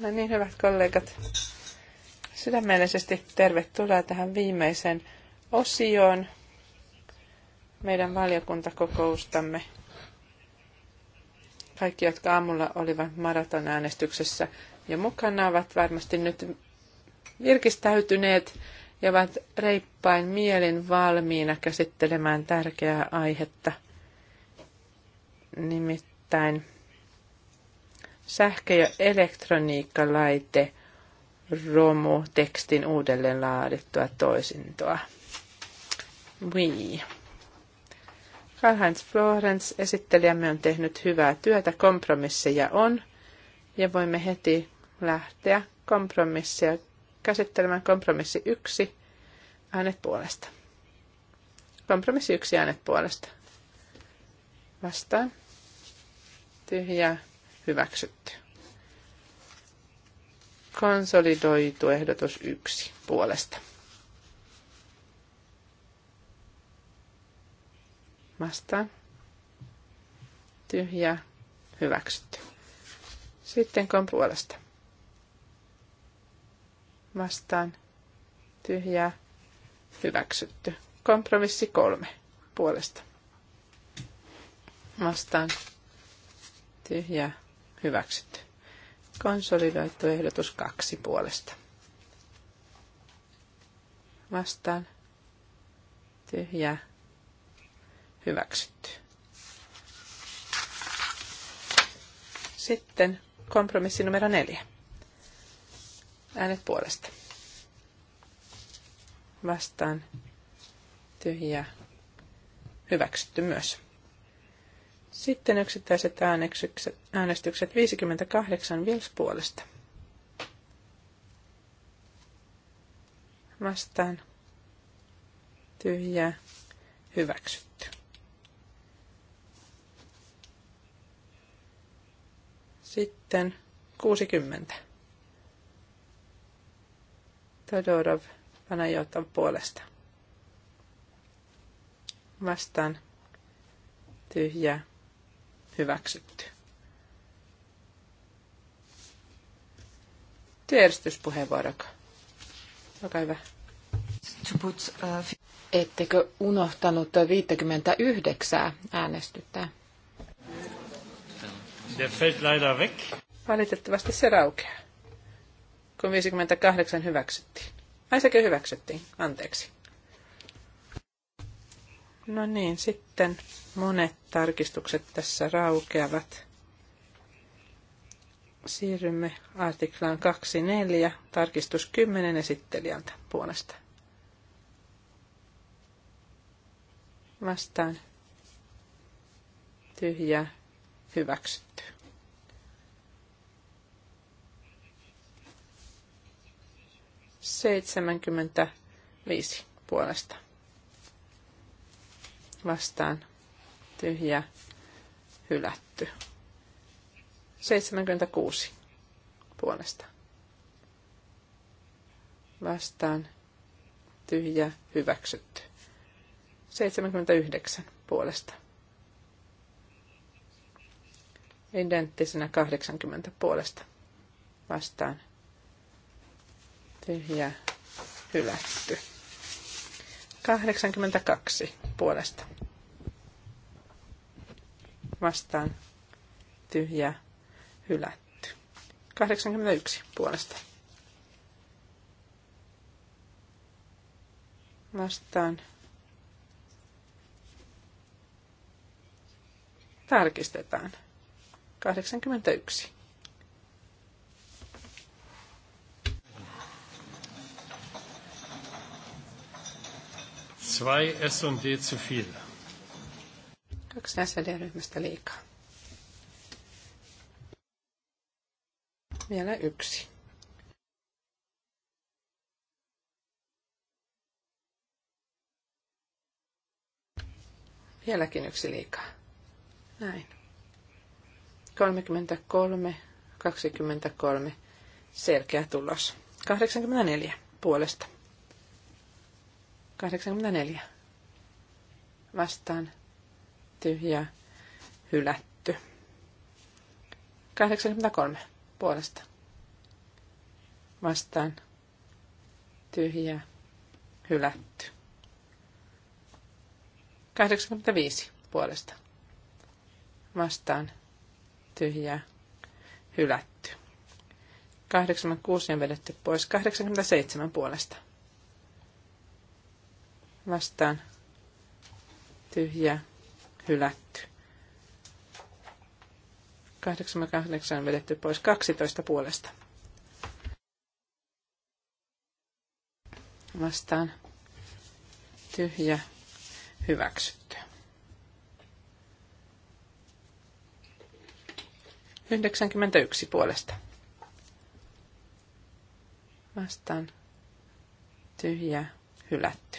No niin, hyvät kollegat. Sydämellisesti tervetuloa tähän viimeiseen osioon meidän valiokuntakokoustamme. Kaikki, jotka aamulla olivat maratonäänestyksessä ja mukana, ovat varmasti nyt virkistäytyneet ja ovat reippain mielin valmiina käsittelemään tärkeää aihetta, nimittäin sähkö- ja elektroniikkalaite romu tekstin uudelleen laadittua toisintoa. Oui. Karl-Heinz Florenz, esittelijämme on tehnyt hyvää työtä, kompromisseja on, ja voimme heti lähteä kompromissia käsittelemään kompromissi yksi äänet puolesta. Kompromissi yksi äänet puolesta. Vastaan. Tyhjää hyväksytty. Konsolidoitu ehdotus yksi puolesta. Vastaan. Tyhjä. Hyväksytty. Sitten kon puolesta. Vastaan. Tyhjä. Hyväksytty. Kompromissi kolme puolesta. Vastaan. Tyhjä Hyväksytty. Konsolidoitu ehdotus kaksi puolesta. Vastaan. tyhjä. Hyväksytty. Sitten kompromissi numero neljä. Äänet puolesta. Vastaan. tyhjä. Hyväksytty myös. Sitten yksittäiset äänestykset, äänestykset 58 Vils puolesta. Vastaan. Tyhjää. Hyväksytty. Sitten 60. Todorov Panajotan puolesta. Vastaan tyhjää hyväksytty. Työjärjestyspuheenvuoro. Olkaa hyvä. Uh, Ettekö unohtanut 59 äänestyttää? Valitettavasti se raukeaa, kun 58 hyväksyttiin. Ai sekin hyväksyttiin, anteeksi. No niin, sitten monet tarkistukset tässä raukeavat. Siirrymme artiklaan 2.4, tarkistus 10 esittelijältä puolesta. Vastaan tyhjä hyväksytty. Seitsemänkymmentä viisi puolesta vastaan tyhjä hylätty. 76 puolesta vastaan tyhjä hyväksytty. 79 puolesta. Identtisenä 80 puolesta vastaan tyhjä hylätty. 82 puolesta. Vastaan tyhjä hylätty. 81 puolesta. Vastaan tarkistetaan. 81. Zwei S&D zu viel. Kaksi SD-ryhmästä liikaa. Vielä yksi. Vieläkin yksi liikaa. Näin. 33, 23. Selkeä tulos. 84 puolesta 84. Vastaan. tyhjä, Hylätty. 83. Puolesta. Vastaan. tyhjä, Hylätty. 85. Puolesta. Vastaan. tyhjä, Hylätty. 86 on vedetty pois. 87 puolesta vastaan tyhjä hylätty. 88 on vedetty pois 12 puolesta. Vastaan tyhjä hyväksytty. 91 puolesta. Vastaan tyhjä hylätty.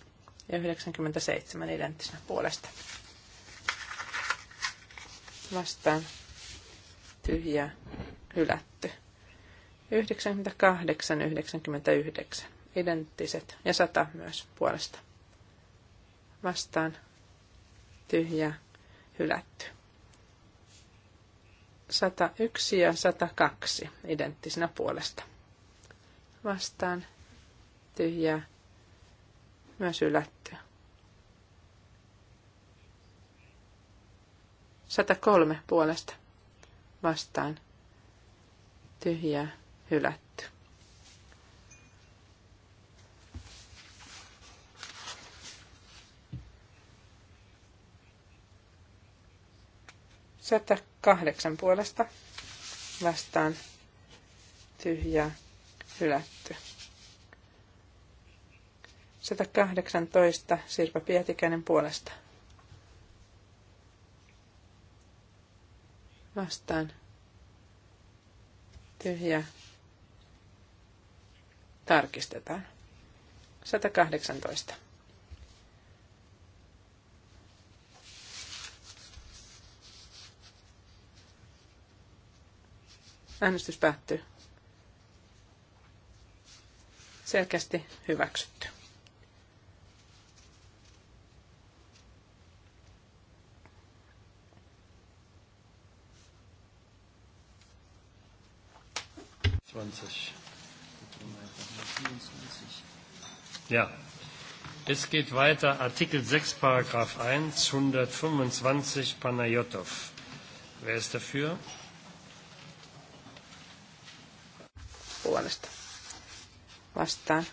ja 97 identtisenä puolesta. Vastaan tyhjä hylätty. 98, 99 identtiset ja 100 myös puolesta. Vastaan tyhjä hylätty. 101 ja 102 identtisenä puolesta. Vastaan tyhjä myös ylättyä. 103 puolesta vastaan. Tyhjää hylätty. Sata kahdeksan puolesta vastaan tyhjää hylätty. 118 Sirpa Pietikäinen puolesta. Vastaan. Tyhjä. Tarkistetaan. 118. Äänestys päättyy. Selkeästi hyväksytty. 27. Ja. Es geht weiter, Artikel 6, Paragraph 1, 125, Panayotov. Wer ist dafür? Puolesta. Vastaan.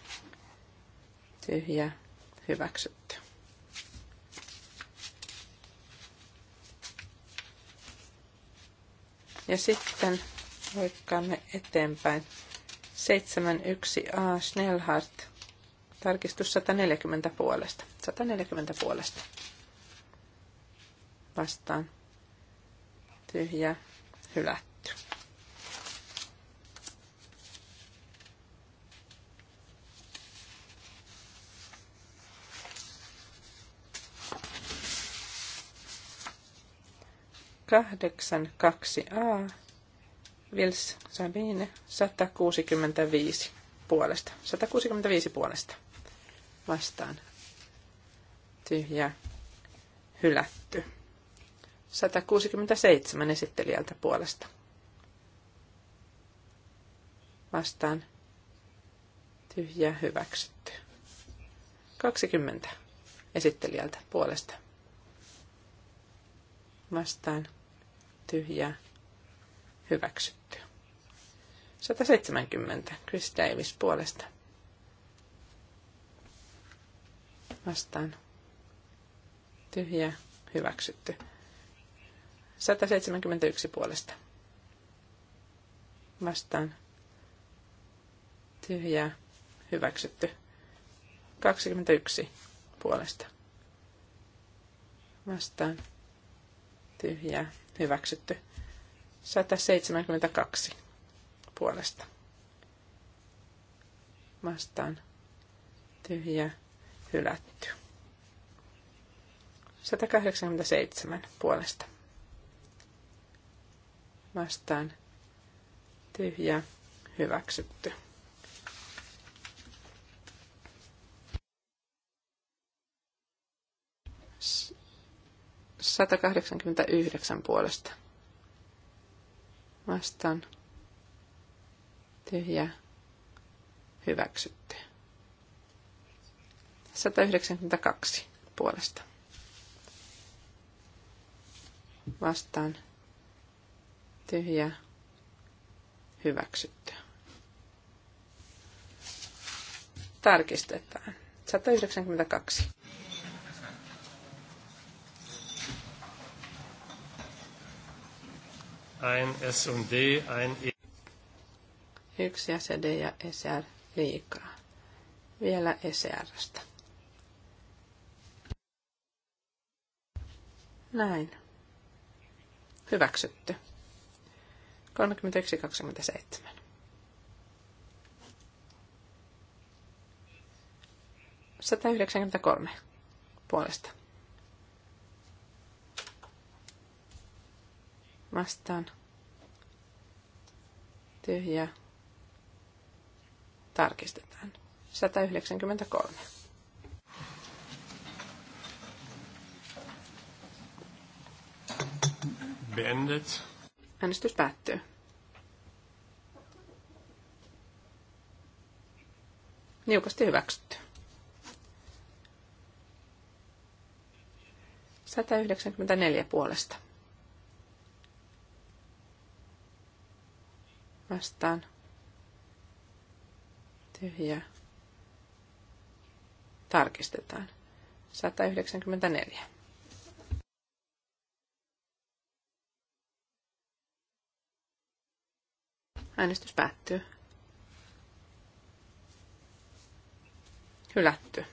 Tyhjä. Hyväksytty. Ja sitten Loikkaamme eteenpäin. 71A Schnellhardt. Tarkistus 140 puolesta. 140 puolesta. Vastaan. Tyhjä. Hylätty. Kahdeksan kaksi A Vils Sabine 165 puolesta. 165 puolesta. Vastaan. Tyhjä. Hylätty. 167 esittelijältä puolesta. Vastaan. Tyhjä hyväksytty. 20 esittelijältä puolesta. Vastaan. Tyhjä hyväksytty. 170 Chris Davis puolesta. Vastaan. Tyhjä, hyväksytty. 171 puolesta. Vastaan. tyhjä hyväksytty. 21 puolesta. Vastaan. tyhjä hyväksytty. 172 puolesta. Vastaan tyhjä hylätty. 187 puolesta. Vastaan tyhjä hyväksytty. S- 189 puolesta vastaan tyhjä hyväksytty. 192 puolesta. Vastaan tyhjä hyväksytty. Tarkistetaan. 192. ein D ein E. Yksi SD ja SR liikaa. Vielä SRstä. Näin. Hyväksytty. 31.27. 193 puolesta. vastaan tyhjä tarkistetaan. 193. Bendet Äänestys päättyy. Niukasti hyväksytty. 194 puolesta. vastaan Tyhjä. Tarkistetaan. 194. Äänestys päättyy. Hylätty.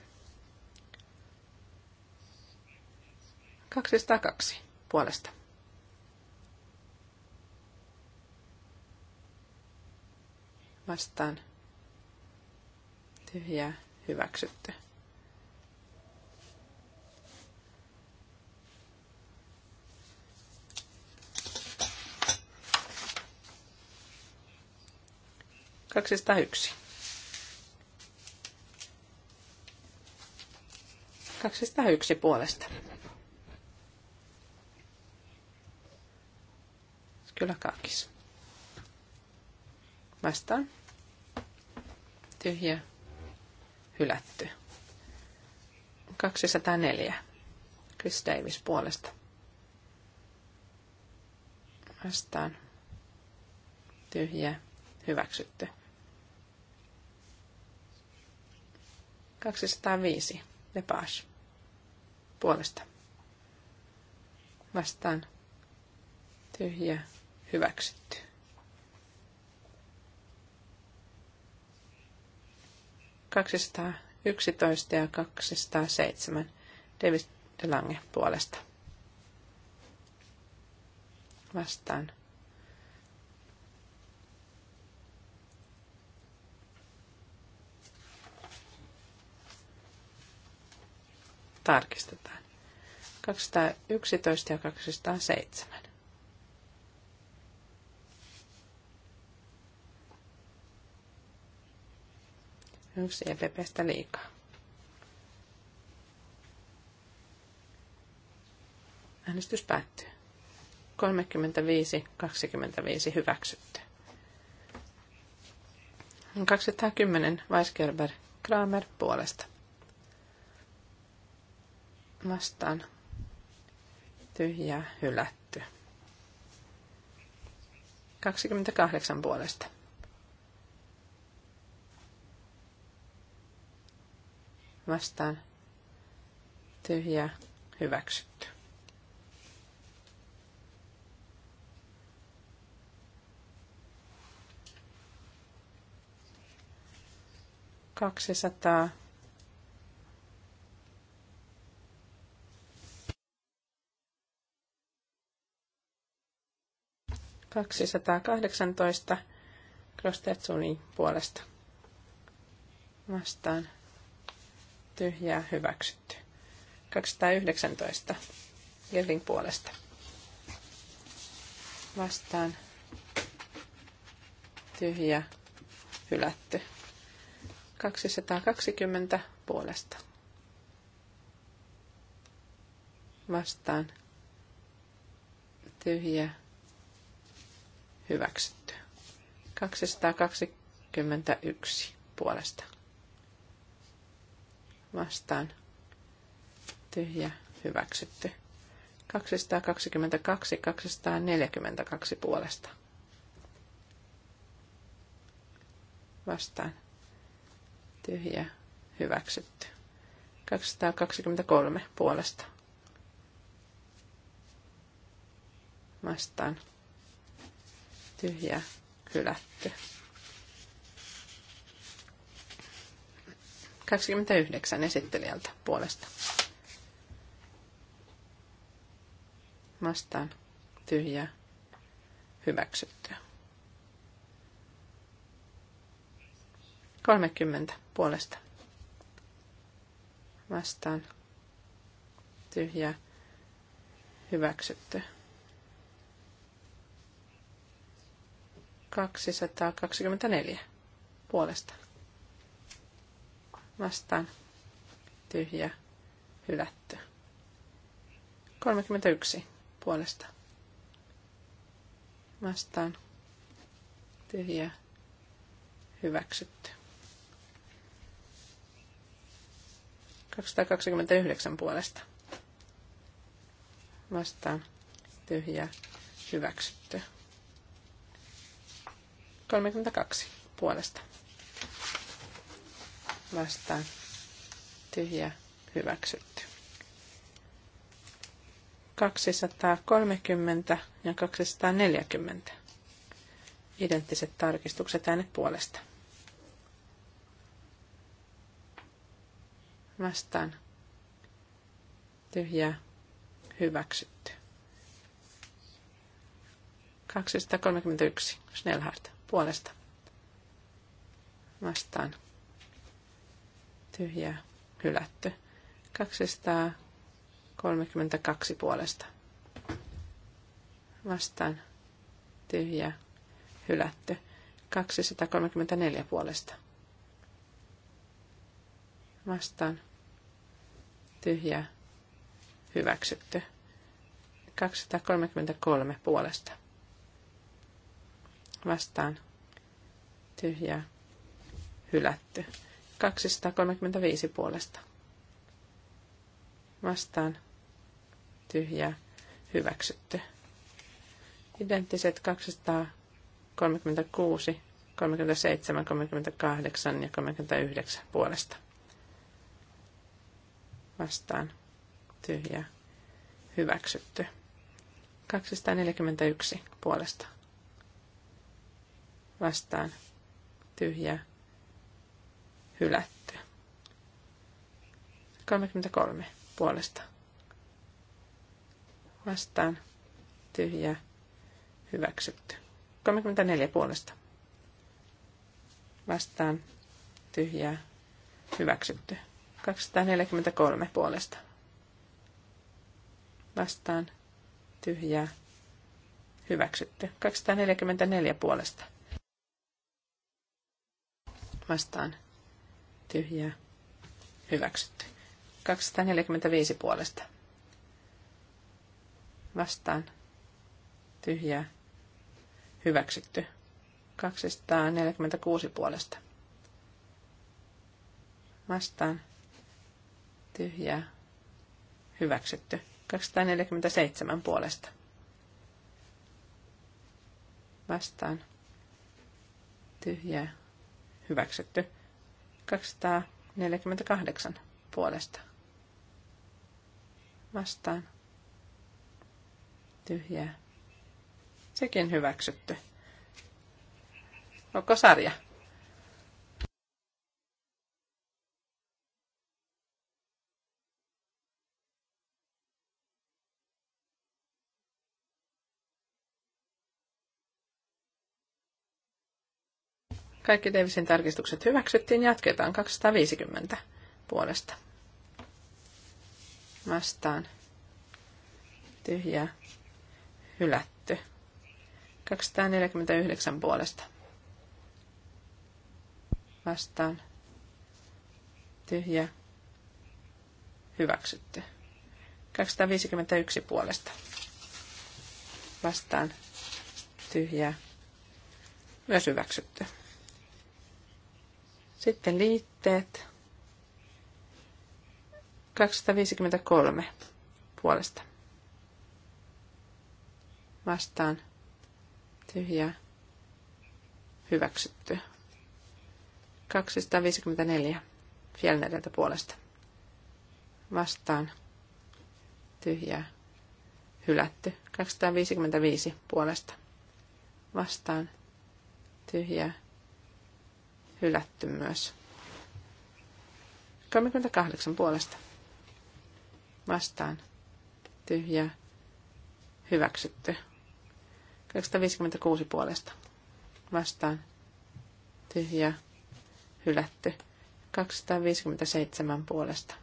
202 puolesta. vastaan tyhjää hyväksytty. kaksista yksi kaksista yksi puolesta. Kyllä kakis. Vastaan tyhjä, hylätty. 204. Chris Davis puolesta. Vastaan. Tyhjä, hyväksytty. 205. Lepage. Puolesta. Vastaan. Tyhjä, hyväksytty. 211 ja 207 David Delange puolesta. Vastaan. Tarkistetaan. 211 ja 207. Yksi EPPstä liikaa. Äänestys päättyy. 35-25 hyväksytty. 210 Weisgerber Kramer puolesta. Vastaan. Tyhjää hylätty. 28 puolesta. vastaan tyhjää hyväksytty. Kaksisataa. Kaksisataakahdeksantoista Krostetsunin puolesta vastaan ja hyväksytty. 219 Gelling puolesta. Vastaan tyhjä hylätty. 220 puolesta. Vastaan tyhjä hyväksytty. 221 puolesta vastaan tyhjä hyväksytty. 222, 242 puolesta. Vastaan. Tyhjä. Hyväksytty. 223 puolesta. Vastaan. Tyhjä. Hylätty. 29 esittelijältä puolesta. Vastaan tyhjää hyväksyttyä. 30 puolesta. Vastaan tyhjää hyväksyttyä. 224 puolesta vastaan tyhjä hylätty. 31 puolesta vastaan tyhjä hyväksytty. 229 puolesta vastaan tyhjä hyväksytty. 32 puolesta vastaan tyhjä hyväksytty. 230 ja 240. Identtiset tarkistukset äänet puolesta. Vastaan tyhjä hyväksytty. 231. Snellhardt puolesta. Vastaan tyhjä, hylätty. 232 puolesta vastaan tyhjä, hylätty. 234 puolesta vastaan tyhjä, hyväksytty. 233 puolesta vastaan tyhjä, hylätty. 235 puolesta. Vastaan. Tyhjää. Hyväksytty. Identtiset 236, 37, 38 ja 39 puolesta. Vastaan. Tyhjää. Hyväksytty. 241 puolesta. Vastaan. Tyhjää hylättyä. 33 puolesta vastaan tyhjää hyväksytty. 34 puolesta vastaan tyhjää hyväksytty. 243 puolesta vastaan tyhjää hyväksytty. 244 puolesta vastaan tyhjää hyväksytty. 245 puolesta vastaan tyhjää hyväksytty. 246 puolesta vastaan tyhjää hyväksytty. 247 puolesta vastaan tyhjää hyväksytty. 248 puolesta. Vastaan. Tyhjää. Sekin hyväksytty. Onko sarja? Kaikki Davisin tarkistukset hyväksyttiin. Jatketaan 250 puolesta. Vastaan. tyhjä Hylätty. 249 puolesta. Vastaan. Tyhjä. Hyväksytty. 251 puolesta. Vastaan. tyhjä Myös hyväksytty. Sitten liitteet. 253 puolesta. Vastaan tyhjää hyväksytty. 254 Fjellneriltä puolesta. Vastaan tyhjää hylätty. 255 puolesta. Vastaan tyhjää hylätty myös. 38 puolesta. Vastaan. tyhjä Hyväksytty. 256 puolesta. Vastaan. tyhjä Hylätty. 257 puolesta.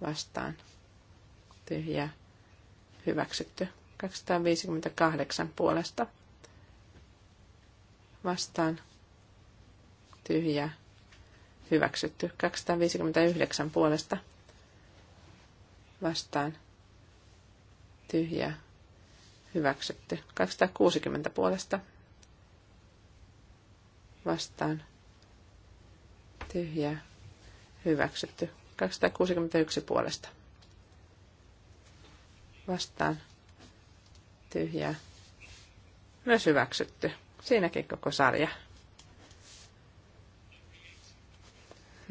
Vastaan. tyhjä Hyväksytty. 258 puolesta. Vastaan tyhjä hyväksytty. 259 puolesta vastaan tyhjä hyväksytty. 260 puolesta vastaan tyhjä hyväksytty. 261 puolesta vastaan tyhjä myös hyväksytty. Siinäkin koko sarja.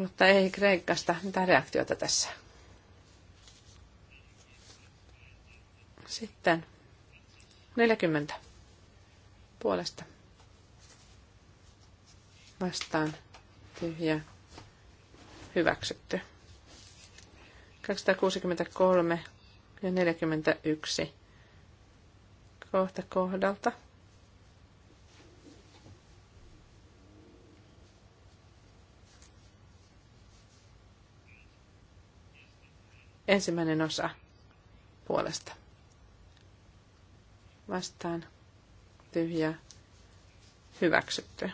mutta ei Kreikasta mitään reaktiota tässä. Sitten 40 puolesta vastaan tyhjä hyväksytty. 263 ja 41 kohta kohdalta. Ensimmäinen osa puolesta. Vastaan. Tyhjä. Hyväksytty.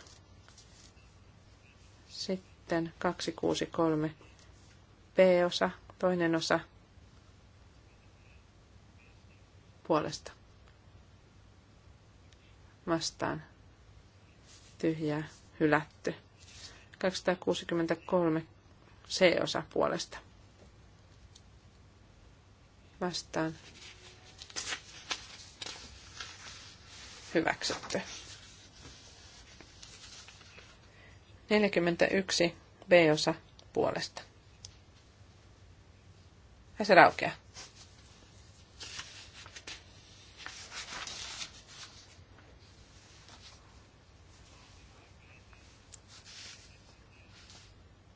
Sitten 263 B-osa, toinen osa puolesta. Vastaan. tyhjä Hylätty. 263 C-osa puolesta vastaan hyväksytty. 41 B-osa puolesta. Ja se raukeaa.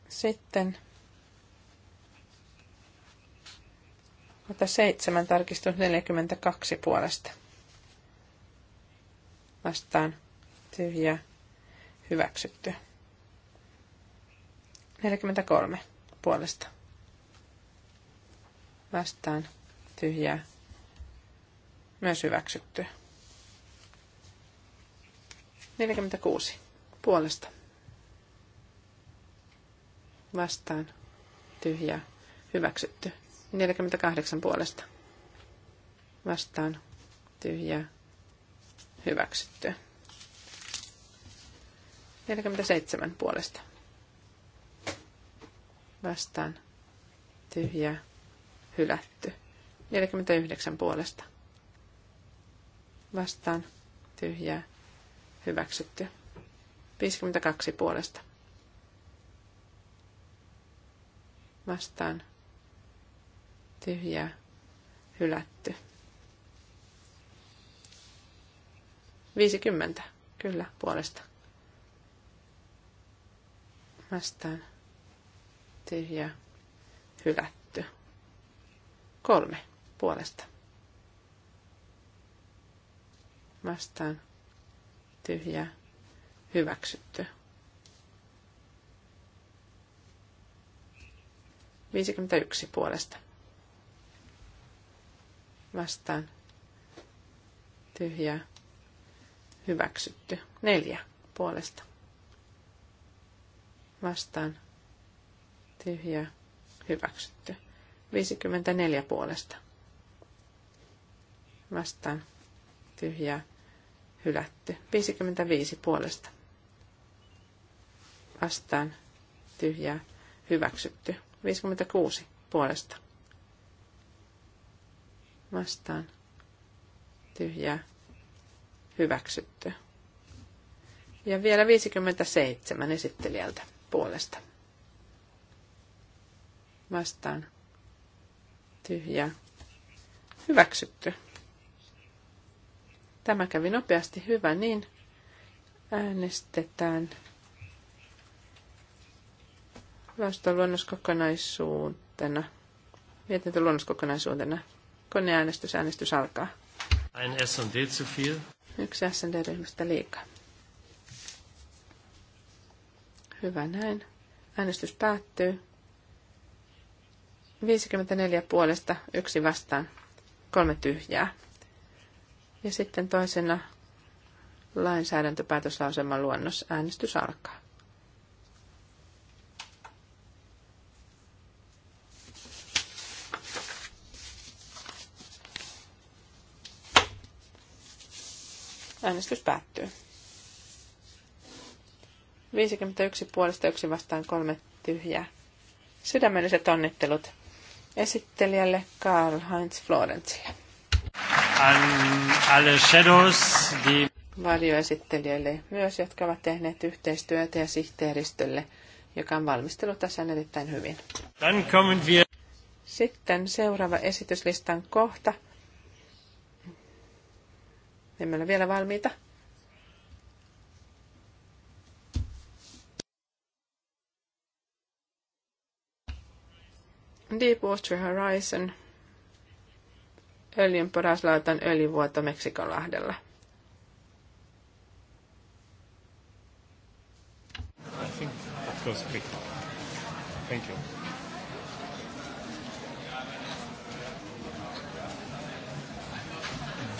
Sitten Mutta seitsemän tarkistus 42 puolesta. Vastaan tyhjä hyväksytty. 43 puolesta. Vastaan tyhjä myös hyväksytty. 46 puolesta. Vastaan tyhjä hyväksytty. 48 puolesta. Vastaan tyhjää hyväksytty. 47 puolesta. Vastaan tyhjää hylätty. 49 puolesta. Vastaan tyhjää hyväksytty. 52 puolesta. Vastaan tyhjää hylätty. 50, kyllä, puolesta. Vastaan tyhjää hylätty. Kolme puolesta. Vastaan tyhjää hyväksytty. 51 puolesta vastaan tyhjää hyväksytty. Neljä puolesta vastaan tyhjää hyväksytty. 54 puolesta vastaan tyhjää hylätty. 55 puolesta vastaan tyhjää hyväksytty. 56 puolesta vastaan tyhjää hyväksytty. Ja vielä 57 esittelijältä puolesta. Vastaan tyhjää hyväksytty. Tämä kävi nopeasti hyvä, niin äänestetään Mietintö luonnoskokonaisuutena. Koneäänestys, äänestys alkaa. Ein S&D zu viel. Yksi S&D-ryhmästä liikaa. Hyvä näin. Äänestys päättyy. 54 puolesta, yksi vastaan, kolme tyhjää. Ja sitten toisena lainsäädäntöpäätöslauselman luonnos. Äänestys alkaa. Äänestys päättyy. 51 puolesta yksi vastaan kolme tyhjää. Sydämelliset onnittelut esittelijälle Karl Heinz Florentsille. Alle shadows, Varjoesittelijöille myös, jotka ovat tehneet yhteistyötä ja sihteeristölle, joka on valmistellut tässä erittäin hyvin. Sitten seuraava esityslistan kohta – emme ole vielä valmiita. Deepwater Horizon, öljyn poraslautan öljyvuoto Meksikonlahdella.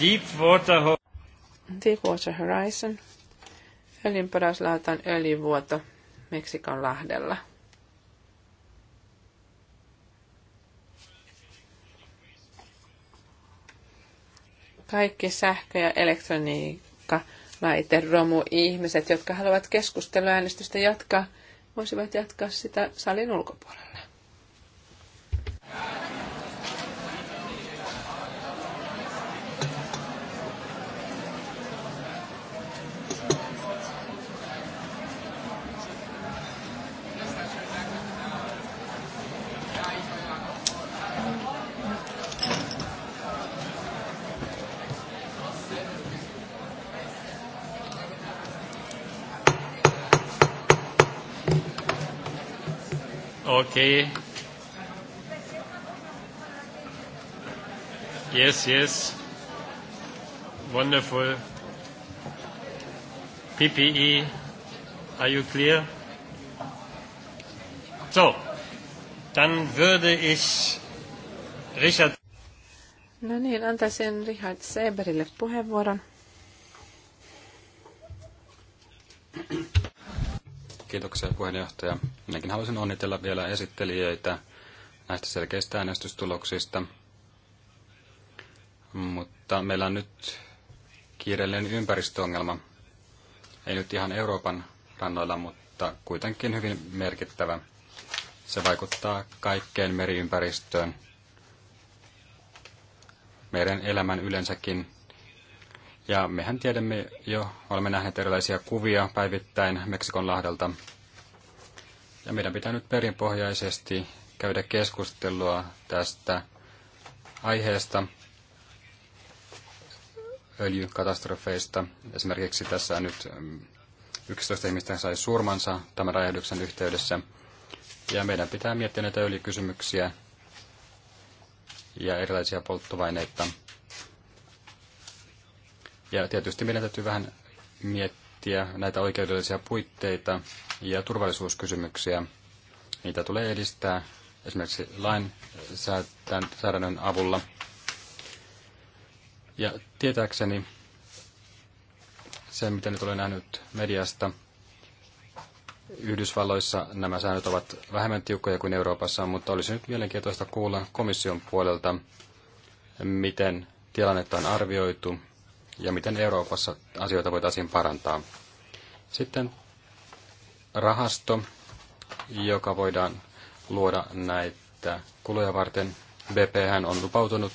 Deep Water that Deepwater Horizon, öljynporauslautan öljyvuoto Meksikon lahdella. Kaikki sähkö- ja elektroniikka, laite, romu, ihmiset, jotka haluavat keskusteluäänestystä jatkaa, voisivat jatkaa sitä salin ulkopuolella. Okay. Yes, yes. Wonderful. PPE, are you clear? So, dann würde ich Richard... No niin, antaisin Richard Seberille puheenvuoron. Kiitoksia puheenjohtaja. Minäkin haluaisin onnitella vielä esittelijöitä näistä selkeistä äänestystuloksista. Mutta meillä on nyt kiireellinen ympäristöongelma. Ei nyt ihan Euroopan rannoilla, mutta kuitenkin hyvin merkittävä. Se vaikuttaa kaikkeen meriympäristöön, meidän elämän yleensäkin ja mehän tiedämme jo, olemme nähneet erilaisia kuvia päivittäin Meksikon lahdelta. Ja meidän pitää nyt perinpohjaisesti käydä keskustelua tästä aiheesta, öljykatastrofeista. Esimerkiksi tässä nyt 11 mm, ihmistä sai surmansa tämän räjähdyksen yhteydessä. Ja meidän pitää miettiä näitä öljykysymyksiä ja erilaisia polttovaineita. Ja tietysti meidän täytyy vähän miettiä näitä oikeudellisia puitteita ja turvallisuuskysymyksiä. Niitä tulee edistää esimerkiksi lainsäädännön avulla. Ja tietääkseni se, mitä nyt olen nähnyt mediasta, Yhdysvalloissa nämä säännöt ovat vähemmän tiukkoja kuin Euroopassa, mutta olisi nyt mielenkiintoista kuulla komission puolelta, miten tilannetta on arvioitu ja miten Euroopassa asioita voitaisiin parantaa. Sitten rahasto, joka voidaan luoda näitä kuluja varten. BP on lupautunut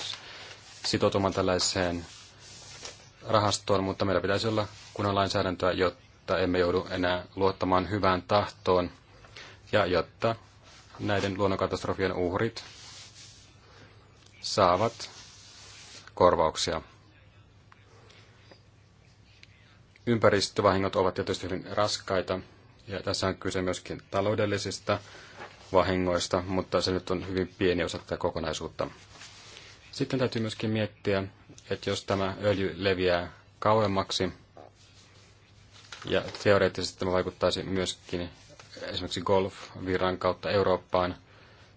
sitoutumaan tällaiseen rahastoon, mutta meillä pitäisi olla kunnon lainsäädäntöä, jotta emme joudu enää luottamaan hyvään tahtoon ja jotta näiden luonnonkatastrofien uhrit saavat korvauksia. ympäristövahingot ovat tietysti hyvin raskaita, ja tässä on kyse myöskin taloudellisista vahingoista, mutta se nyt on hyvin pieni osa tätä kokonaisuutta. Sitten täytyy myöskin miettiä, että jos tämä öljy leviää kauemmaksi, ja teoreettisesti tämä vaikuttaisi myöskin esimerkiksi golfviran kautta Eurooppaan,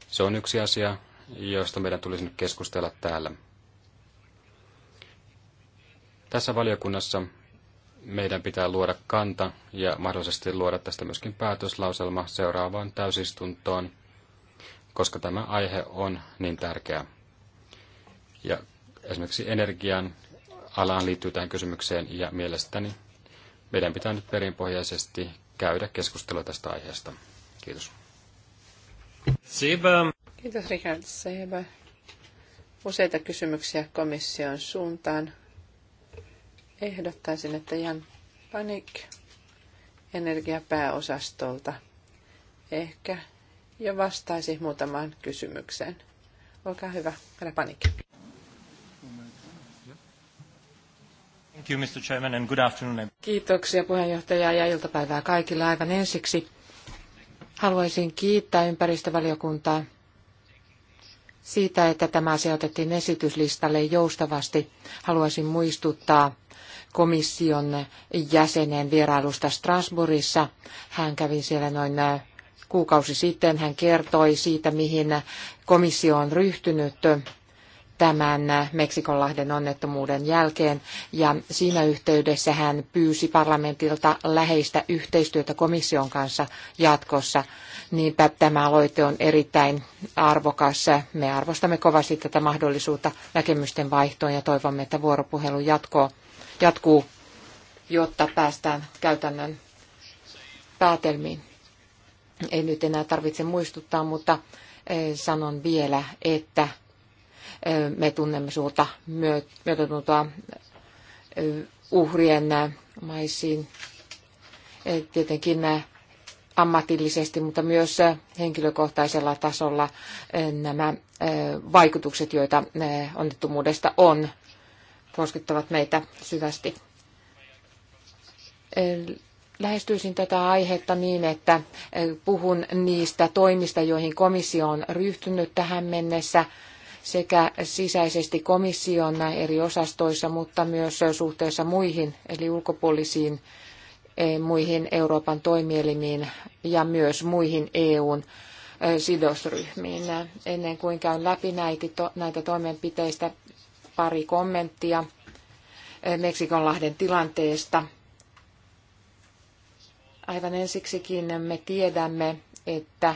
se on yksi asia, josta meidän tulisi nyt keskustella täällä. Tässä valiokunnassa meidän pitää luoda kanta ja mahdollisesti luoda tästä myöskin päätöslauselma seuraavaan täysistuntoon, koska tämä aihe on niin tärkeä. Ja esimerkiksi energian alaan liittyy tähän kysymykseen ja mielestäni meidän pitää nyt perinpohjaisesti käydä keskustelua tästä aiheesta. Kiitos. Siba. Kiitos Richard Seba. Useita kysymyksiä komission suuntaan ehdottaisin, että Jan Panik energiapääosastolta ehkä jo vastaisi muutamaan kysymykseen. Olkaa hyvä, herra Panik. Thank you, Mr. Chairman, and good afternoon. Kiitoksia puheenjohtaja ja iltapäivää kaikille. Aivan ensiksi haluaisin kiittää ympäristövaliokuntaa siitä, että tämä asia otettiin esityslistalle joustavasti. Haluaisin muistuttaa komission jäsenen vierailusta Strasbourgissa. Hän kävi siellä noin äh, kuukausi sitten. Hän kertoi siitä, mihin komissio on ryhtynyt tämän äh, Meksikonlahden onnettomuuden jälkeen. Ja siinä yhteydessä hän pyysi parlamentilta läheistä yhteistyötä komission kanssa jatkossa. Niinpä tämä aloite on erittäin arvokas. Me arvostamme kovasti tätä mahdollisuutta näkemysten vaihtoon ja toivomme, että vuoropuhelu jatkoo jatkuu, jotta päästään käytännön päätelmiin. Ei nyt enää tarvitse muistuttaa, mutta e, sanon vielä, että e, me tunnemme suurta myötätuntoa e, uhrien maisiin, tietenkin ammatillisesti, mutta myös henkilökohtaisella tasolla nämä vaikutukset, joita onnettomuudesta on koskettavat meitä syvästi. Lähestyisin tätä aihetta niin, että puhun niistä toimista, joihin komissio on ryhtynyt tähän mennessä sekä sisäisesti komission eri osastoissa, mutta myös suhteessa muihin, eli ulkopuolisiin muihin Euroopan toimielimiin ja myös muihin EUn sidosryhmiin. Ennen kuin käyn läpi näitä toimenpiteistä, pari kommenttia Meksikonlahden tilanteesta. Aivan ensiksikin me tiedämme, että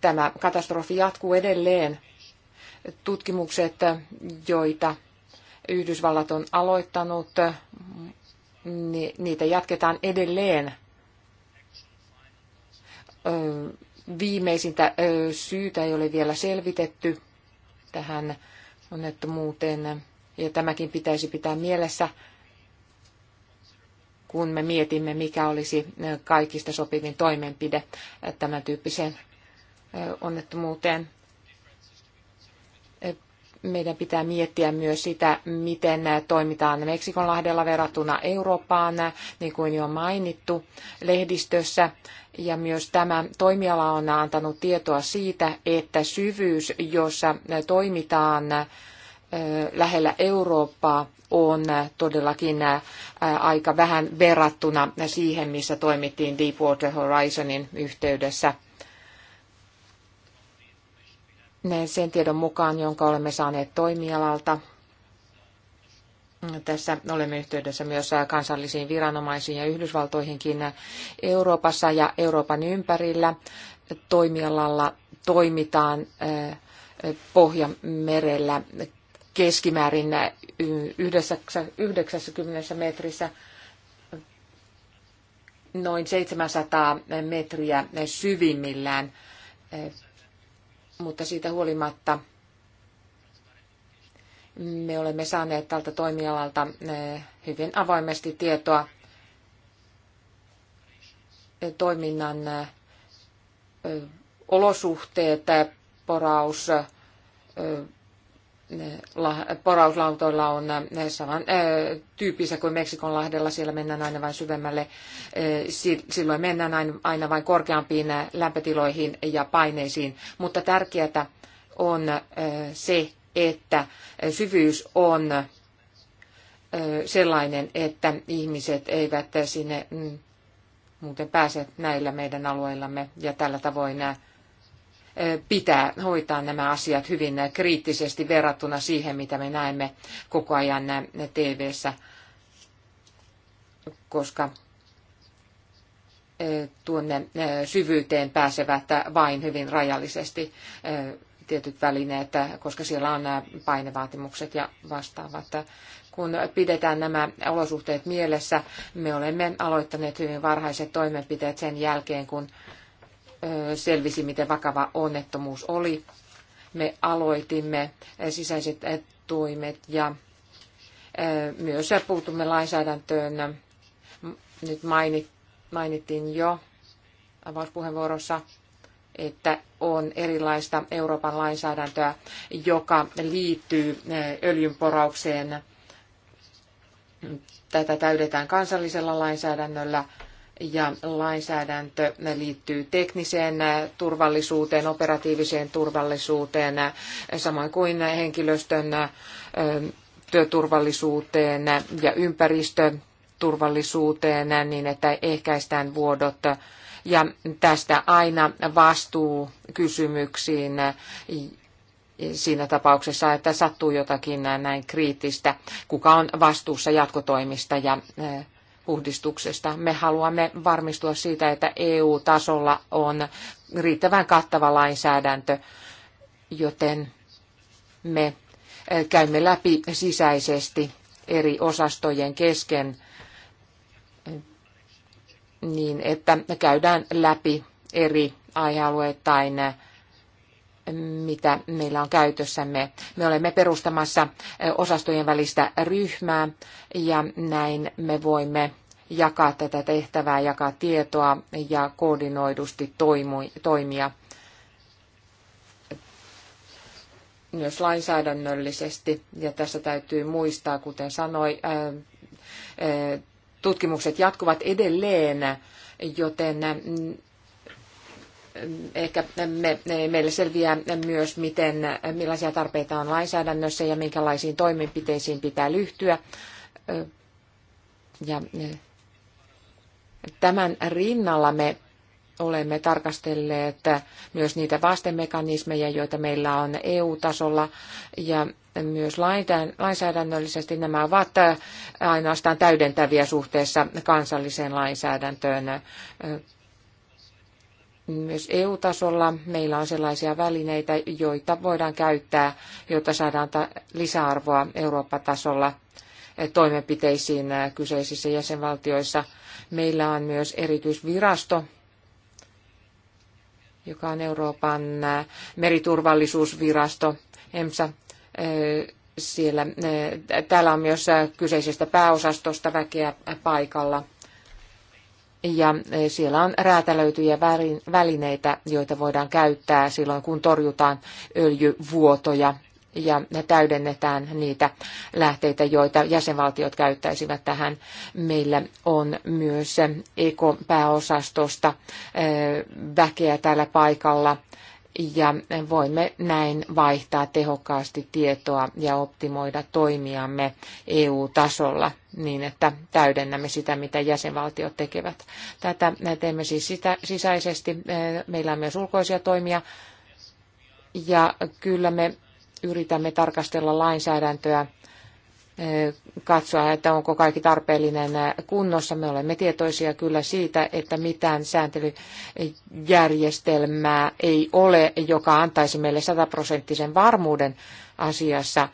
tämä katastrofi jatkuu edelleen. Tutkimukset, joita Yhdysvallat on aloittanut, niitä jatketaan edelleen. Viimeisintä syytä ei ole vielä selvitetty tähän onnettomuuteen. Ja tämäkin pitäisi pitää mielessä, kun me mietimme, mikä olisi kaikista sopivin toimenpide tämän tyyppiseen onnettomuuteen meidän pitää miettiä myös sitä, miten toimitaan Meksikonlahdella verrattuna Eurooppaan, niin kuin jo mainittu lehdistössä. Ja myös tämä toimiala on antanut tietoa siitä, että syvyys, jossa toimitaan lähellä Eurooppaa, on todellakin aika vähän verrattuna siihen, missä toimittiin Deepwater Horizonin yhteydessä sen tiedon mukaan, jonka olemme saaneet toimialalta. Tässä olemme yhteydessä myös kansallisiin viranomaisiin ja Yhdysvaltoihinkin Euroopassa ja Euroopan ympärillä. Toimialalla toimitaan eh, Pohjanmerellä keskimäärin 90 metrissä noin 700 metriä syvimmillään eh, mutta siitä huolimatta me olemme saaneet tältä toimialalta eh, hyvin avoimesti tietoa toiminnan eh, olosuhteet, poraus, eh, porauslautoilla on äh, saman äh, tyyppisiä kuin Meksikonlahdella. Siellä mennään aina vain syvemmälle. Äh, silloin mennään aina vain korkeampiin lämpötiloihin ja paineisiin. Mutta tärkeää on se, että syvyys on sellainen, että ihmiset eivät sinne mm, muuten pääse näillä meidän alueillamme ja tällä tavoin nämä pitää hoitaa nämä asiat hyvin kriittisesti verrattuna siihen, mitä me näemme koko ajan TV-ssä, koska eh, tuonne eh, syvyyteen pääsevät vain hyvin rajallisesti eh, tietyt välineet, koska siellä on nämä painevaatimukset ja vastaavat. Kun pidetään nämä olosuhteet mielessä, me olemme aloittaneet hyvin varhaiset toimenpiteet sen jälkeen, kun selvisi, miten vakava onnettomuus oli. Me aloitimme sisäiset toimet ja myös puutumme lainsäädäntöön. Nyt mainittiin jo avauspuheenvuorossa, että on erilaista Euroopan lainsäädäntöä, joka liittyy öljynporaukseen. Tätä täydetään kansallisella lainsäädännöllä ja lainsäädäntö liittyy tekniseen turvallisuuteen, operatiiviseen turvallisuuteen, samoin kuin henkilöstön työturvallisuuteen ja ympäristöturvallisuuteen niin, että ehkäistään vuodot ja tästä aina vastuukysymyksiin siinä tapauksessa, että sattuu jotakin näin kriittistä, kuka on vastuussa jatkotoimista ja puhdistuksesta. Me haluamme varmistua siitä, että EU-tasolla on riittävän kattava lainsäädäntö, joten me eh, käymme läpi sisäisesti eri osastojen kesken eh, niin, että käydään läpi eri aihealueittain eh, mitä meillä on käytössämme. Me olemme perustamassa osastojen välistä ryhmää ja näin me voimme jakaa tätä tehtävää, jakaa tietoa ja koordinoidusti toimia myös lainsäädännöllisesti. Ja tässä täytyy muistaa, kuten sanoi, tutkimukset jatkuvat edelleen, joten ehkä me, meille selviää myös, miten, millaisia tarpeita on lainsäädännössä ja minkälaisiin toimenpiteisiin pitää lyhtyä. Ja tämän rinnalla me olemme tarkastelleet myös niitä vastemekanismeja, joita meillä on EU-tasolla ja myös lainsäädännöllisesti nämä ovat ainoastaan täydentäviä suhteessa kansalliseen lainsäädäntöön. Myös EU-tasolla meillä on sellaisia välineitä, joita voidaan käyttää, jotta saadaan lisäarvoa Eurooppa-tasolla toimenpiteisiin kyseisissä jäsenvaltioissa. Meillä on myös erityisvirasto, joka on Euroopan meriturvallisuusvirasto, EMSA. Siellä, täällä on myös kyseisestä pääosastosta väkeä paikalla ja e, siellä on räätälöityjä välineitä, joita voidaan käyttää silloin, kun torjutaan öljyvuotoja ja täydennetään niitä lähteitä, joita jäsenvaltiot käyttäisivät tähän. Meillä on myös ekopääosastosta e, väkeä täällä paikalla ja voimme näin vaihtaa tehokkaasti tietoa ja optimoida toimiamme EU-tasolla niin, että täydennämme sitä, mitä jäsenvaltiot tekevät. Tätä teemme siis sitä, sisäisesti. Meillä on myös ulkoisia toimia ja kyllä me yritämme tarkastella lainsäädäntöä katsoa, että onko kaikki tarpeellinen kunnossa. Me olemme tietoisia kyllä siitä, että mitään sääntelyjärjestelmää ei ole, joka antaisi meille sataprosenttisen varmuuden asiassa.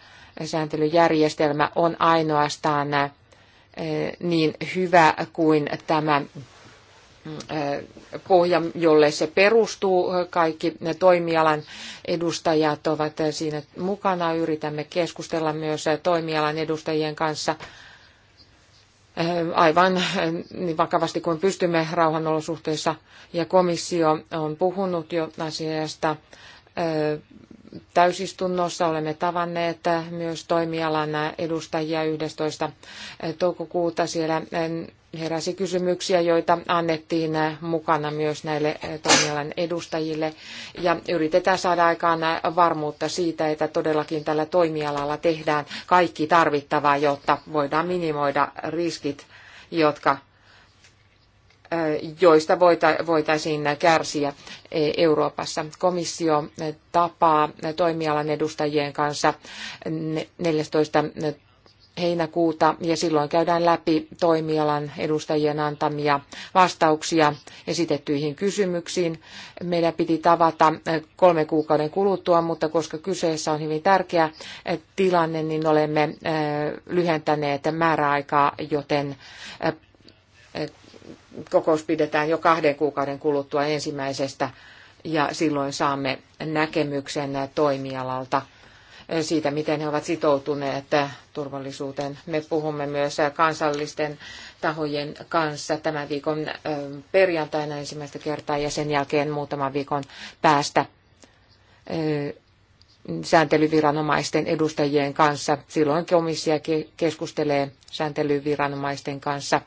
Sääntelyjärjestelmä on ainoastaan eh, niin hyvä kuin tämä pohja, jolle se perustuu. Kaikki ne toimialan edustajat ovat siinä mukana. Yritämme keskustella myös toimialan edustajien kanssa aivan niin vakavasti kuin pystymme rauhanolosuhteissa. Ja komissio on puhunut jo asiasta täysistunnossa olemme tavanneet myös toimialan edustajia 11. toukokuuta. Siellä eh, heräsi kysymyksiä, joita annettiin eh, mukana myös näille eh, toimialan edustajille. Ja yritetään saada aikaan varmuutta siitä, että todellakin tällä toimialalla tehdään kaikki tarvittavaa, jotta voidaan minimoida riskit, jotka joista voitaisiin kärsiä Euroopassa. Komissio tapaa toimialan edustajien kanssa 14 heinäkuuta ja silloin käydään läpi toimialan edustajien antamia vastauksia esitettyihin kysymyksiin. Meidän piti tavata kolme kuukauden kuluttua, mutta koska kyseessä on hyvin tärkeä tilanne, niin olemme lyhentäneet määräaikaa, joten kokous pidetään jo kahden kuukauden kuluttua ensimmäisestä ja silloin saamme näkemyksen toimialalta siitä, miten he ovat sitoutuneet turvallisuuteen. Me puhumme myös kansallisten tahojen kanssa tämän viikon perjantaina ensimmäistä kertaa ja sen jälkeen muutaman viikon päästä sääntelyviranomaisten edustajien kanssa. Silloin komissio keskustelee sääntelyviranomaisten kanssa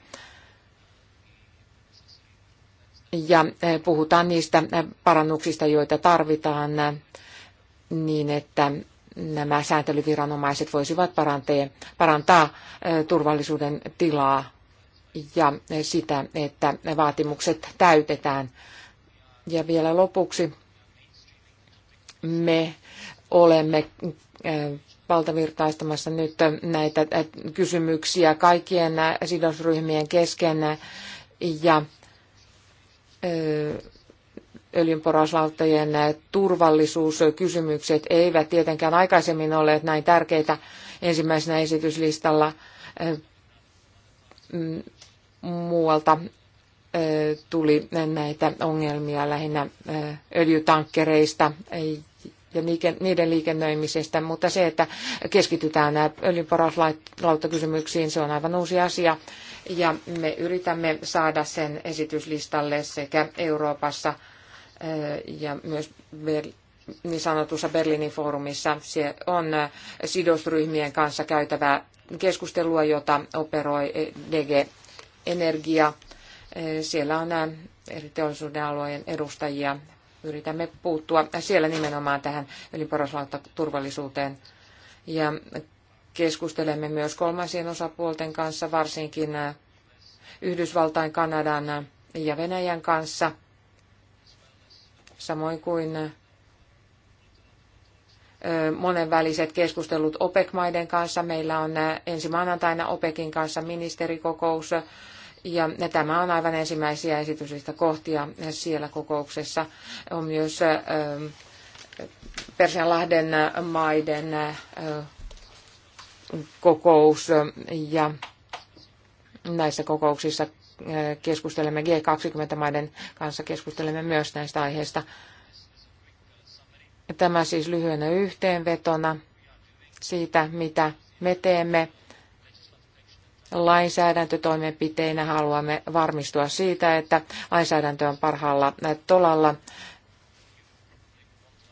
ja eh, puhutaan niistä eh, parannuksista, joita tarvitaan eh, niin, että nämä sääntelyviranomaiset voisivat parantaa turvallisuuden tilaa ja sitä, että vaatimukset täytetään. Ja vielä lopuksi me olemme valtavirtaistamassa nyt näitä kysymyksiä kaikkien sidosryhmien kesken ja öljynporauslauttojen turvallisuuskysymykset eivät tietenkään aikaisemmin olleet näin tärkeitä ensimmäisenä esityslistalla muualta tuli näitä ongelmia lähinnä öljytankkereista ja niiden liikennöimisestä, mutta se, että keskitytään öljynporauslautakysymyksiin, se on aivan uusi asia. Ja me yritämme saada sen esityslistalle sekä Euroopassa eh, ja myös niin sanotussa Berliinin foorumissa. Se on eh, sidosryhmien kanssa käytävää keskustelua, jota operoi eh, DG Energia. Siellä on eri teollisuuden alueen edustajia yritämme puuttua siellä nimenomaan tähän yliporauslautaturvallisuuteen. Ja keskustelemme myös kolmansien osapuolten kanssa, varsinkin äh, Yhdysvaltain, Kanadan ja Venäjän kanssa, samoin kuin äh, monenväliset keskustelut OPEC-maiden kanssa. Meillä on äh, ensi maanantaina OPECin kanssa ministerikokous ja tämä on aivan ensimmäisiä esityslistakohtia kohtia siellä kokouksessa. On myös Persianlahden maiden kokous ja näissä kokouksissa keskustelemme G20-maiden kanssa, keskustelemme myös näistä aiheista. Tämä siis lyhyenä yhteenvetona siitä, mitä me teemme lainsäädäntötoimenpiteinä haluamme varmistua siitä, että lainsäädäntö on parhaalla tolalla.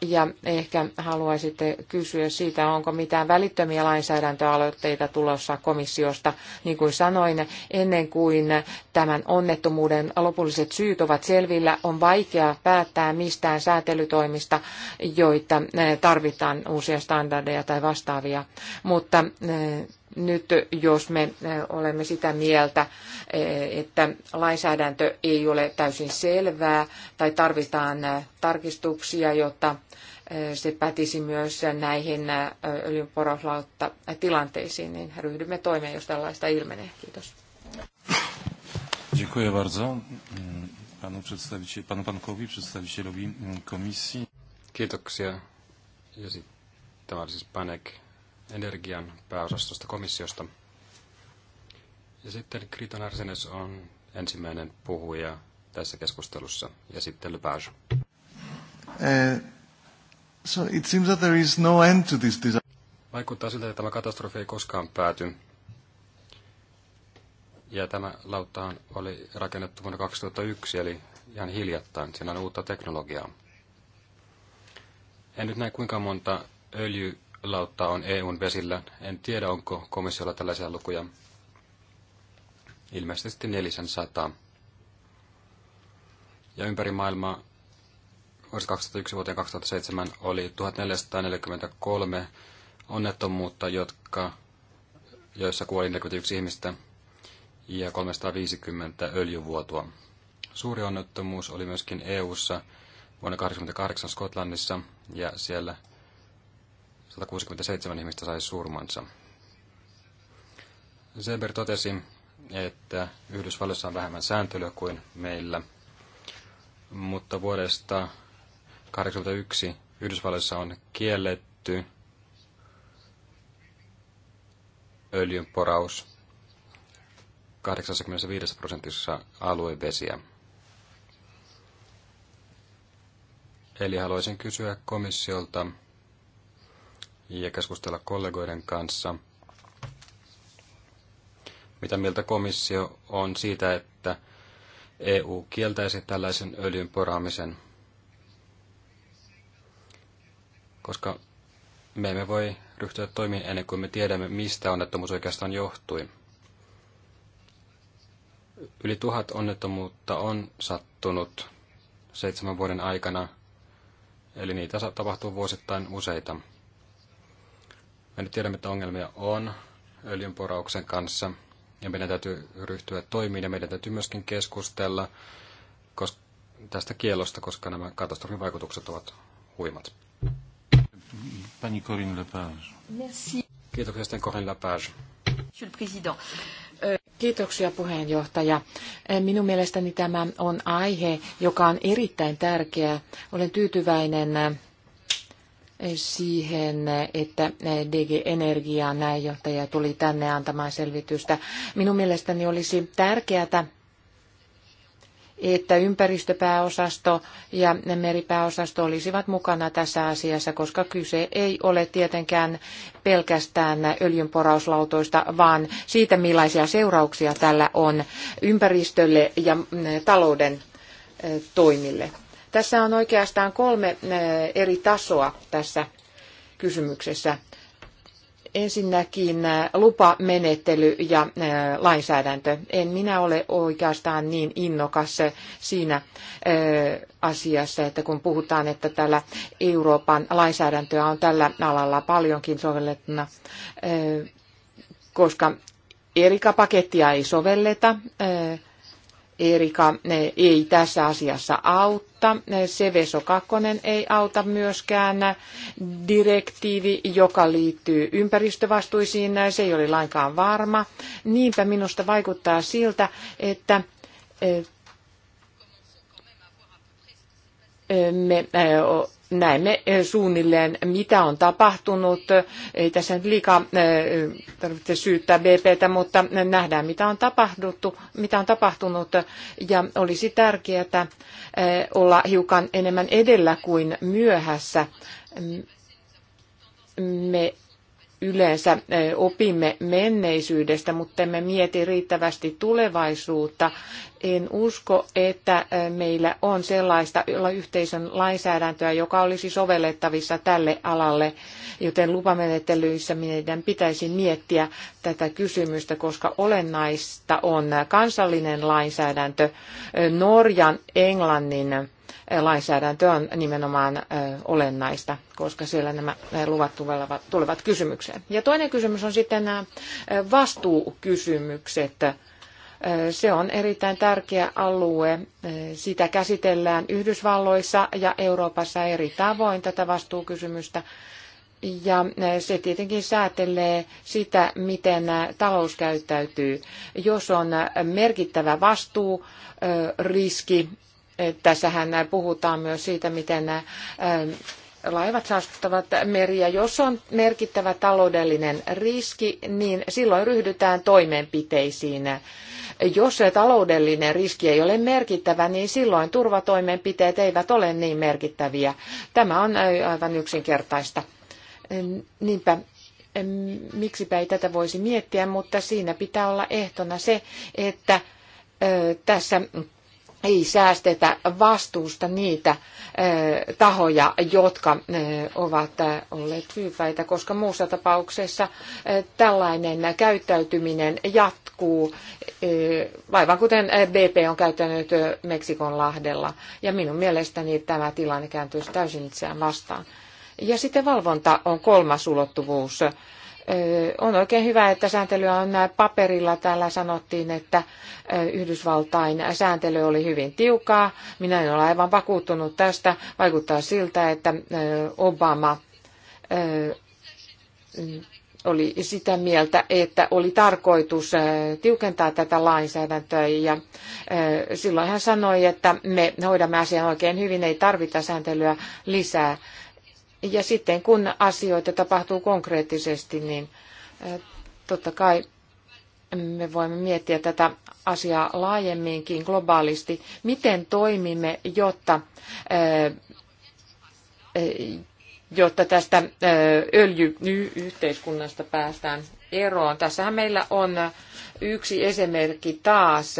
Ja ehkä haluaisitte kysyä siitä, onko mitään välittömiä lainsäädäntöaloitteita tulossa komissiosta. Niin kuin sanoin, ennen kuin tämän onnettomuuden lopulliset syyt ovat selvillä, on vaikea päättää mistään säätelytoimista, joita tarvitaan uusia standardeja tai vastaavia. Mutta eh, nyt jos me olemme sitä mieltä, että lainsäädäntö ei ole täysin selvää tai tarvitaan tarkistuksia, jotta se pätisi myös näihin öljynporoslautta tilanteisiin, niin ryhdymme toimeen, jos tällaista ilmenee. Kiitos. Dziękuję bardzo panu, przedstawiciel, panu Pankowi, przedstawicielowi mm, komisji. Kiitoksia. Ja sitten siis Panek energian pääosastosta komissiosta. Ja sitten Kriton Arsenes on ensimmäinen puhuja tässä keskustelussa, ja sitten Lepage. Uh, so it seems that there is no end to this disaster. Vaikuttaa siltä, että tämä katastrofi ei koskaan pääty. Ja tämä lauttahan oli rakennettu vuonna 2001, eli ihan hiljattain. Siinä on uutta teknologiaa. En nyt näe kuinka monta öljy lauttaa on EUn vesillä. En tiedä, onko komissiolla tällaisia lukuja. Ilmeisesti 400. Ja ympäri maailmaa vuodesta 2001 vuoteen 2007 oli 1443 onnettomuutta, jotka, joissa kuoli 41 ihmistä ja 350 öljyvuotoa. Suuri onnettomuus oli myöskin EU:ssa vuonna 1988 Skotlannissa ja siellä 167 ihmistä sai surmansa. Seber totesi, että Yhdysvalloissa on vähemmän sääntelyä kuin meillä, mutta vuodesta 1981 Yhdysvalloissa on kielletty öljynporaus 85 prosentissa aluevesiä. Eli haluaisin kysyä komissiolta, ja keskustella kollegoiden kanssa, mitä mieltä komissio on siitä, että EU kieltäisi tällaisen öljyn poraamisen, koska me emme voi ryhtyä toimiin ennen kuin me tiedämme, mistä onnettomuus oikeastaan johtui. Yli tuhat onnettomuutta on sattunut seitsemän vuoden aikana, eli niitä tapahtuu vuosittain useita. Me nyt tiedämme, että ongelmia on öljynporauksen kanssa ja meidän täytyy ryhtyä toimiin ja meidän täytyy myöskin keskustella koska, tästä kielosta, koska nämä katastrofin vaikutukset ovat huimat. Pani Corinne Lepage. Merci. Kiitoksia sitten Corinne Lepage. Monsieur le Président. Kiitoksia puheenjohtaja. Minun mielestäni tämä on aihe, joka on erittäin tärkeä. Olen tyytyväinen siihen, että DG Energian näinjohtaja tuli tänne antamaan selvitystä. Minun mielestäni olisi tärkeää, että ympäristöpääosasto ja meripääosasto olisivat mukana tässä asiassa, koska kyse ei ole tietenkään pelkästään öljynporauslautoista, vaan siitä, millaisia seurauksia tällä on ympäristölle ja talouden eh, toimille. Tässä on oikeastaan kolme eh, eri tasoa tässä kysymyksessä. Ensinnäkin eh, lupamenettely ja eh, lainsäädäntö. En minä ole oikeastaan niin innokas siinä asiassa, että kun puhutaan, että täällä Euroopan lainsäädäntöä on tällä alalla paljonkin sovellettuna, koska Erika-pakettia ei sovelleta Erika ei tässä asiassa auta. Seveso 2 ei auta myöskään. Direktiivi, joka liittyy ympäristövastuisiin, se ei ole lainkaan varma. Niinpä minusta vaikuttaa siltä, että eh, me eh, näemme eh, suunnilleen, mitä on tapahtunut. Ei tässä nyt liikaa eh, tarvitse syyttää BPtä, mutta nähdään, mitä on, tapahtunut, mitä on tapahtunut. Ja olisi tärkeää eh, olla hiukan enemmän edellä kuin myöhässä. Me yleensä eh, opimme menneisyydestä, mutta emme mieti riittävästi tulevaisuutta. En usko, että eh, meillä on sellaista yhteisön lainsäädäntöä, joka olisi sovellettavissa tälle alalle, joten lupamenettelyissä meidän pitäisi miettiä tätä kysymystä, koska olennaista on kansallinen lainsäädäntö eh, Norjan, Englannin, lainsäädäntö on nimenomaan olennaista, koska siellä nämä luvat tulevat, kysymykseen. Ja toinen kysymys on sitten nämä vastuukysymykset. Se on erittäin tärkeä alue. Sitä käsitellään Yhdysvalloissa ja Euroopassa eri tavoin tätä vastuukysymystä. Ja se tietenkin säätelee sitä, miten talous käyttäytyy. Jos on merkittävä vastuuriski, Tässähän puhutaan myös siitä, miten nämä laivat saastuttavat meriä. Jos on merkittävä taloudellinen riski, niin silloin ryhdytään toimenpiteisiin. Jos se taloudellinen riski ei ole merkittävä, niin silloin turvatoimenpiteet eivät ole niin merkittäviä. Tämä on aivan yksinkertaista. Niinpä miksipä ei tätä voisi miettiä, mutta siinä pitää olla ehtona se, että tässä ei säästetä vastuusta niitä tahoja, jotka ovat olleet syypäitä, koska muussa tapauksessa tällainen käyttäytyminen jatkuu, aivan kuten BP on käyttänyt Meksikon lahdella. Ja minun mielestäni tämä tilanne kääntyisi täysin itseään vastaan. Ja sitten valvonta on kolmas ulottuvuus on oikein hyvä, että sääntelyä on paperilla. Täällä sanottiin, että Yhdysvaltain sääntely oli hyvin tiukaa. Minä en ole aivan vakuuttunut tästä. Vaikuttaa siltä, että Obama oli sitä mieltä, että oli tarkoitus tiukentaa tätä lainsäädäntöä ja silloin hän sanoi, että me hoidamme asian oikein hyvin, ei tarvita sääntelyä lisää. Ja sitten kun asioita tapahtuu konkreettisesti, niin eh, totta kai me voimme miettiä tätä asiaa laajemminkin globaalisti. Miten toimimme, jotta, eh, eh, jotta tästä öljy yhteiskunnasta päästään eroon? Tässähän meillä on yksi esimerkki taas,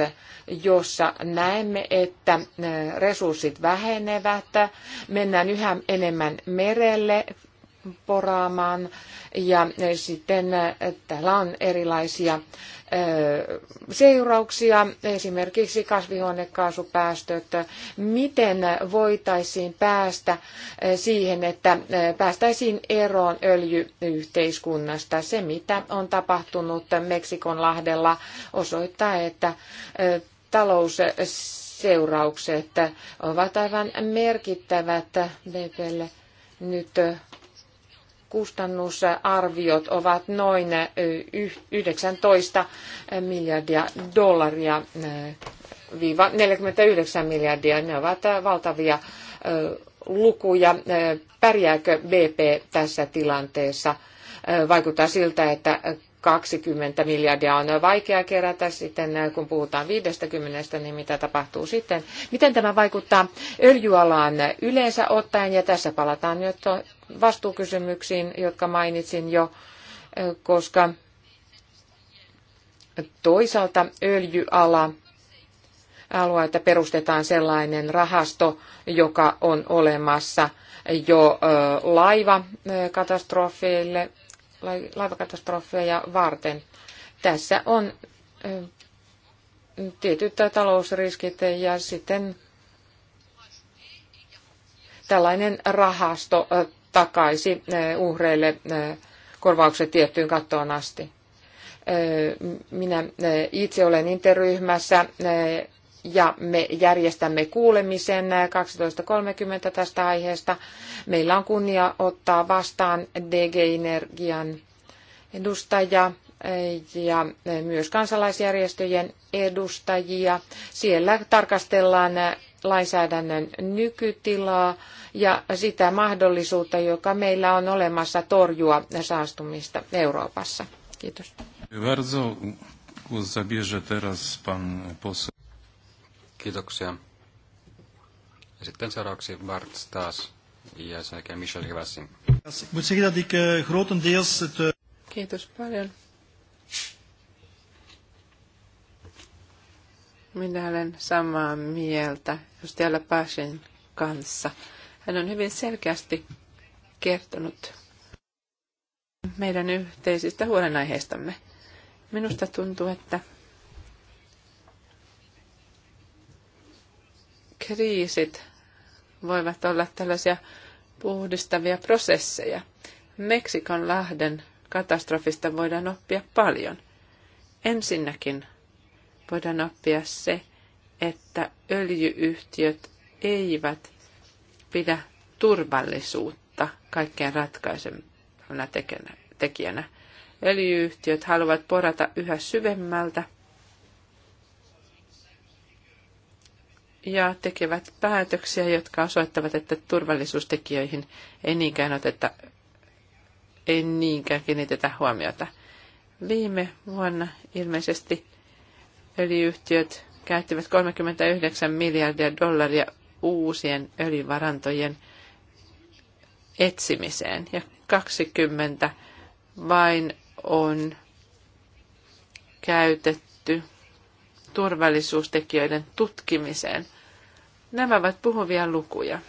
jossa näemme, että resurssit vähenevät, mennään yhä enemmän merelle poraamaan ja sitten täällä on erilaisia seurauksia, esimerkiksi kasvihuonekaasupäästöt, miten voitaisiin päästä siihen, että päästäisiin eroon öljyyhteiskunnasta. Se, mitä on tapahtunut Meksikon lahdella, osoittaa, että talous seuraukset ovat aivan merkittävät BPlle nyt kustannusarviot ovat noin 19 miljardia dollaria viiva 49 miljardia. Ne ovat valtavia lukuja. Pärjääkö BP tässä tilanteessa? Vaikuttaa siltä, että 20 miljardia on vaikea kerätä, sitten kun puhutaan 50, niin mitä tapahtuu sitten? Miten tämä vaikuttaa öljyalaan yleensä ottaen, ja tässä palataan nyt vastuukysymyksiin, jotka mainitsin jo, e, koska toisaalta öljyala haluaa, että perustetaan sellainen rahasto, joka on olemassa jo e, laivakatastrofeille, laivakatastrofeja varten. Tässä on e, tietyt talousriskit ja sitten tällainen rahasto takaisi eh, uhreille eh, korvaukset tiettyyn kattoon asti. Eh, minä itse olen interryhmässä ja me järjestämme kuulemisen 12.30 tästä aiheesta. Meillä on kunnia ottaa vastaan DG Energian edustaja ja myös kansalaisjärjestöjen edustajia. Siellä tarkastellaan lainsäädännön nykytilaa ja sitä mahdollisuutta, joka meillä on olemassa torjua saastumista Euroopassa. Kiitos. Kiitoksia. Ja sitten seuraavaksi Bart Stas ja sen jälkeen Michel Rivassin. Eh, eh, Kiitos paljon. Minä olen samaa mieltä täällä Pashin kanssa. Hän on hyvin selkeästi kertonut meidän yhteisistä huolenaiheistamme. Minusta tuntuu, että kriisit voivat olla tällaisia puhdistavia prosesseja. Meksikon lahden katastrofista voidaan oppia paljon. Ensinnäkin voidaan oppia se, että öljyyhtiöt eivät pidä turvallisuutta kaikkein ratkaisevana tekijänä. Öljyyhtiöt haluavat porata yhä syvemmältä ja tekevät päätöksiä, jotka osoittavat, että turvallisuustekijöihin ei niinkään oteta, ei niinkään kiinnitetä huomiota. Viime vuonna ilmeisesti öljyhtiöt käyttivät 39 miljardia dollaria uusien öljyvarantojen etsimiseen ja 20 vain on käytetty turvallisuustekijöiden tutkimiseen. Nämä ovat puhuvia lukuja.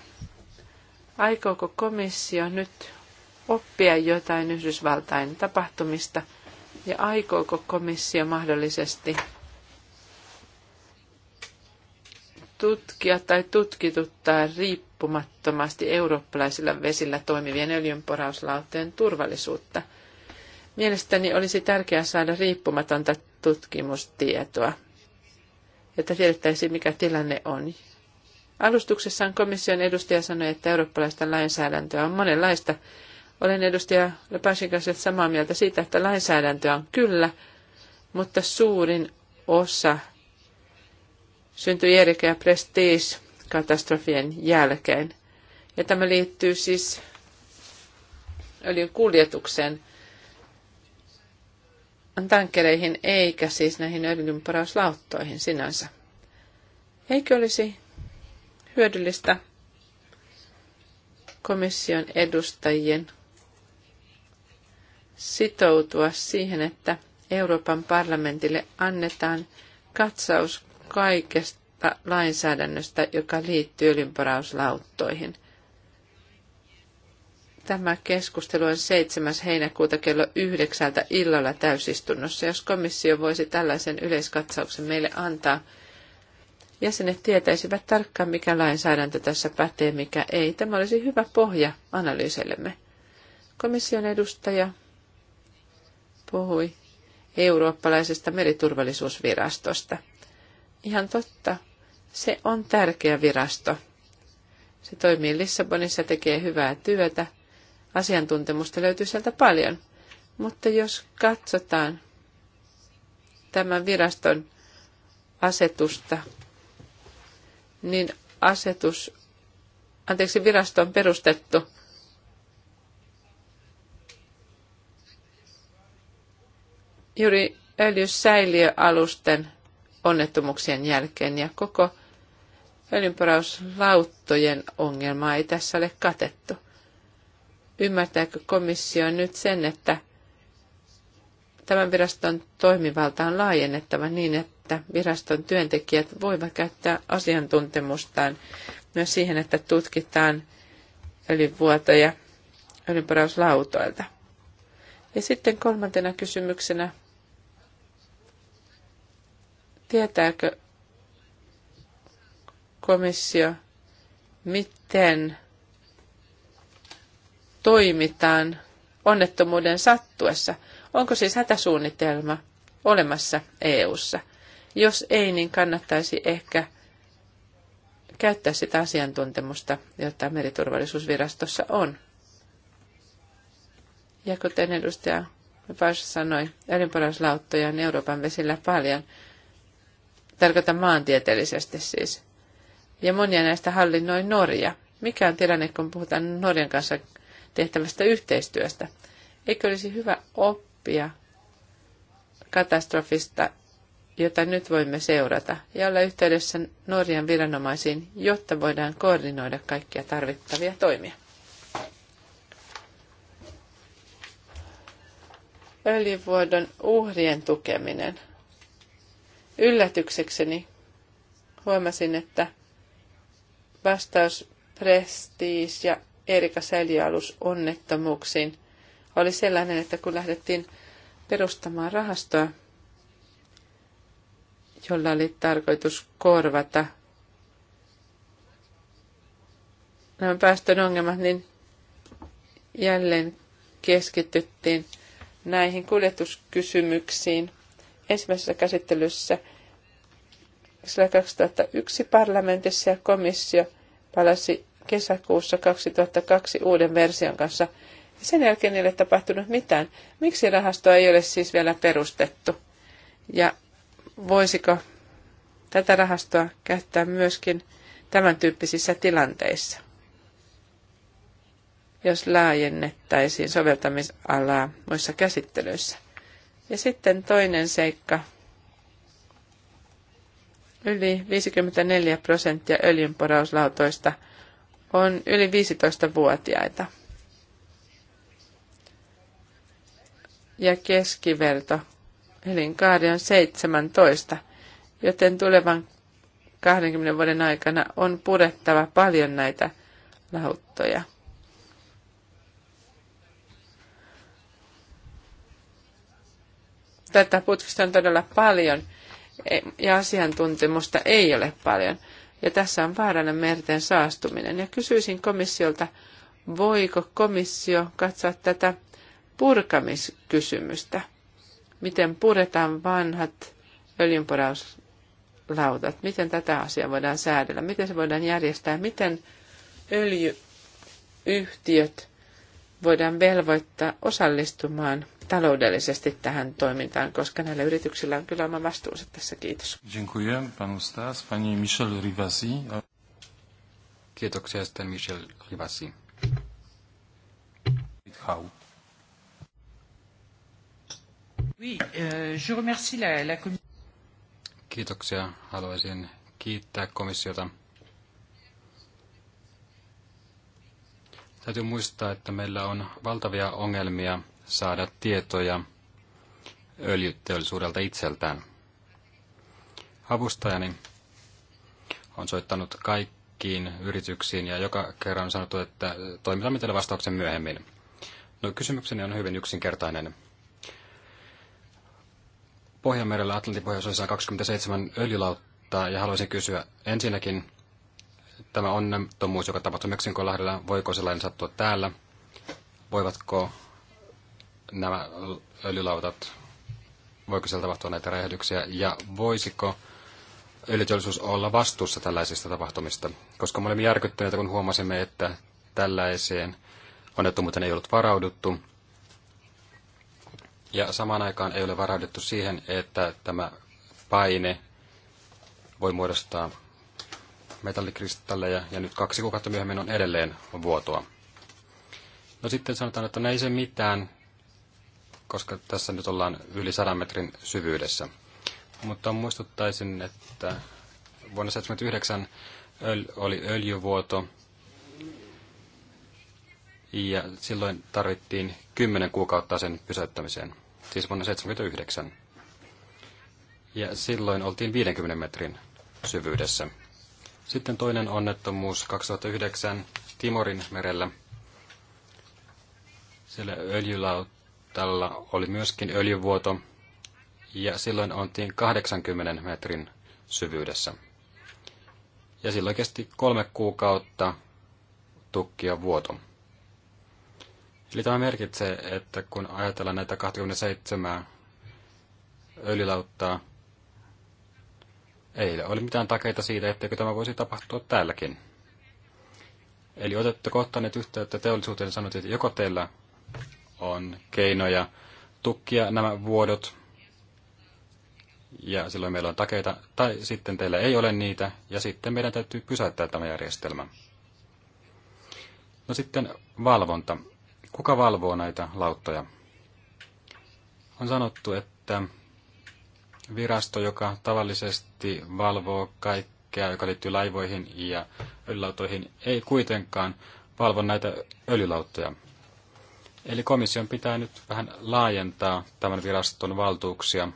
Aikooko komissio nyt oppia jotain Yhdysvaltain tapahtumista ja aikooko komissio mahdollisesti tutkia tai tutkituttaa riippumattomasti eurooppalaisilla vesillä toimivien öljynporauslauteen turvallisuutta. Mielestäni olisi tärkeää saada riippumatonta tutkimustietoa, jotta tiedettäisiin, mikä tilanne on. Alustuksessaan komission edustaja sanoi, että eurooppalaista lainsäädäntöä on monenlaista. Olen edustaja Lepäsin kanssa samaa mieltä siitä, että lainsäädäntöä on kyllä, mutta suurin osa syntyi Erika ja Prestige katastrofien jälkeen. Ja tämä liittyy siis öljyn kuljetukseen tankkereihin eikä siis näihin parauslauttoihin sinänsä. Eikö olisi hyödyllistä komission edustajien sitoutua siihen, että Euroopan parlamentille annetaan katsaus kaikesta lainsäädännöstä, joka liittyy öljynporauslauttoihin. Tämä keskustelu on 7. heinäkuuta kello yhdeksältä illalla täysistunnossa. Jos komissio voisi tällaisen yleiskatsauksen meille antaa, jäsenet tietäisivät tarkkaan, mikä lainsäädäntö tässä pätee, mikä ei. Tämä olisi hyvä pohja analyysellemme. Komission edustaja puhui eurooppalaisesta meriturvallisuusvirastosta – ihan totta. Se on tärkeä virasto. Se toimii Lissabonissa, tekee hyvää työtä. Asiantuntemusta löytyy sieltä paljon. Mutta jos katsotaan tämän viraston asetusta, niin asetus, anteeksi, virasto on perustettu juuri öljysäiliöalusten onnettomuuksien jälkeen ja koko öljynporauslauttojen ongelmaa ei tässä ole katettu. Ymmärtääkö komissio nyt sen, että tämän viraston toimivalta on laajennettava niin, että viraston työntekijät voivat käyttää asiantuntemustaan myös siihen, että tutkitaan öljyvuotoja öljynporauslautoilta. Ja sitten kolmantena kysymyksenä Tietääkö komissio, miten toimitaan onnettomuuden sattuessa? Onko siis hätäsuunnitelma olemassa EU:ssa? Jos ei, niin kannattaisi ehkä käyttää sitä asiantuntemusta, jota meriturvallisuusvirastossa on. Ja kuten edustaja Pars sanoi, öljynporauslauttoja on Euroopan vesillä paljon – Tarkoitan maantieteellisesti siis. Ja monia näistä hallinnoi Norja. Mikä on tilanne, kun puhutaan Norjan kanssa tehtävästä yhteistyöstä? Eikö olisi hyvä oppia katastrofista, jota nyt voimme seurata, ja olla yhteydessä Norjan viranomaisiin, jotta voidaan koordinoida kaikkia tarvittavia toimia? öljyvuodon uhrien tukeminen – yllätyksekseni huomasin, että vastaus Prestige ja Erika Säljäalus onnettomuuksiin oli sellainen, että kun lähdettiin perustamaan rahastoa, jolla oli tarkoitus korvata nämä päästön ongelmat, niin jälleen keskityttiin näihin kuljetuskysymyksiin. Ensimmäisessä käsittelyssä – sillä 2001 parlamentissa ja komissio palasi kesäkuussa 2002 uuden version kanssa. Ja sen jälkeen ei ole tapahtunut mitään. Miksi rahastoa ei ole siis vielä perustettu? Ja voisiko tätä rahastoa käyttää myöskin tämän tyyppisissä tilanteissa? jos laajennettaisiin soveltamisalaa muissa käsittelyissä. Ja sitten toinen seikka Yli 54 prosenttia öljynporauslautoista on yli 15-vuotiaita. Ja keskiverto elinkaari on 17, joten tulevan 20 vuoden aikana on purettava paljon näitä lauttoja. Tätä putkista on todella paljon ja asiantuntemusta ei ole paljon. Ja tässä on vaarana merten saastuminen. Ja kysyisin komissiolta, voiko komissio katsoa tätä purkamiskysymystä? Miten puretaan vanhat öljynporauslautat? Miten tätä asiaa voidaan säädellä? Miten se voidaan järjestää? Miten öljyyhtiöt voidaan velvoittaa osallistumaan taloudellisesti tähän toimintaan, koska näillä yrityksillä on kyllä oma vastuunsa tässä. Kiitos. Dziękuję panu Stas, pani Michel Rivasi. Kiitoksia sitten Michel Rivasi. Oui, euh, je Kiitoksia. Haluaisin kiittää komissiota Täytyy muistaa, että meillä on valtavia ongelmia saada tietoja öljyteollisuudelta itseltään. Avustajani on soittanut kaikkiin yrityksiin ja joka kerran on sanottu, että toimitamme teille vastauksen myöhemmin. No kysymykseni on hyvin yksinkertainen. Pohjanmerellä Atlantin pohjoisosassa on 27 öljylauttaa ja haluaisin kysyä ensinnäkin, tämä onnettomuus, joka tapahtui Meksinkonlahdella, voiko sellainen sattua täällä? Voivatko nämä öljylautat, voiko siellä tapahtua näitä räjähdyksiä ja voisiko öljyteollisuus olla vastuussa tällaisista tapahtumista? Koska me olimme järkyttyneitä, kun huomasimme, että tällaiseen onnettomuuteen ei ollut varauduttu. Ja samaan aikaan ei ole varauduttu siihen, että tämä paine voi muodostaa metallikristalleja ja nyt kaksi kuukautta myöhemmin on edelleen vuotoa. No sitten sanotaan, että no ei se mitään, koska tässä nyt ollaan yli 100 metrin syvyydessä. Mutta muistuttaisin, että vuonna 1979 oli öljyvuoto ja silloin tarvittiin 10 kuukautta sen pysäyttämiseen, siis vuonna 1979. Ja silloin oltiin 50 metrin syvyydessä. Sitten toinen onnettomuus 2009 Timorin merellä. Siellä öljylautalla oli myöskin öljyvuoto ja silloin oltiin 80 metrin syvyydessä. Ja silloin kesti kolme kuukautta tukkia vuoto. Eli tämä merkitsee, että kun ajatellaan näitä 27 öljylauttaa, ei ole mitään takeita siitä, etteikö tämä voisi tapahtua täälläkin. Eli otette kohtaneet yhteyttä teollisuuteen ja sanotte, että joko teillä on keinoja tukkia nämä vuodot, ja silloin meillä on takeita, tai sitten teillä ei ole niitä, ja sitten meidän täytyy pysäyttää tämä järjestelmä. No sitten valvonta. Kuka valvoo näitä lauttoja? On sanottu, että virasto, joka tavallisesti valvoo kaikkea, joka liittyy laivoihin ja öljylautoihin, ei kuitenkaan valvo näitä öljylauttoja. Eli komission pitää nyt vähän laajentaa tämän viraston valtuuksia,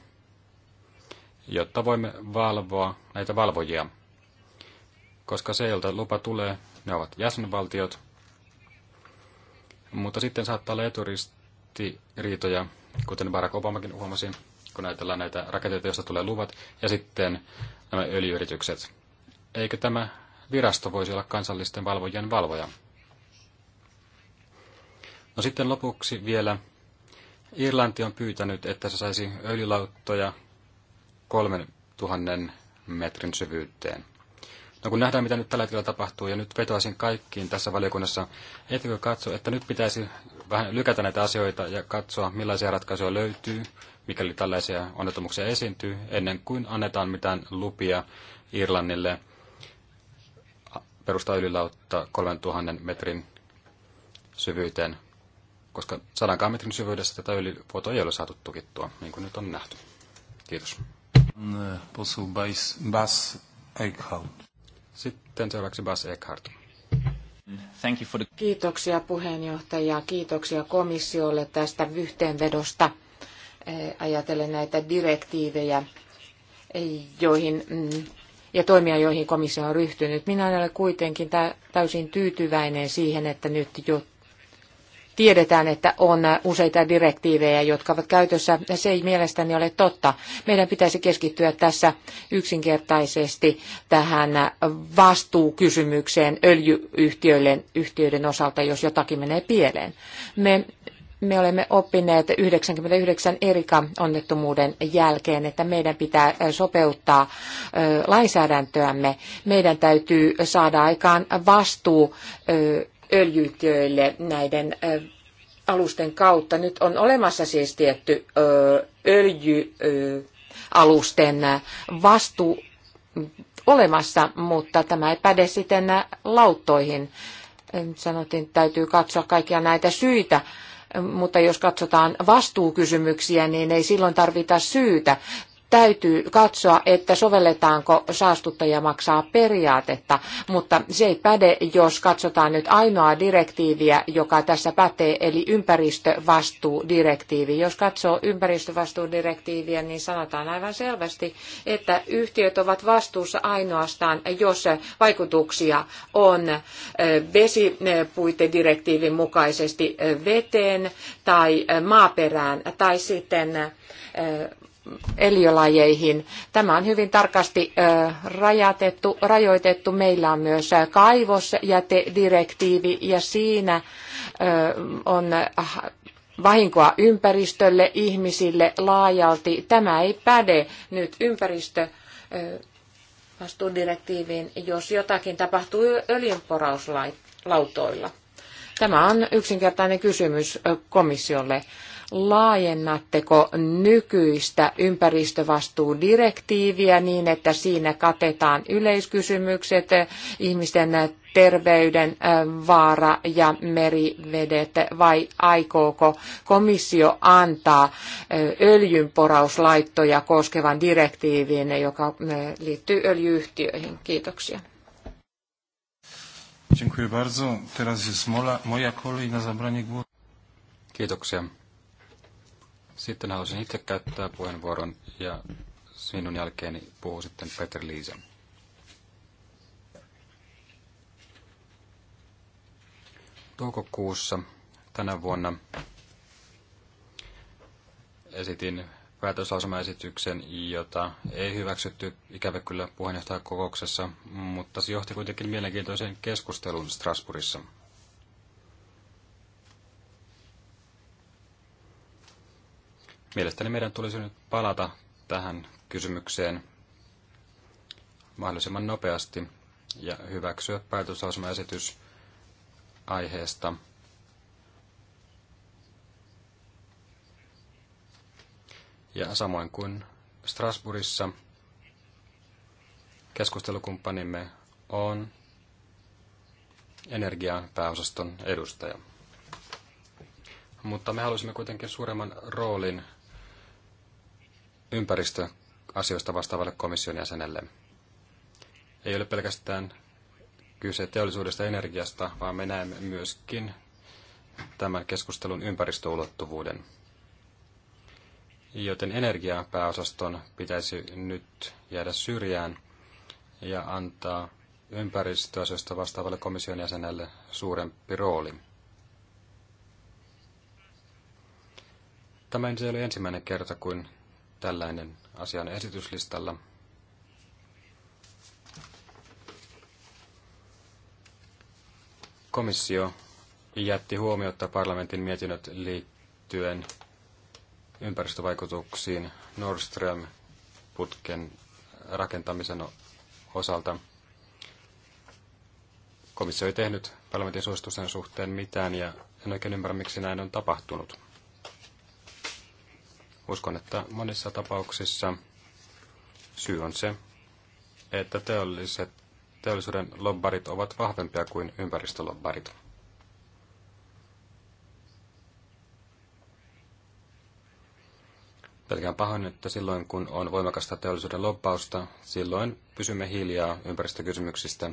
jotta voimme valvoa näitä valvojia. Koska se, jolta lupa tulee, ne ovat jäsenvaltiot. Mutta sitten saattaa olla eturistiriitoja, kuten Barack Obamakin huomasi kun ajatellaan näitä rakenteita, joista tulee luvat, ja sitten nämä öljyyritykset. Eikö tämä virasto voisi olla kansallisten valvojien valvoja? No sitten lopuksi vielä. Irlanti on pyytänyt, että se saisi öljylauttoja 3000 metrin syvyyteen. No kun nähdään, mitä nyt tällä hetkellä tapahtuu, ja nyt vetoaisin kaikkiin tässä valiokunnassa, ettekö katso, että nyt pitäisi vähän lykätä näitä asioita ja katsoa, millaisia ratkaisuja löytyy, mikäli tällaisia onnettomuuksia esiintyy, ennen kuin annetaan mitään lupia Irlannille perustaa ylilautta 3000 metrin syvyyteen, koska 100 metrin syvyydessä tätä ylivuotoa ei ole saatu tukittua, niin kuin nyt on nähty. Kiitos. E, Sitten seuraavaksi Bas Eckhart. Kiitoksia puheenjohtaja, kiitoksia komissiolle tästä yhteenvedosta ajatellen näitä direktiivejä joihin, mm, ja toimia, joihin komissio on ryhtynyt. Minä olen kuitenkin täysin tyytyväinen siihen, että nyt jo tiedetään, että on useita direktiivejä, jotka ovat käytössä. Se ei mielestäni ole totta. Meidän pitäisi keskittyä tässä yksinkertaisesti tähän vastuukysymykseen öljyyhtiöiden yhtiöiden osalta, jos jotakin menee pieleen. Me me olemme oppineet 99 erika onnettomuuden jälkeen, että meidän pitää sopeuttaa lainsäädäntöämme. Meidän täytyy saada aikaan vastuu öljytyöille näiden alusten kautta. Nyt on olemassa siis tietty öljyalusten vastuu olemassa, mutta tämä ei päde sitten lauttoihin. Sanoitin, että täytyy katsoa kaikkia näitä syitä mutta jos katsotaan vastuukysymyksiä, niin ei silloin tarvita syytä täytyy katsoa, että sovelletaanko saastuttaja maksaa periaatetta, mutta se ei päde, jos katsotaan nyt ainoa direktiiviä, joka tässä pätee, eli ympäristövastuudirektiivi. Jos katsoo ympäristövastuudirektiiviä, niin sanotaan aivan selvästi, että yhtiöt ovat vastuussa ainoastaan, jos vaikutuksia on vesipuitedirektiivin mukaisesti veteen tai maaperään tai sitten eliölajeihin. Tämä on hyvin tarkasti rajatettu, rajoitettu. Meillä on myös kaivosjätedirektiivi ja siinä on ah, vahinkoa ympäristölle, ihmisille laajalti. Tämä ei päde nyt ympäristö vastuudirektiiviin, jos jotakin tapahtuu öljynporauslautoilla. Tämä on yksinkertainen kysymys komissiolle laajennatteko nykyistä ympäristövastuudirektiiviä niin, että siinä katetaan yleiskysymykset, ihmisten terveyden vaara ja merivedet, vai aikooko komissio antaa öljynporauslaittoja koskevan direktiivin, joka liittyy öljyyhtiöihin? Kiitoksia. Dziękuję bardzo. Teraz jest moja kolej na zabranie głosu. Kiitoksia. Sitten haluaisin itse käyttää puheenvuoron ja sinun jälkeeni puhuu sitten Peter Liisa. Toukokuussa tänä vuonna esitin päätöslausumaesityksen, jota ei hyväksytty ikävä kyllä puheenjohtajakokouksessa, mutta se johti kuitenkin mielenkiintoiseen keskusteluun Strasbourgissa – Mielestäni meidän tulisi nyt palata tähän kysymykseen mahdollisimman nopeasti ja hyväksyä päätöslausumaesitys aiheesta. Ja samoin kuin Strasbourgissa keskustelukumppanimme on energian pääosaston edustaja. Mutta me halusimme kuitenkin suuremman roolin ympäristöasioista vastaavalle komission jäsenelle. Ei ole pelkästään kyse teollisuudesta ja energiasta, vaan me näemme myöskin tämän keskustelun ympäristöulottuvuuden. Joten energiapääosaston pitäisi nyt jäädä syrjään ja antaa ympäristöasioista vastaavalle komission jäsenelle suurempi rooli. Tämä ei ole ensimmäinen kerta, kun tällainen asian esityslistalla. Komissio jätti huomiota parlamentin mietinnöt liittyen ympäristövaikutuksiin stream putken rakentamisen osalta. Komissio ei tehnyt parlamentin suositusten suhteen mitään ja en oikein ymmärrä, miksi näin on tapahtunut. Uskon, että monissa tapauksissa syy on se, että teolliset, teollisuuden lobbarit ovat vahvempia kuin ympäristölobbarit. Pelkään pahoin, että silloin kun on voimakasta teollisuuden loppausta, silloin pysymme hiljaa ympäristökysymyksistä.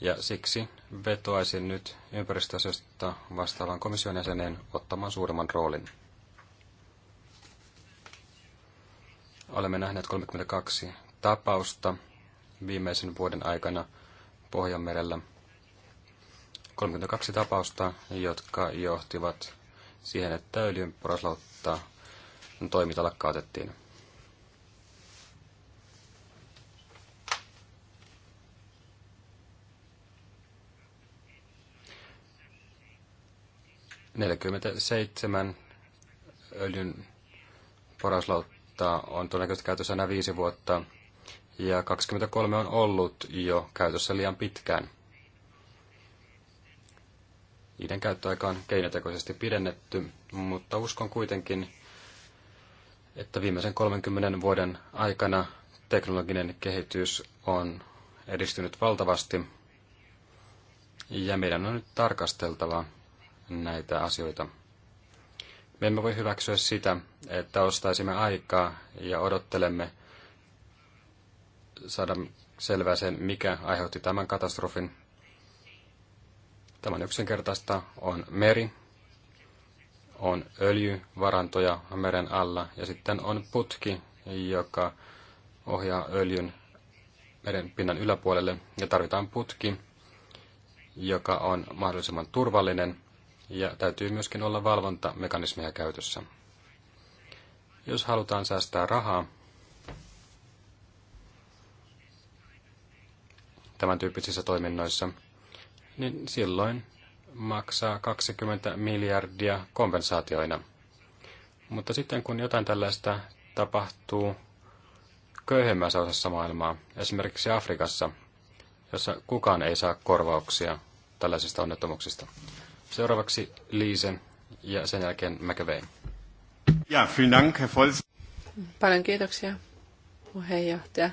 Ja siksi vetoaisin nyt ympäristöasioista vastaavan komission jäsenen ottamaan suuremman roolin. Olemme nähneet 32 tapausta viimeisen vuoden aikana Pohjanmerellä. 32 tapausta, jotka johtivat siihen, että öljyn poraslautta toiminta lakkautettiin. seitsemän öljyn poraslautta vuotta, on todennäköisesti käytössä enää viisi vuotta, ja 23 on ollut jo käytössä liian pitkään. Niiden käyttöaika on keinotekoisesti pidennetty, mutta uskon kuitenkin, että viimeisen 30 vuoden aikana teknologinen kehitys on edistynyt valtavasti, ja meidän on nyt tarkasteltava näitä asioita. Me emme voi hyväksyä sitä, että ostaisimme aikaa ja odottelemme saada selvää sen, mikä aiheutti tämän katastrofin. Tämän yksinkertaista on meri, on öljyvarantoja meren alla ja sitten on putki, joka ohjaa öljyn meren pinnan yläpuolelle ja tarvitaan putki, joka on mahdollisimman turvallinen – ja täytyy myöskin olla valvontamekanismeja käytössä. Jos halutaan säästää rahaa, tämän tyyppisissä toiminnoissa, niin silloin maksaa 20 miljardia kompensaatioina. Mutta sitten kun jotain tällaista tapahtuu köyhemmässä osassa maailmaa, esimerkiksi Afrikassa, jossa kukaan ei saa korvauksia tällaisista onnettomuuksista, Seuraavaksi Liisen ja sen jälkeen McAvey. Ja, vielen Dank, Herr Volz. Paljon kiitoksia, puheenjohtaja.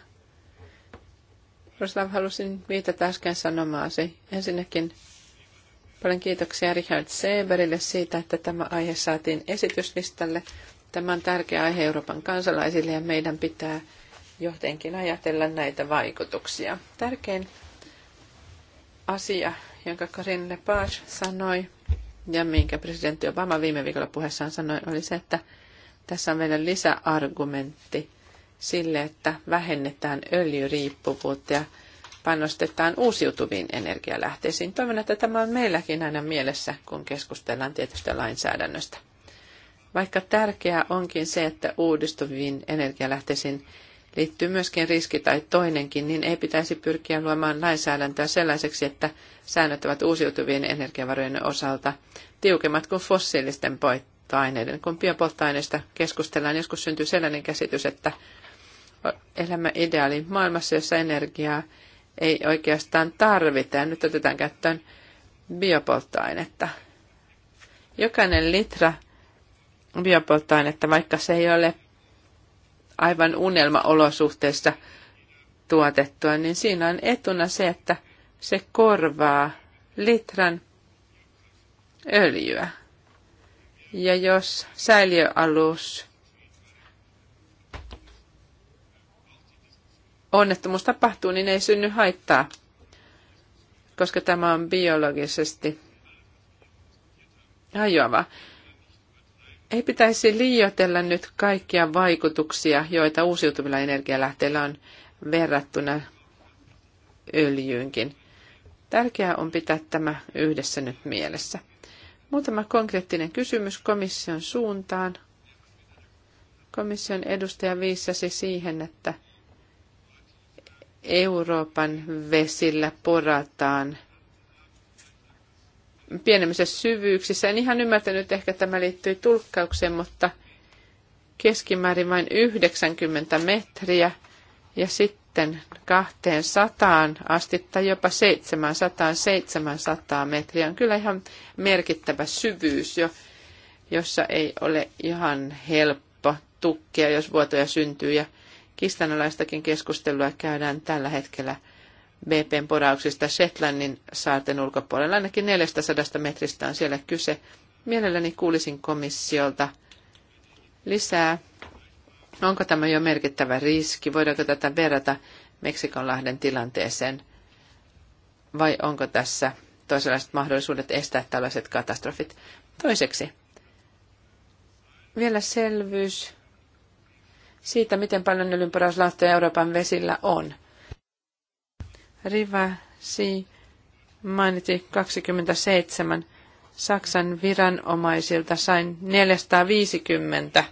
Roslav, halusin viitata äsken sanomaasi. Ensinnäkin paljon kiitoksia Richard Seberille siitä, että tämä aihe saatiin esityslistalle. Tämä on tärkeä aihe Euroopan kansalaisille ja meidän pitää jotenkin ajatella näitä vaikutuksia. Tärkein asia jonka Karin Lepage sanoi ja minkä presidentti Obama viime viikolla puheessaan sanoi, oli se, että tässä on meidän lisäargumentti sille, että vähennetään öljyriippuvuutta ja panostetaan uusiutuviin energialähteisiin. Toivon, että tämä on meilläkin aina mielessä, kun keskustellaan tietystä lainsäädännöstä. Vaikka tärkeää onkin se, että uudistuviin energialähteisiin liittyy myöskin riski tai toinenkin, niin ei pitäisi pyrkiä luomaan lainsäädäntöä sellaiseksi, että säännöt ovat uusiutuvien energiavarojen osalta tiukemmat kuin fossiilisten polttoaineiden. Kun biopolttoaineista keskustellaan, joskus syntyy sellainen käsitys, että elämä ideaali maailmassa, jossa energiaa ei oikeastaan tarvita. Ja nyt otetaan käyttöön biopolttoainetta. Jokainen litra biopolttoainetta, vaikka se ei ole aivan unelmaolosuhteissa tuotettua, niin siinä on etuna se, että se korvaa litran öljyä. Ja jos säiliöalus onnettomuus tapahtuu, niin ei synny haittaa, koska tämä on biologisesti hajoava. Ei pitäisi liioitella nyt kaikkia vaikutuksia, joita uusiutuvilla energialähteillä on verrattuna öljyynkin. Tärkeää on pitää tämä yhdessä nyt mielessä. Muutama konkreettinen kysymys komission suuntaan. Komission edustaja viissasi siihen, että Euroopan vesillä porataan pienemmissä syvyyksissä. En ihan ymmärtänyt, ehkä tämä liittyy tulkkaukseen, mutta keskimäärin vain 90 metriä ja sitten 200 asti tai jopa 700-700 metriä on kyllä ihan merkittävä syvyys jo, jossa ei ole ihan helppo tukkia, jos vuotoja syntyy ja kistanalaistakin keskustelua käydään tällä hetkellä – BPn porauksista Shetlandin saarten ulkopuolella. Ainakin 400 metristä on siellä kyse. Mielelläni kuulisin komissiolta lisää. Onko tämä jo merkittävä riski? Voidaanko tätä verrata Meksikonlahden tilanteeseen? Vai onko tässä toisenlaiset mahdollisuudet estää tällaiset katastrofit? Toiseksi, vielä selvyys siitä, miten paljon öljynporauslautoja Euroopan vesillä on si mainitsi 27. Saksan viranomaisilta sain 450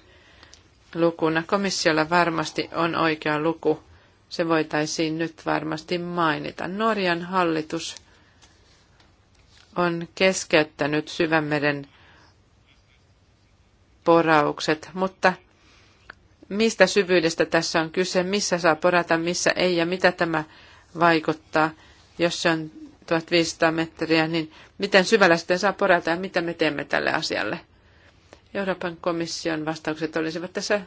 lukuna. Komissiolla varmasti on oikea luku. Se voitaisiin nyt varmasti mainita. Norjan hallitus on keskeyttänyt syvämeren poraukset, mutta mistä syvyydestä tässä on kyse, missä saa porata, missä ei ja mitä tämä vaikuttaa, jos se on 1500 metriä, niin miten syvällä sitten saa porata ja mitä me teemme tälle asialle? Euroopan komission vastaukset olisivat tässä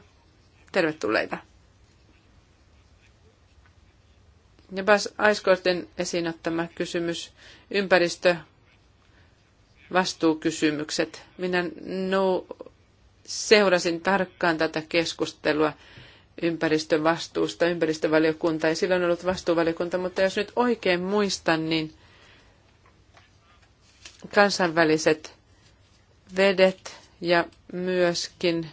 tervetulleita. Ja Bas Aiskorten esiin ottama kysymys, ympäristö, vastuukysymykset. Minä no, seurasin tarkkaan tätä keskustelua ympäristövastuusta ympäristövaliokunta. Ei silloin ollut vastuuvaliokunta, mutta jos nyt oikein muistan, niin kansainväliset vedet ja myöskin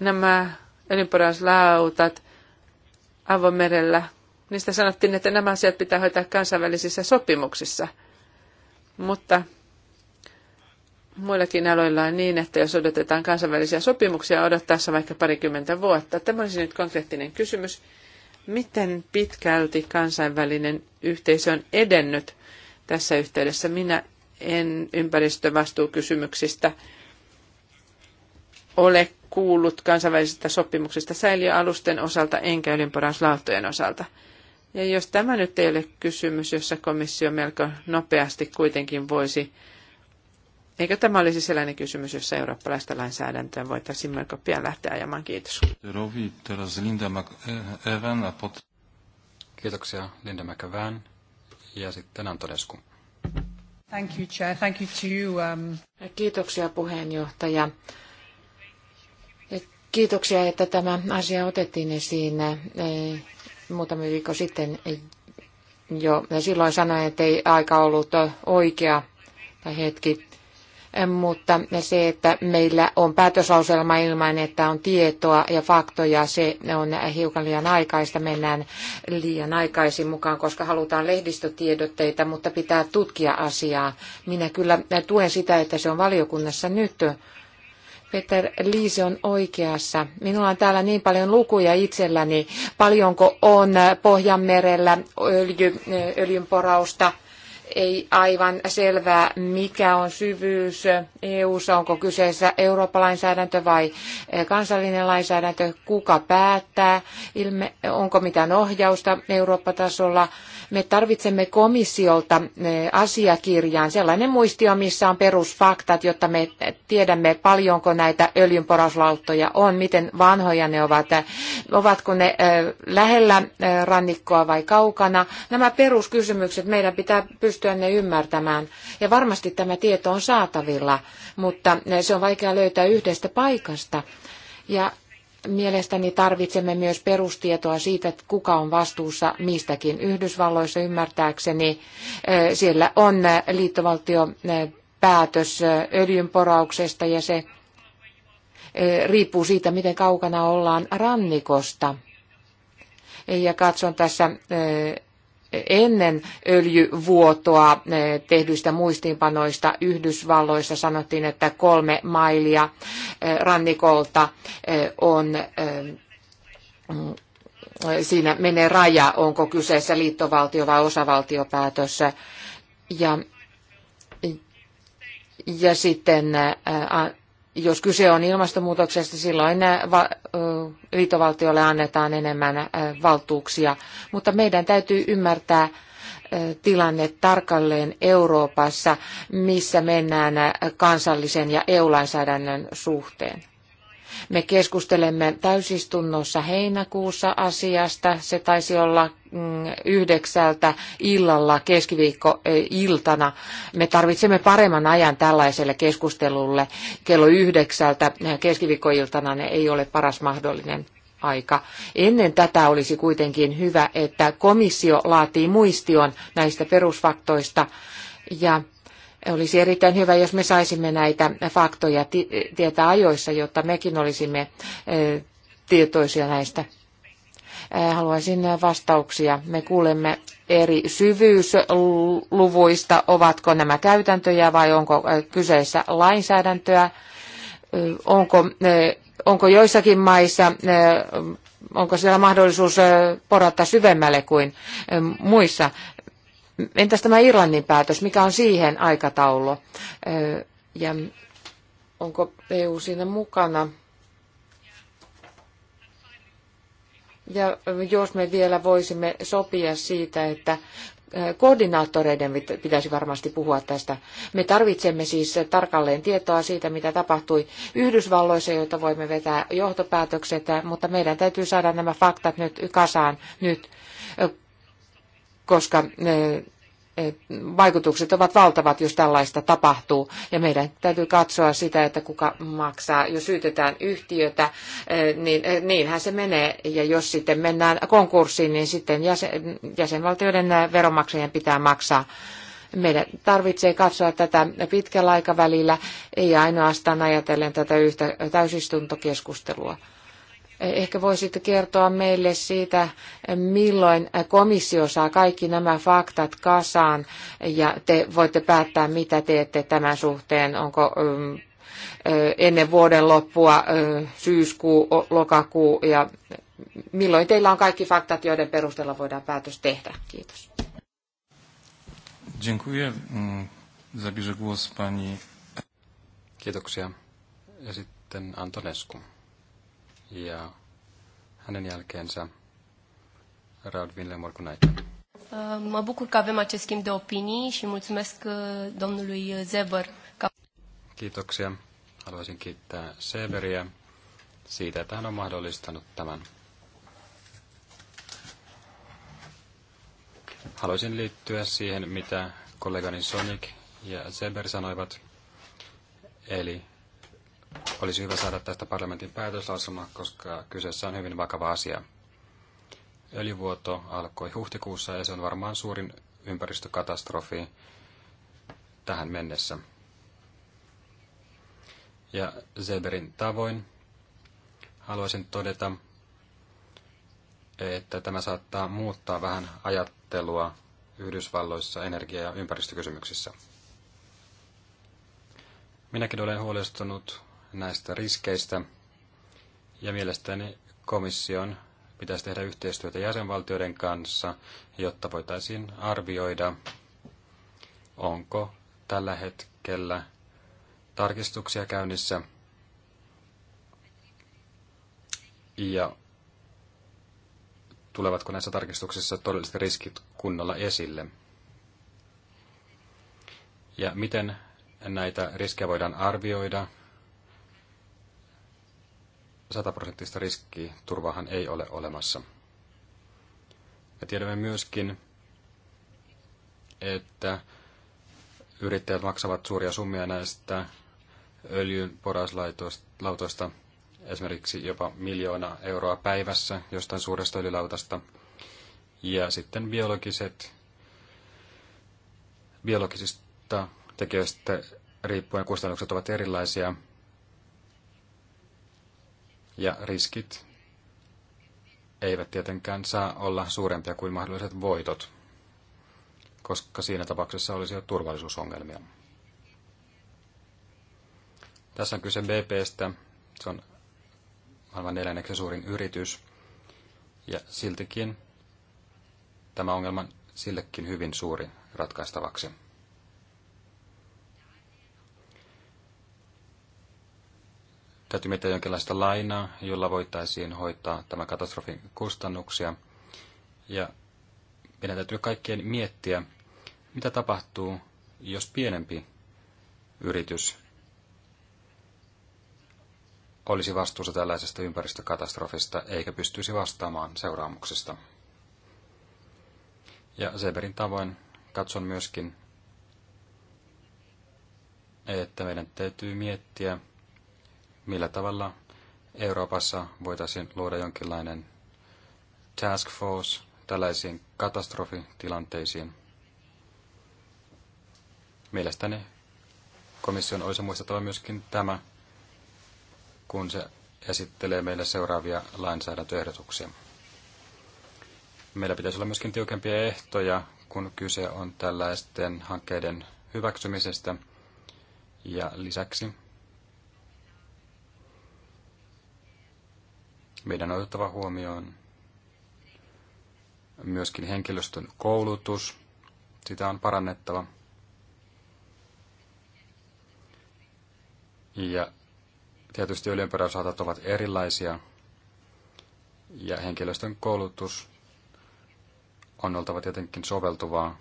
nämä öljynporauslautat avomerellä, niistä sanottiin, että nämä asiat pitää hoitaa kansainvälisissä sopimuksissa. Mutta muillakin aloilla on niin, että jos odotetaan kansainvälisiä sopimuksia odottaessa vaikka parikymmentä vuotta. Tämä olisi nyt konkreettinen kysymys. Miten pitkälti kansainvälinen yhteisö on edennyt tässä yhteydessä? Minä en ympäristövastuukysymyksistä ole kuullut kansainvälisistä sopimuksista säiliöalusten osalta enkä ylinporauslauttojen osalta. Ja jos tämä nyt ei ole kysymys, jossa komissio melko nopeasti kuitenkin voisi Eikö tämä olisi sellainen kysymys, jossa eurooppalaista lainsäädäntöä voitaisiin melko pian lähteä ajamaan? Kiitos. Eh, Kiitoksia Linda McEvan ja sitten Antonescu. Thank you, Chair. Thank you to you, um... Kiitoksia puheenjohtaja. Kiitoksia, että tämä asia otettiin esiin eh, muutama viikko sitten. Jo silloin sanoin, että ei aika ollut oikea tai hetki mutta se, että meillä on päätöslauselma ilman, että on tietoa ja faktoja, se on hiukan liian aikaista. Mennään liian aikaisin mukaan, koska halutaan lehdistötiedotteita, mutta pitää tutkia asiaa. Minä kyllä tuen sitä, että se on valiokunnassa nyt. Peter Liise on oikeassa. Minulla on täällä niin paljon lukuja itselläni. Paljonko on Pohjanmerellä öljy, öljynporausta? ei aivan selvää, mikä on syvyys EU-ssa, onko kyseessä lainsäädäntö vai eh, kansallinen lainsäädäntö, kuka päättää, ilme, onko mitään ohjausta Eurooppa-tasolla. Me tarvitsemme komissiolta eh, asiakirjaan sellainen muistio, missä on perusfaktat, jotta me tiedämme, paljonko näitä öljynporauslauttoja on, miten vanhoja ne ovat, ovatko ne lähellä rannikkoa vai kaukana. Nämä peruskysymykset, meidän pitää pystyä ne ymmärtämään. Ja varmasti tämä tieto on saatavilla, mutta se on vaikea löytää yhdestä paikasta. Ja mielestäni tarvitsemme myös perustietoa siitä, että kuka on vastuussa mistäkin. Yhdysvalloissa ymmärtääkseni siellä on liittovaltio päätös öljynporauksesta ja se eh, riippuu siitä, miten kaukana ollaan rannikosta. Ja katson tässä eh, ennen öljyvuotoa eh, tehdyistä muistiinpanoista Yhdysvalloissa sanottiin, että kolme mailia rannikolta on mm, siinä menee raja, onko kyseessä liittovaltio vai osavaltiopäätös. Ja ja sitten jos kyse on ilmastonmuutoksesta, silloin liitovaltiolle annetaan enemmän valtuuksia. Mutta meidän täytyy ymmärtää tilanne tarkalleen Euroopassa, missä mennään kansallisen ja EU-lainsäädännön suhteen. Me keskustelemme täysistunnossa heinäkuussa asiasta. Se taisi olla mm, yhdeksältä illalla keskiviikkoiltana. E, Me tarvitsemme paremman ajan tällaiselle keskustelulle. Kello yhdeksältä e, keskiviikkoiltana ne ei ole paras mahdollinen aika. Ennen tätä olisi kuitenkin hyvä, että komissio laatii muistion näistä perusfaktoista ja olisi erittäin hyvä, jos me saisimme näitä faktoja tietää ajoissa, jotta mekin olisimme tietoisia näistä. Haluaisin vastauksia. Me kuulemme eri syvyysluvuista, ovatko nämä käytäntöjä vai onko kyseessä lainsäädäntöä, onko, onko joissakin maissa, onko siellä mahdollisuus porata syvemmälle kuin muissa. Entäs tämä Irlannin päätös, mikä on siihen aikataulu? Ja onko EU siinä mukana? Ja jos me vielä voisimme sopia siitä, että koordinaattoreiden pitäisi varmasti puhua tästä. Me tarvitsemme siis tarkalleen tietoa siitä, mitä tapahtui Yhdysvalloissa, joita voimme vetää johtopäätökset, mutta meidän täytyy saada nämä faktat nyt kasaan nyt koska vaikutukset ovat valtavat, jos tällaista tapahtuu. Ja meidän täytyy katsoa sitä, että kuka maksaa. Jos syytetään yhtiötä, niin niinhän se menee. Ja jos sitten mennään konkurssiin, niin sitten jäsen, jäsenvaltioiden veronmaksajien pitää maksaa. Meidän tarvitsee katsoa tätä pitkällä aikavälillä, ei ainoastaan ajatellen tätä yhtä täysistuntokeskustelua. Ehkä voisitte kertoa meille siitä, milloin komissio saa kaikki nämä faktat kasaan ja te voitte päättää, mitä teette tämän suhteen. Onko mm, ennen vuoden loppua syyskuu, lokakuu ja milloin teillä on kaikki faktat, joiden perusteella voidaan päätös tehdä? Kiitos. Dziękuję. Mm, Kiitoksia. Ja sitten Antonescu ja hänen jälkeensä Raud Vinle Morkunaita. Uh, mă bucur că avem acest schimb de opinii și mulțumesc uh, domnului uh, Zeber. Kiitoksia. Haluaisin kiittää Seberiä siitä, että hän on mahdollistanut tämän. Haluaisin liittyä siihen, mitä kollegani Sonic ja Zeber sanoivat, eli olisi hyvä saada tästä parlamentin päätöslausuma, koska kyseessä on hyvin vakava asia. Öljyvuoto alkoi huhtikuussa ja se on varmaan suurin ympäristökatastrofi tähän mennessä. Ja Zeberin tavoin haluaisin todeta, että tämä saattaa muuttaa vähän ajattelua Yhdysvalloissa energia- ja ympäristökysymyksissä. Minäkin olen huolestunut näistä riskeistä. Ja mielestäni komission pitäisi tehdä yhteistyötä jäsenvaltioiden kanssa, jotta voitaisiin arvioida, onko tällä hetkellä tarkistuksia käynnissä ja tulevatko näissä tarkistuksissa todelliset riskit kunnolla esille. Ja miten näitä riskejä voidaan arvioida sataprosenttista turvahan ei ole olemassa. Me tiedämme myöskin, että yrittäjät maksavat suuria summia näistä öljyn porauslautoista, esimerkiksi jopa miljoona euroa päivässä jostain suuresta öljylautasta. Ja sitten biologiset, biologisista tekijöistä riippuen kustannukset ovat erilaisia, ja riskit eivät tietenkään saa olla suurempia kuin mahdolliset voitot, koska siinä tapauksessa olisi jo turvallisuusongelmia. Tässä on kyse BPstä. Se on maailman neljänneksi suurin yritys. Ja siltikin tämä ongelma sillekin hyvin suuri ratkaistavaksi. Täytyy miettiä jonkinlaista lainaa, jolla voitaisiin hoitaa tämä katastrofin kustannuksia. Ja meidän täytyy kaikkien miettiä, mitä tapahtuu, jos pienempi yritys olisi vastuussa tällaisesta ympäristökatastrofista eikä pystyisi vastaamaan seuraamuksista. Ja Seberin tavoin katson myöskin, että meidän täytyy miettiä, millä tavalla Euroopassa voitaisiin luoda jonkinlainen task force tällaisiin katastrofitilanteisiin. Mielestäni komission olisi muistettava myöskin tämä, kun se esittelee meille seuraavia lainsäädäntöehdotuksia. Meillä pitäisi olla myöskin tiukempia ehtoja, kun kyse on tällaisten hankkeiden hyväksymisestä. Ja lisäksi Meidän on otettava huomioon myöskin henkilöstön koulutus. Sitä on parannettava. Ja tietysti ylimpäräysautot ovat erilaisia. Ja henkilöstön koulutus on oltava tietenkin soveltuvaa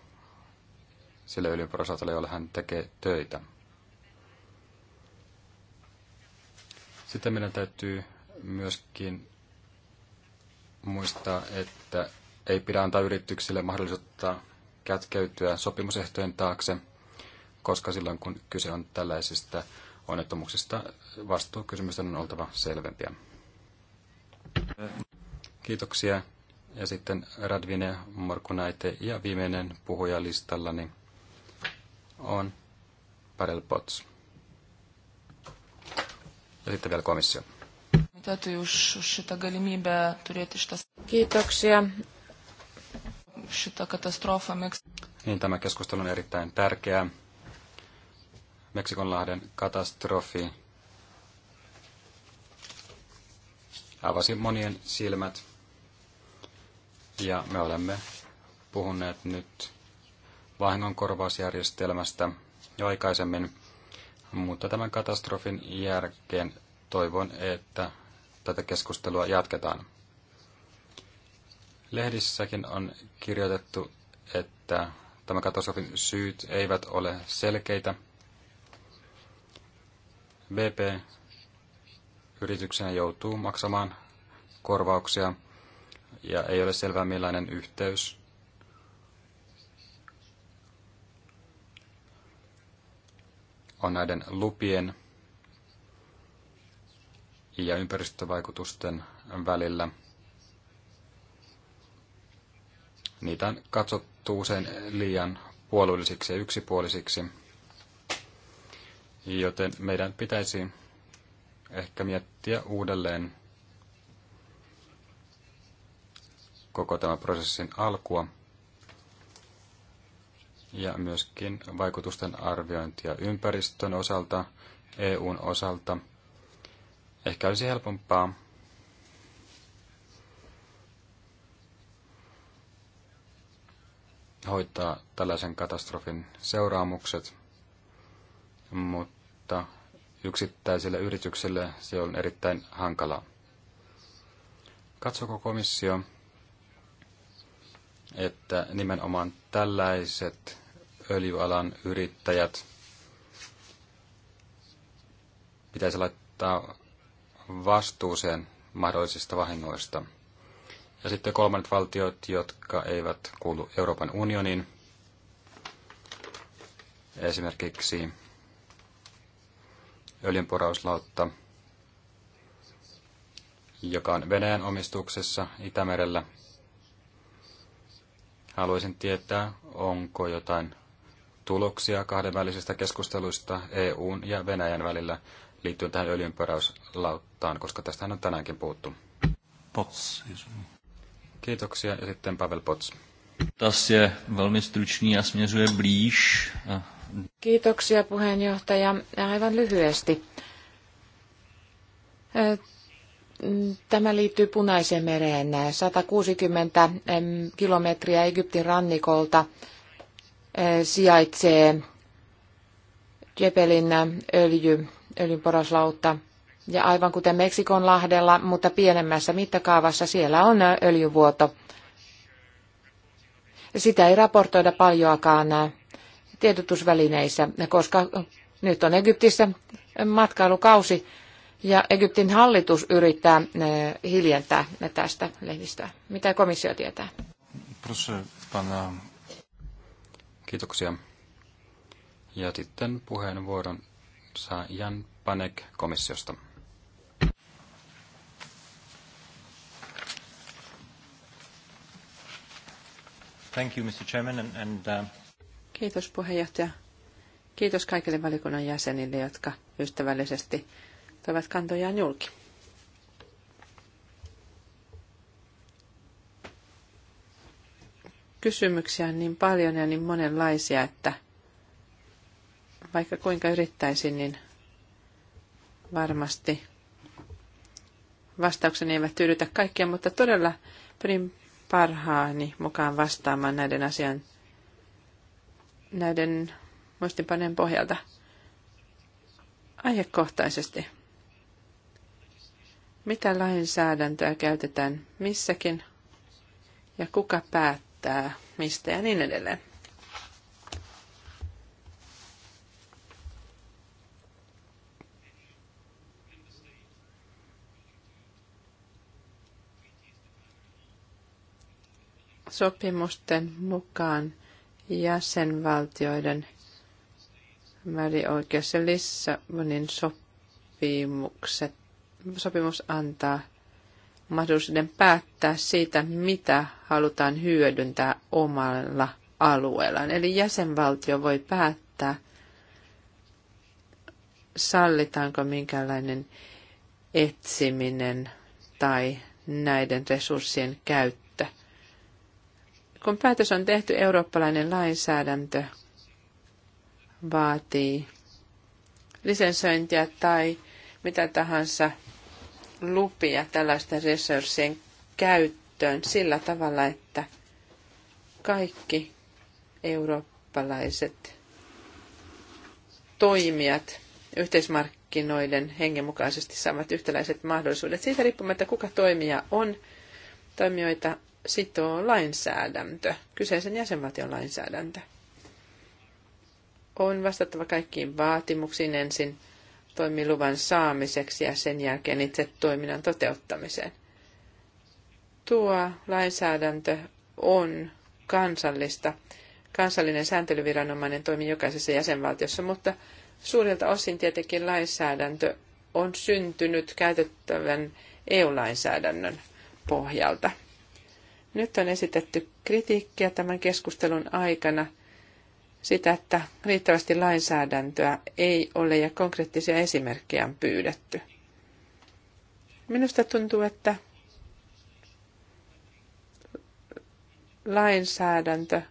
sille ylimpäräysautolle, jolle hän tekee töitä. Sitten meidän täytyy myöskin muistaa, että ei pidä antaa yrityksille mahdollisuutta kätkeytyä sopimusehtojen taakse, koska silloin kun kyse on tällaisista onnettomuuksista, vastuukysymys on oltava selvempiä. Kiitoksia. Ja sitten Radvine Morkunaite ja viimeinen puhuja listallani on Parel Potts. Ja sitten vielä komissio komitetui už, už šitą galimybę turėti šitas. Kiitoksia. Šitą katastrofą Meksikoon. Niin, tämä keskustelu on erittäin tärkeä. Meksikonlahden katastrofi avasi monien silmät. Ja me olemme puhuneet nyt vahingonkorvausjärjestelmästä jo aikaisemmin, mutta tämän katastrofin jälkeen toivon, että tätä keskustelua jatketaan. Lehdissäkin on kirjoitettu, että tämä katastrofin syyt eivät ole selkeitä. BP yrityksenä joutuu maksamaan korvauksia ja ei ole selvää millainen yhteys on näiden lupien ja ympäristövaikutusten välillä. Niitä on katsottu usein liian puolueellisiksi ja yksipuolisiksi, joten meidän pitäisi ehkä miettiä uudelleen koko tämän prosessin alkua ja myöskin vaikutusten arviointia ympäristön osalta, EUn osalta – Ehkä olisi helpompaa hoitaa tällaisen katastrofin seuraamukset, mutta yksittäisille yrityksille se on erittäin hankalaa. Katsoko komissio, että nimenomaan tällaiset öljyalan yrittäjät pitäisi laittaa vastuuseen mahdollisista vahingoista. Ja sitten kolmannet valtiot, jotka eivät kuulu Euroopan unioniin, esimerkiksi öljynporauslautta, joka on Venäjän omistuksessa Itämerellä. Haluaisin tietää, onko jotain tuloksia kahdenvälisistä keskusteluista EUn ja Venäjän välillä liittyen tähän öljynpöräyslauttaan, koska tästä on tänäänkin puhuttu. Pots. Kiitoksia ja sitten Pavel Pots. Dotaz on velmi stručný ja směřuje blíž. Kiitoksia puheenjohtaja. Aivan lyhyesti. Tämä liittyy Punaiseen mereen. 160 kilometriä Egyptin rannikolta sijaitsee Jebelin öljy öljynporauslautta. Ja aivan kuten Meksikon lahdella, mutta pienemmässä mittakaavassa siellä on öljyvuoto. Sitä ei raportoida paljoakaan tiedotusvälineissä, koska nyt on Egyptissä matkailukausi ja Egyptin hallitus yrittää eh, hiljentää tästä lehdistöä. Mitä komissio tietää? Kiitoksia. Ja sitten puheenvuoron saa Jan Panek komissiosta. Thank you, Mr. Chairman, and, and, uh... Kiitos puheenjohtaja. Kiitos kaikille valikunnan jäsenille, jotka ystävällisesti toivat kantojaan julki. Kysymyksiä on niin paljon ja niin monenlaisia, että – vaikka kuinka yrittäisin, niin varmasti vastaukseni eivät tyydytä kaikkia, mutta todella pyrin parhaani mukaan vastaamaan näiden asian, näiden muistinpaneen pohjalta aihekohtaisesti. Mitä lainsäädäntöä käytetään missäkin ja kuka päättää mistä ja niin edelleen. sopimusten mukaan jäsenvaltioiden välioikeus ja Lissabonin sopimukset, sopimus antaa mahdollisuuden päättää siitä, mitä halutaan hyödyntää omalla alueellaan. Eli jäsenvaltio voi päättää, sallitaanko minkälainen etsiminen tai näiden resurssien käyttö kun päätös on tehty, eurooppalainen lainsäädäntö vaatii lisensointia tai mitä tahansa lupia tällaisten resurssien käyttöön sillä tavalla, että kaikki eurooppalaiset toimijat yhteismarkkinoiden hengen mukaisesti saavat yhtäläiset mahdollisuudet. Siitä riippumatta, kuka toimija on, toimijoita sitoo lainsäädäntö, kyseisen jäsenvaltion lainsäädäntö. On vastattava kaikkiin vaatimuksiin ensin toimiluvan saamiseksi ja sen jälkeen itse toiminnan toteuttamiseen. Tuo lainsäädäntö on kansallista. Kansallinen sääntelyviranomainen toimii jokaisessa jäsenvaltiossa, mutta suurilta osin tietenkin lainsäädäntö on syntynyt käytettävän EU-lainsäädännön pohjalta. Nyt on esitetty kritiikkiä tämän keskustelun aikana sitä, että riittävästi lainsäädäntöä ei ole ja konkreettisia esimerkkejä on pyydetty. Minusta tuntuu, että lainsäädäntö,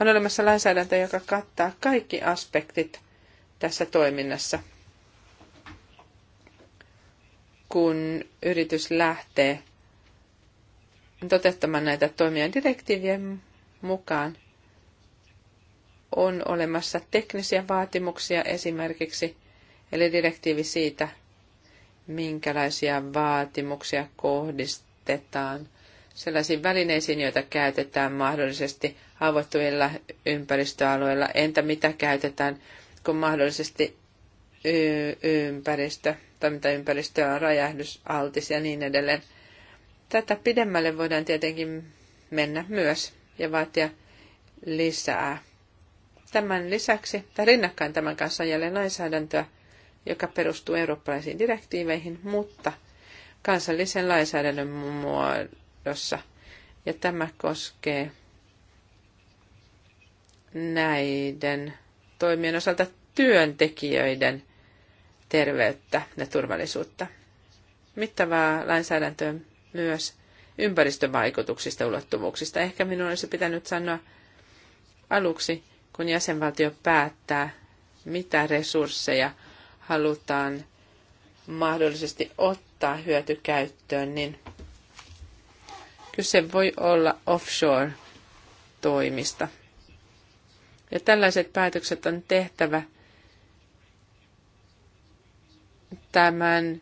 on olemassa lainsäädäntö, joka kattaa kaikki aspektit tässä toiminnassa, kun yritys lähtee toteuttamaan näitä toimia direktiivien mukaan. On olemassa teknisiä vaatimuksia esimerkiksi, eli direktiivi siitä, minkälaisia vaatimuksia kohdistetaan sellaisiin välineisiin, joita käytetään mahdollisesti haavoittuvilla ympäristöalueilla. Entä mitä käytetään, kun mahdollisesti y- ympäristö, toimintaympäristö on räjähdysaltis ja niin edelleen. Tätä pidemmälle voidaan tietenkin mennä myös ja vaatia lisää. Tämän lisäksi, tai rinnakkain tämän kanssa on jälleen lainsäädäntöä, joka perustuu eurooppalaisiin direktiiveihin, mutta kansallisen lainsäädännön muodossa. Ja tämä koskee näiden toimien osalta työntekijöiden terveyttä ja turvallisuutta. Mittavaa lainsäädäntöä myös ympäristövaikutuksista ulottuvuuksista. Ehkä minun olisi pitänyt sanoa aluksi, kun jäsenvaltio päättää, mitä resursseja halutaan mahdollisesti ottaa hyötykäyttöön, niin kyse voi olla offshore-toimista. Ja tällaiset päätökset on tehtävä tämän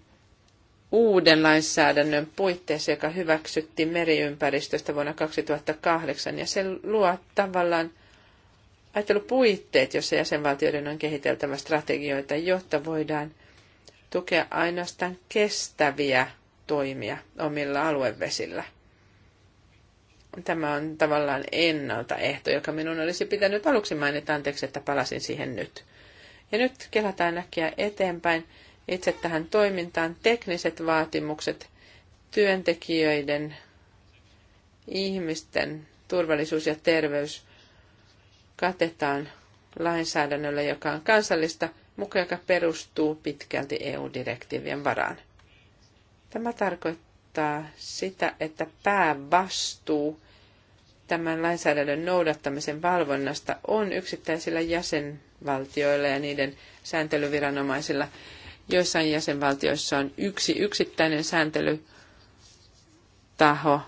uuden lainsäädännön puitteissa, joka hyväksyttiin meriympäristöstä vuonna 2008, ja se luo tavallaan ajattelupuitteet, jossa jäsenvaltioiden on kehiteltävä strategioita, jotta voidaan tukea ainoastaan kestäviä toimia omilla aluevesillä. Tämä on tavallaan ennaltaehto, joka minun olisi pitänyt aluksi mainita. Anteeksi, että palasin siihen nyt. Ja nyt kelataan näkkiä eteenpäin itse tähän toimintaan tekniset vaatimukset, työntekijöiden, ihmisten turvallisuus ja terveys katetaan lainsäädännöllä, joka on kansallista, mukaan joka perustuu pitkälti EU-direktiivien varaan. Tämä tarkoittaa sitä, että päävastuu tämän lainsäädännön noudattamisen valvonnasta on yksittäisillä jäsenvaltioilla ja niiden sääntelyviranomaisilla. Joissain jäsenvaltioissa on yksi yksittäinen sääntelytaho.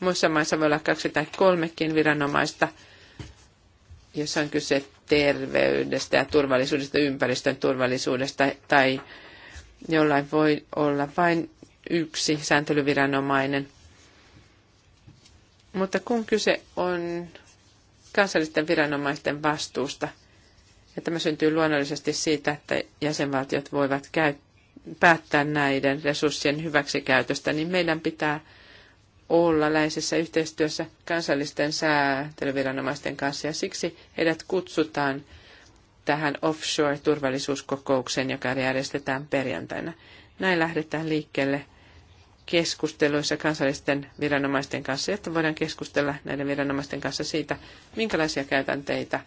Muissa maissa voi olla kaksi tai kolmekin viranomaista, jossa on kyse terveydestä ja turvallisuudesta, ympäristön turvallisuudesta tai jollain voi olla vain yksi sääntelyviranomainen. Mutta kun kyse on kansallisten viranomaisten vastuusta – ja tämä syntyy luonnollisesti siitä, että jäsenvaltiot voivat käyttää päättää näiden resurssien hyväksikäytöstä, niin meidän pitää olla läheisessä yhteistyössä kansallisten säätelyviranomaisten kanssa ja siksi heidät kutsutaan tähän offshore-turvallisuuskokoukseen, joka järjestetään perjantaina. Näin lähdetään liikkeelle keskusteluissa kansallisten viranomaisten kanssa, että voidaan keskustella näiden viranomaisten kanssa siitä, minkälaisia käytänteitä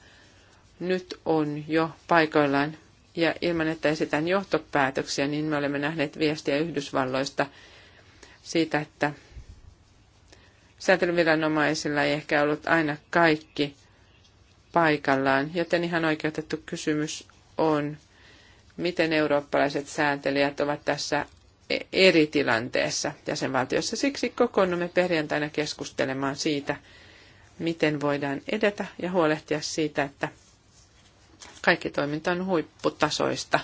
nyt on jo paikoillaan. Ja ilman, että esitän johtopäätöksiä, niin me olemme nähneet viestiä Yhdysvalloista siitä, että säätelyviranomaisilla ei ehkä ollut aina kaikki paikallaan, joten ihan oikeutettu kysymys on, miten eurooppalaiset sääntelijät ovat tässä e- eri tilanteessa jäsenvaltiossa. Siksi kokoonnumme perjantaina keskustelemaan siitä, miten voidaan edetä ja huolehtia siitä, että kaikki toiminta on huipputasoista,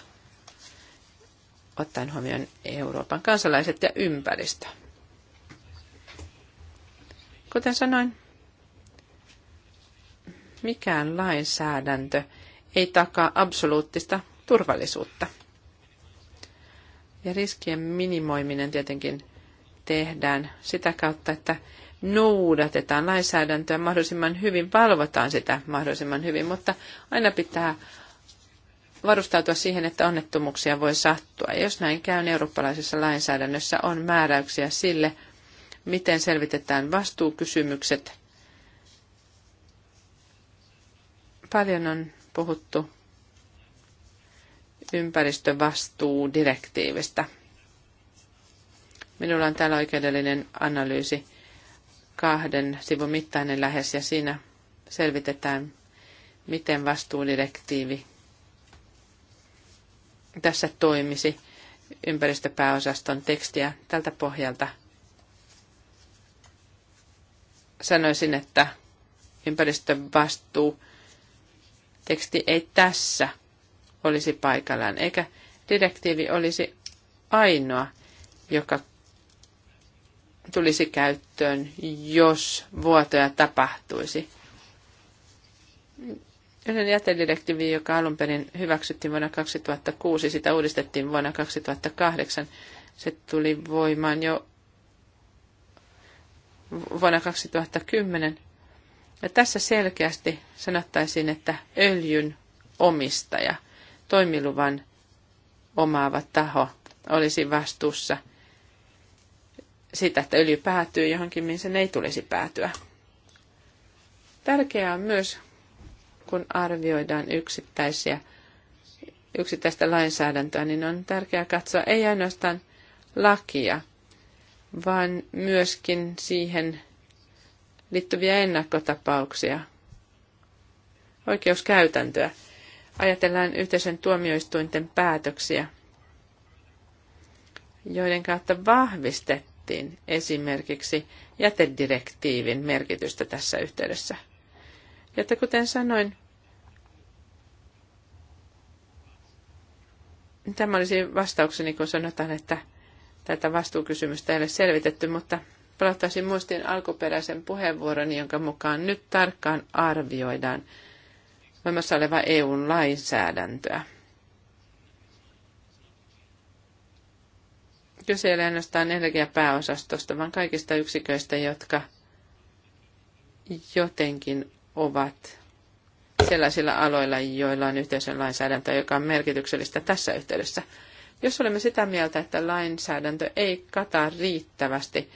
ottaen huomioon Euroopan kansalaiset ja ympäristö. Kuten sanoin, mikään lainsäädäntö ei takaa absoluuttista turvallisuutta. Ja riskien minimoiminen tietenkin tehdään sitä kautta, että noudatetaan lainsäädäntöä mahdollisimman hyvin, valvotaan sitä mahdollisimman hyvin, mutta aina pitää varustautua siihen, että onnettomuuksia voi sattua. Ja jos näin käy, niin eurooppalaisessa lainsäädännössä on määräyksiä sille, miten selvitetään vastuukysymykset. Paljon on puhuttu ympäristövastuudirektiivistä. Minulla on täällä oikeudellinen analyysi kahden sivun mittainen lähes ja siinä selvitetään, miten vastuudirektiivi tässä toimisi ympäristöpääosaston tekstiä tältä pohjalta. Sanoisin, että ympäristövastuu teksti ei tässä olisi paikallaan, eikä direktiivi olisi ainoa, joka tulisi käyttöön, jos vuotoja tapahtuisi. Yhden jätedirektiivi, joka alun perin hyväksyttiin vuonna 2006, sitä uudistettiin vuonna 2008. Se tuli voimaan jo vuonna 2010. Ja tässä selkeästi sanottaisiin, että öljyn omistaja, toimiluvan omaava taho, olisi vastuussa – sitä että öljy päätyy johonkin, mihin sen ei tulisi päätyä. Tärkeää on myös, kun arvioidaan yksittäisiä, yksittäistä lainsäädäntöä, niin on tärkeää katsoa ei ainoastaan lakia, vaan myöskin siihen liittyviä ennakkotapauksia, oikeuskäytäntöä. Ajatellaan yhteisen tuomioistuinten päätöksiä, joiden kautta vahvistettiin, pohdittiin esimerkiksi jätedirektiivin merkitystä tässä yhteydessä. Jotta kuten sanoin, tämä olisi vastaukseni, kun sanotaan, että tätä vastuukysymystä ei ole selvitetty, mutta palattaisin muistiin alkuperäisen puheenvuoron, jonka mukaan nyt tarkkaan arvioidaan voimassa olevaa EUn lainsäädäntöä. Kyse ei ole ainoastaan energiapääosastosta, vaan kaikista yksiköistä, jotka jotenkin ovat sellaisilla aloilla, joilla on yhteisön lainsäädäntö, joka on merkityksellistä tässä yhteydessä. Jos olemme sitä mieltä, että lainsäädäntö ei kata riittävästi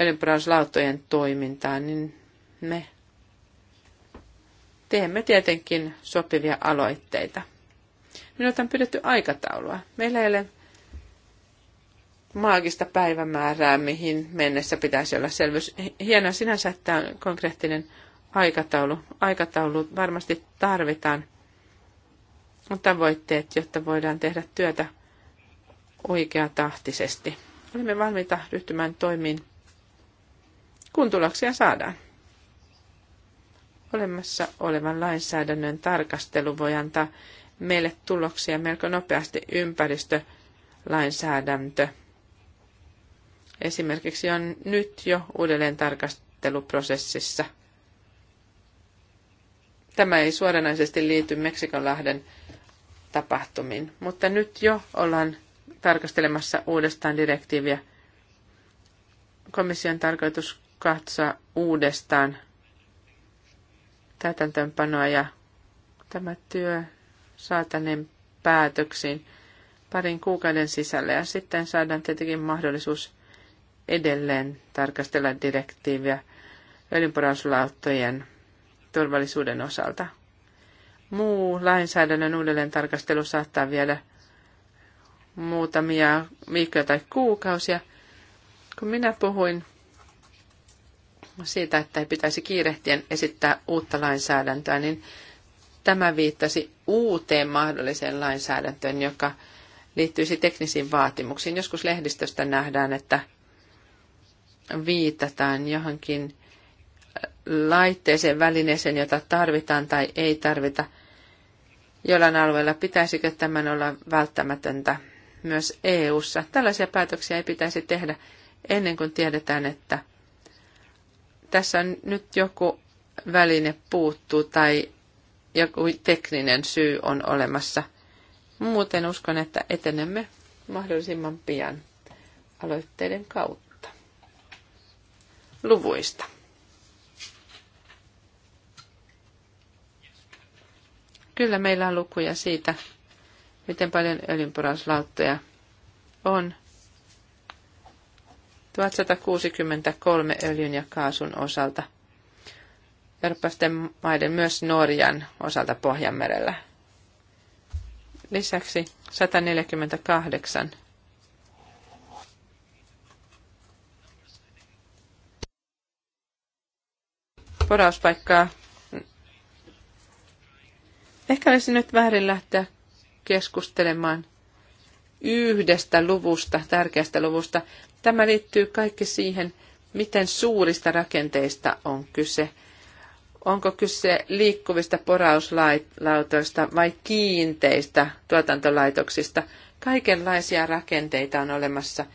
öljynporauslauttojen toimintaa, niin me teemme tietenkin sopivia aloitteita. Minulta on pyydetty aikataulua. Meillä ei ole maagista päivämäärää, mihin mennessä pitäisi olla selvyys. Hienoa sinänsä, että on konkreettinen aikataulu. Aikataulu varmasti tarvitaan tavoitteet, jotta voidaan tehdä työtä oikeatahtisesti. Olemme valmiita ryhtymään toimiin, kun tuloksia saadaan. Olemassa olevan lainsäädännön tarkastelu voi antaa meille tuloksia melko nopeasti ympäristölainsäädäntö esimerkiksi on nyt jo uudelleen tarkasteluprosessissa. Tämä ei suoranaisesti liity Meksikonlahden tapahtumiin, mutta nyt jo ollaan tarkastelemassa uudestaan direktiiviä. Komission tarkoitus katsoa uudestaan täytäntöönpanoa ja tämä työ saataneen päätöksiin parin kuukauden sisällä ja sitten saadaan tietenkin mahdollisuus edelleen tarkastella direktiiviä öljynporauslauttojen turvallisuuden osalta. Muu lainsäädännön uudelleen tarkastelu saattaa viedä muutamia viikkoja tai kuukausia. Kun minä puhuin siitä, että ei pitäisi kiirehtien esittää uutta lainsäädäntöä, niin tämä viittasi uuteen mahdolliseen lainsäädäntöön, joka liittyisi teknisiin vaatimuksiin. Joskus lehdistöstä nähdään, että viitataan johonkin laitteeseen, välineeseen, jota tarvitaan tai ei tarvita jollain alueella. Pitäisikö tämän olla välttämätöntä myös EU-ssa? Tällaisia päätöksiä ei pitäisi tehdä ennen kuin tiedetään, että tässä on nyt joku väline puuttuu tai joku tekninen syy on olemassa. Muuten uskon, että etenemme mahdollisimman pian aloitteiden kautta luvuista. Kyllä meillä on lukuja siitä, miten paljon öljynporauslauttoja on. 1163 öljyn ja kaasun osalta. Eurooppaisten maiden myös Norjan osalta Pohjanmerellä. Lisäksi 148 paikka. Ehkä olisi nyt väärin lähteä keskustelemaan yhdestä luvusta, tärkeästä luvusta. Tämä liittyy kaikki siihen, miten suurista rakenteista on kyse. Onko kyse liikkuvista porauslautoista vai kiinteistä tuotantolaitoksista? Kaikenlaisia rakenteita on olemassa.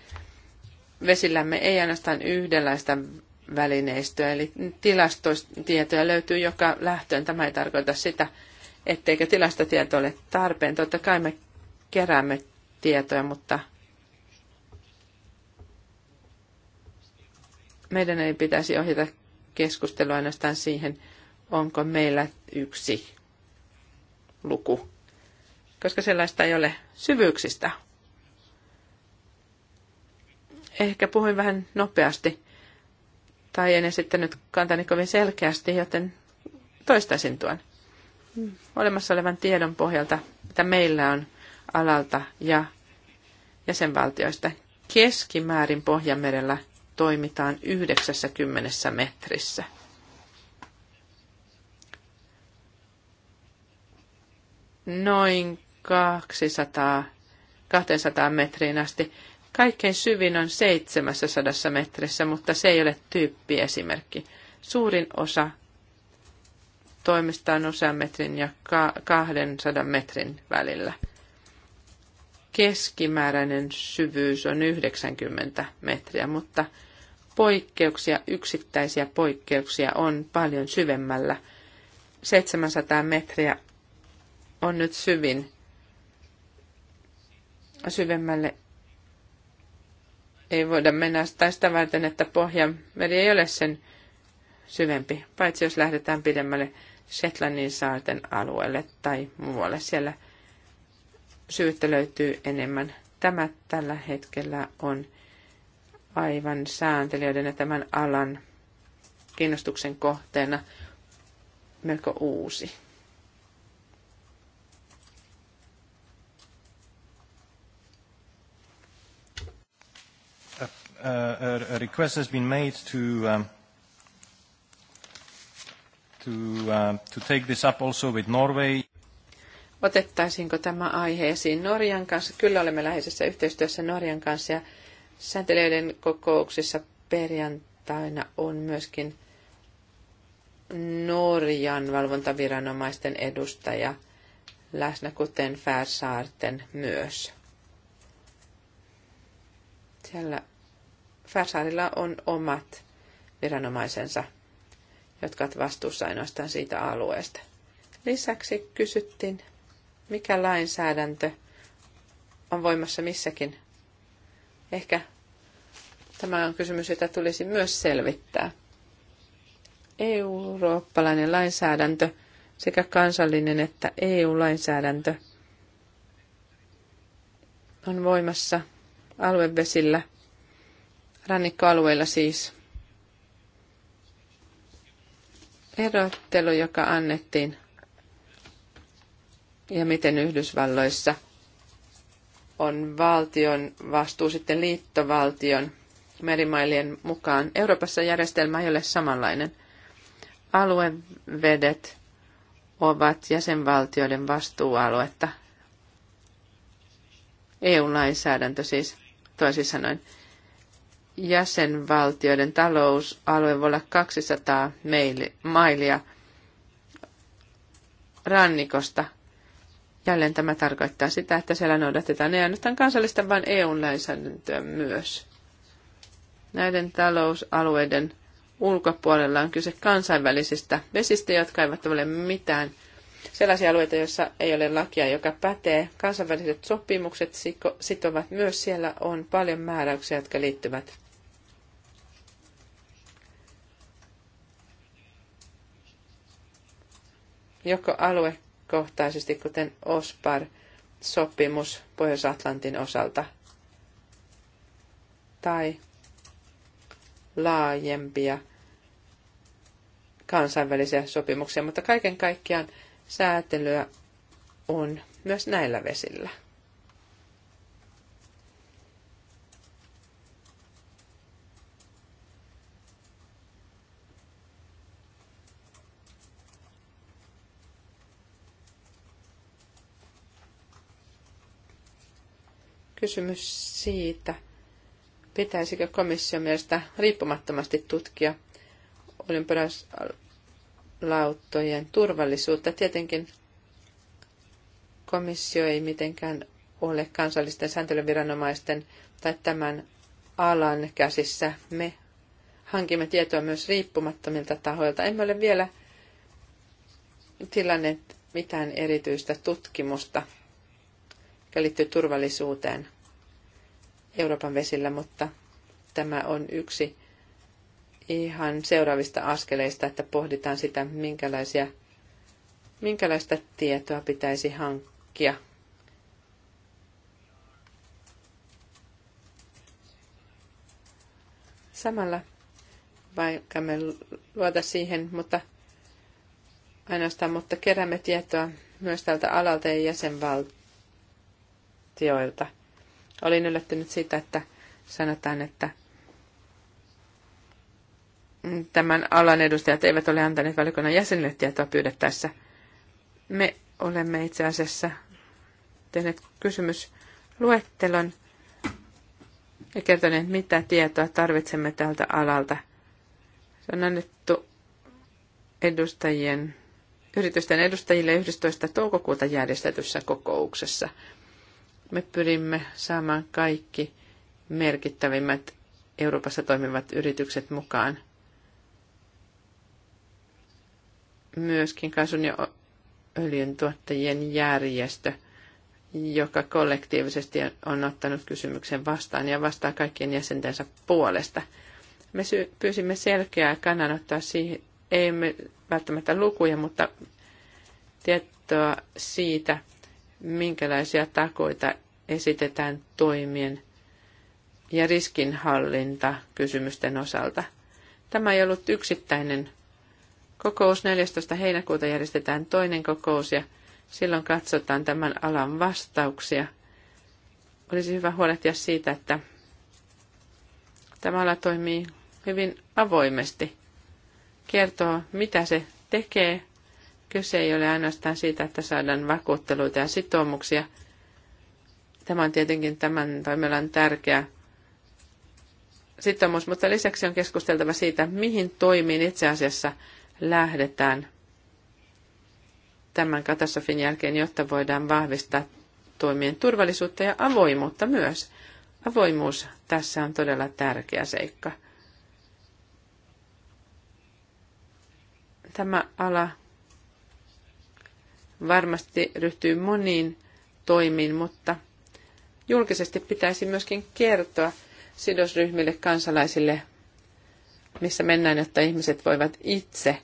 Vesillämme ei ainoastaan yhdenlaista välineistöä, eli tilastotietoja löytyy joka lähtöön. Tämä ei tarkoita sitä, etteikö tilastotieto ole tarpeen. Totta kai me keräämme tietoja, mutta meidän ei pitäisi ohjata keskustelua ainoastaan siihen, onko meillä yksi luku, koska sellaista ei ole syvyyksistä. Ehkä puhuin vähän nopeasti tai en esittänyt kantani kovin selkeästi, joten toistaisin tuon. Olemassa olevan tiedon pohjalta, mitä meillä on alalta ja jäsenvaltioista, keskimäärin Pohjanmerellä toimitaan 90 metrissä. Noin 200, 200 metriin asti Kaikkein syvin on 700 metrissä, mutta se ei ole tyyppiesimerkki. Suurin osa on usean metrin ja 200 metrin välillä. Keskimääräinen syvyys on 90 metriä, mutta poikkeuksia, yksittäisiä poikkeuksia on paljon syvemmällä. 700 metriä on nyt syvin syvemmälle ei voida mennä sitä varten, että Pohjanmeri ei ole sen syvempi, paitsi jos lähdetään pidemmälle Shetlandin saarten alueelle tai muualle. Siellä syyttä löytyy enemmän. Tämä tällä hetkellä on aivan sääntelijöiden ja tämän alan kiinnostuksen kohteena melko uusi. Uh, a request has been made to um, to, um, to take this up also with Norway. Otettaisiinko tämä aihe esiin Norjan kanssa? Kyllä olemme läheisessä yhteistyössä Norjan kanssa ja sääntelijöiden kokouksissa perjantaina on myöskin Norjan valvontaviranomaisten edustaja läsnä, kuten Färsaarten myös. Siellä Färsaarilla on omat viranomaisensa, jotka ovat vastuussa ainoastaan siitä alueesta. Lisäksi kysyttiin, mikä lainsäädäntö on voimassa missäkin. Ehkä tämä on kysymys, jota tulisi myös selvittää. Eurooppalainen lainsäädäntö sekä kansallinen että EU-lainsäädäntö on voimassa aluevesillä – rannikkoalueilla siis erottelu, joka annettiin ja miten Yhdysvalloissa on valtion vastuu sitten liittovaltion merimailien mukaan. Euroopassa järjestelmä ei ole samanlainen. Aluevedet ovat jäsenvaltioiden vastuualuetta. EU-lainsäädäntö siis, toisin sanoen jäsenvaltioiden talousalue voi olla 200 mailia rannikosta. Jälleen tämä tarkoittaa sitä, että siellä noudatetaan ei ainoastaan kansallista, vaan EU-lainsäädäntöä myös. Näiden talousalueiden ulkopuolella on kyse kansainvälisistä vesistä, jotka eivät ole mitään sellaisia alueita, joissa ei ole lakia, joka pätee. Kansainväliset sopimukset sitovat myös siellä on paljon määräyksiä, jotka liittyvät joko aluekohtaisesti, kuten OSPAR-sopimus Pohjois-Atlantin osalta, tai laajempia kansainvälisiä sopimuksia, mutta kaiken kaikkiaan säätelyä on myös näillä vesillä. kysymys siitä, pitäisikö komission mielestä riippumattomasti tutkia olympialauttojen turvallisuutta. Tietenkin komissio ei mitenkään ole kansallisten sääntelyviranomaisten tai tämän alan käsissä. Me hankimme tietoa myös riippumattomilta tahoilta. Emme ole vielä tilanneet mitään erityistä tutkimusta, joka liittyy turvallisuuteen. Euroopan vesillä, mutta tämä on yksi ihan seuraavista askeleista, että pohditaan sitä, minkälaisia, minkälaista tietoa pitäisi hankkia. Samalla, vaikka me luota siihen, mutta ainoastaan, mutta keräämme tietoa myös tältä alalta ja jäsenvaltioilta – Olin yllättynyt siitä, että sanotaan, että tämän alan edustajat eivät ole antaneet valiokunnan jäsenille tietoa pyydettäessä. Me olemme itse asiassa tehneet kysymysluettelon ja kertoneet, mitä tietoa tarvitsemme tältä alalta. Se on annettu edustajien, yritysten edustajille 11. toukokuuta järjestetyssä kokouksessa – me pyrimme saamaan kaikki merkittävimmät Euroopassa toimivat yritykset mukaan. Myöskin kasun ja öljyn tuottajien järjestö, joka kollektiivisesti on ottanut kysymyksen vastaan ja vastaa kaikkien jäsentensä puolesta. Me pyysimme selkeää kannanottoa siihen, ei me välttämättä lukuja, mutta tietoa siitä, minkälaisia takoita esitetään toimien ja riskinhallinta kysymysten osalta. Tämä ei ollut yksittäinen kokous. 14. heinäkuuta järjestetään toinen kokous ja silloin katsotaan tämän alan vastauksia. Olisi hyvä huolehtia siitä, että tämä ala toimii hyvin avoimesti. Kertoo, mitä se tekee. Kyse ei ole ainoastaan siitä, että saadaan vakuutteluita ja sitoumuksia – Tämä on tietenkin tämän toimialan tärkeä sitoumus, mutta lisäksi on keskusteltava siitä, mihin toimiin itse asiassa lähdetään tämän katastrofin jälkeen, jotta voidaan vahvistaa toimien turvallisuutta ja avoimuutta myös. Avoimuus tässä on todella tärkeä seikka. Tämä ala varmasti ryhtyy moniin toimiin, mutta julkisesti pitäisi myöskin kertoa sidosryhmille, kansalaisille, missä mennään, jotta ihmiset voivat itse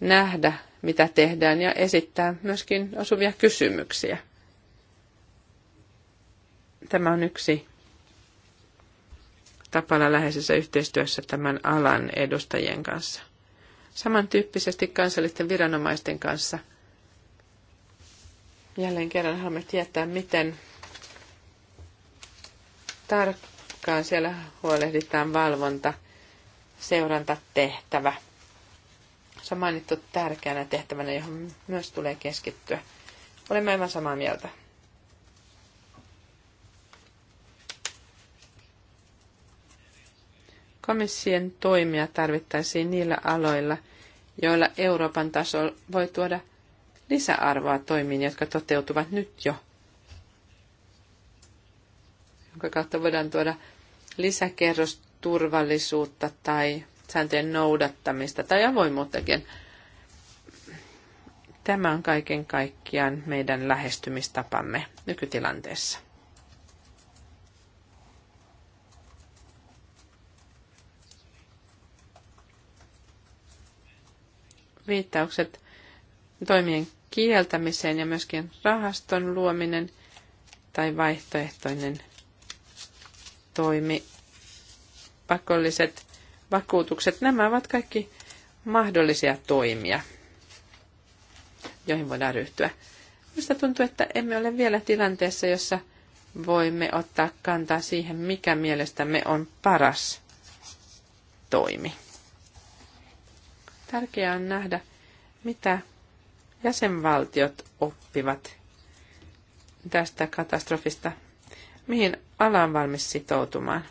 nähdä, mitä tehdään ja esittää myöskin osuvia kysymyksiä. Tämä on yksi tapana läheisessä yhteistyössä tämän alan edustajien kanssa. Samantyyppisesti kansallisten viranomaisten kanssa. Jälleen kerran haluamme tietää, miten tarkkaan. Siellä huolehditaan valvonta, seurantatehtävä. Se on mainittu tärkeänä tehtävänä, johon myös tulee keskittyä. Olemme aivan samaa mieltä. Komission toimia tarvittaisiin niillä aloilla, joilla Euroopan taso voi tuoda lisäarvoa toimiin, jotka toteutuvat nyt jo – jonka kautta voidaan tuoda turvallisuutta tai sääntöjen noudattamista tai avoimuuttakin. Tämä on kaiken kaikkiaan meidän lähestymistapamme nykytilanteessa. Viittaukset toimien kieltämiseen ja myöskin rahaston luominen tai vaihtoehtoinen toimi, pakolliset vakuutukset, nämä ovat kaikki mahdollisia toimia, joihin voidaan ryhtyä. Minusta tuntuu, että emme ole vielä tilanteessa, jossa voimme ottaa kantaa siihen, mikä mielestämme on paras toimi. Tärkeää on nähdä, mitä jäsenvaltiot oppivat tästä katastrofista mihin ala on valmis sitoutumaan.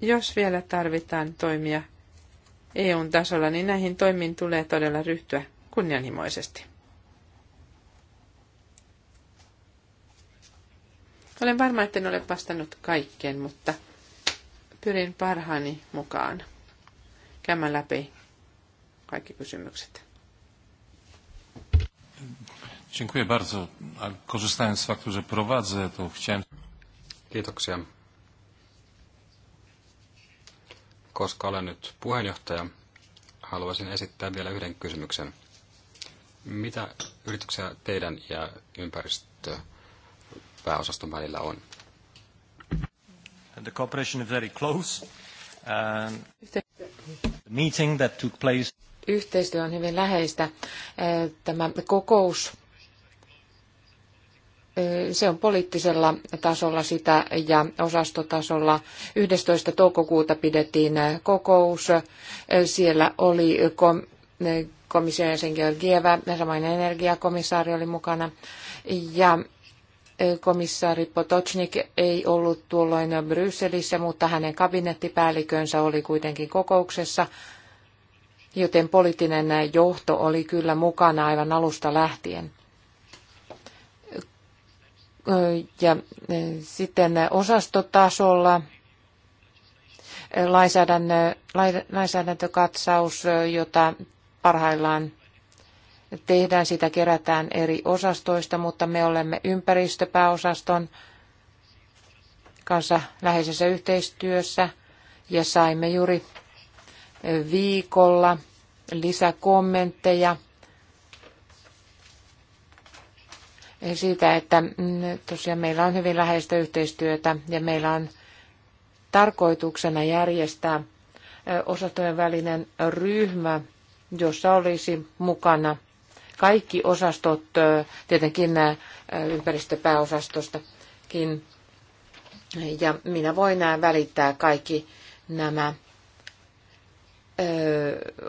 Jos vielä tarvitaan toimia eu tasolla, niin näihin toimiin tulee todella ryhtyä kunnianhimoisesti. Olen varma, että en ole vastannut kaikkeen, mutta pyrin parhaani mukaan käymään läpi kaikki kysymykset. Dziękuję bardzo. Korzystając z faktu, że prowadzę, to chciałem... Kiitoksia. Koska olen nyt puheenjohtaja, haluaisin esittää vielä yhden kysymyksen. Mitä yrityksiä teidän ja ympäristöpääosaston välillä on? The cooperation is very close. the meeting that took place Yhteistyö on hyvin läheistä. Tämä kokous se on poliittisella tasolla sitä ja osastotasolla. 11. toukokuuta pidettiin kokous. Siellä oli kom- komission jäsen Georgieva, samainen energiakomissaari oli mukana. Ja komissaari Potocnik ei ollut tuolloin Brysselissä, mutta hänen kabinettipäällikönsä oli kuitenkin kokouksessa, joten poliittinen johto oli kyllä mukana aivan alusta lähtien. Ja sitten osastotasolla lainsäädäntökatsaus, jota parhaillaan tehdään, sitä kerätään eri osastoista, mutta me olemme ympäristöpääosaston kanssa läheisessä yhteistyössä ja saimme juuri viikolla lisäkommentteja siitä, että tosiaan meillä on hyvin läheistä yhteistyötä ja meillä on tarkoituksena järjestää osastojen välinen ryhmä, jossa olisi mukana kaikki osastot, tietenkin nämä ympäristöpääosastostakin. Ja minä voin nämä välittää kaikki nämä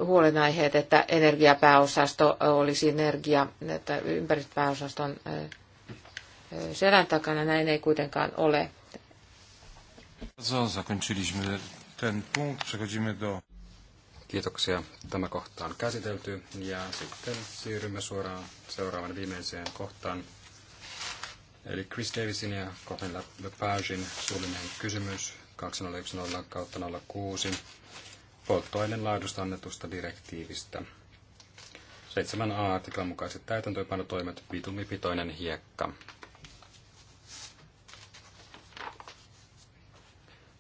huolenaiheet, että energiapääosasto olisi energia, että ympäristöpääosaston selän takana. Näin ei kuitenkaan ole. Kiitoksia. Tämä kohta on käsitelty ja sitten siirrymme suoraan seuraavan viimeiseen kohtaan. Eli Chris Davisin ja Cohen Lepagin suullinen kysymys 2010 kautta 06 polttoaineen laadusta annetusta direktiivistä. 7a artiklan mukaiset täytäntöönpanotoimet bitumipitoinen hiekka.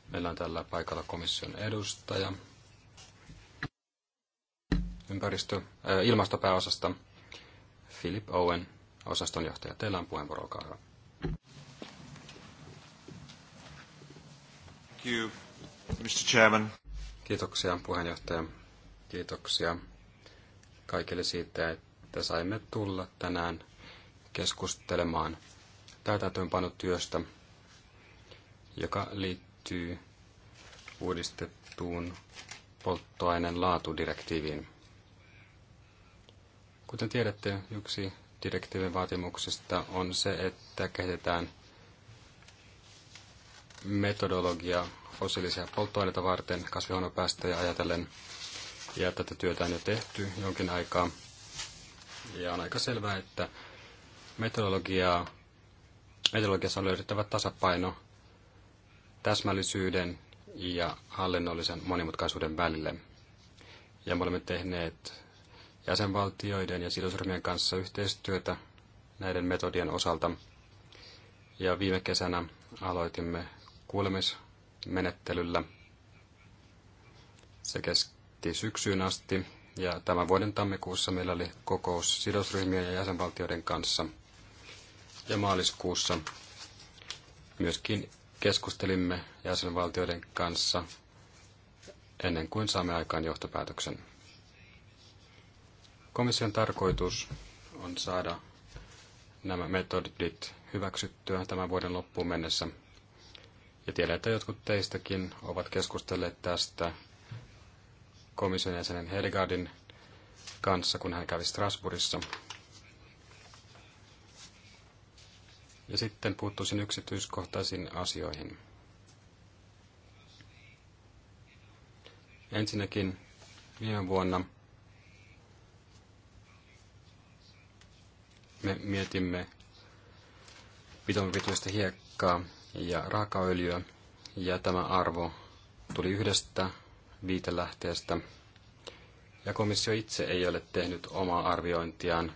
Meillä on tällä paikalla komission edustaja ympäristö, äh, ilmastopääosasta Philip Owen, osastonjohtaja. Teillä on puheenvuoro, olkaa hyvä. Thank you, Mr. Chairman. Kiitoksia puheenjohtaja. Kiitoksia kaikille siitä, että saimme tulla tänään keskustelemaan täytäntöönpanotyöstä, joka liittyy uudistettuun polttoaineen laatudirektiiviin. Kuten tiedätte, yksi direktiivin vaatimuksista on se, että kehitetään metodologia fossiilisia polttoaineita varten kasvihuonepäästöjä ajatellen. Ja tätä työtä on jo tehty jonkin aikaa. Ja on aika selvää, että metodologiaa, metodologiassa on löydettävä tasapaino täsmällisyyden ja hallinnollisen monimutkaisuuden välille. Ja me olemme tehneet jäsenvaltioiden ja sidosryhmien kanssa yhteistyötä näiden metodien osalta. Ja viime kesänä aloitimme kuulemismenettelyllä. Se kesti syksyyn asti ja tämän vuoden tammikuussa meillä oli kokous sidosryhmien ja jäsenvaltioiden kanssa. Ja maaliskuussa myöskin keskustelimme jäsenvaltioiden kanssa ennen kuin saamme aikaan johtopäätöksen. Komission tarkoitus on saada nämä metodit hyväksyttyä tämän vuoden loppuun mennessä ja tiedän, että jotkut teistäkin ovat keskustelleet tästä komission jäsenen Hedegaardin kanssa, kun hän kävi Strasbourgissa. Ja sitten puuttuisin yksityiskohtaisiin asioihin. Ensinnäkin viime vuonna me mietimme pitompituista hiekkaa ja raakaöljyä, ja tämä arvo tuli yhdestä viitelähteestä, ja komissio itse ei ole tehnyt omaa arviointiaan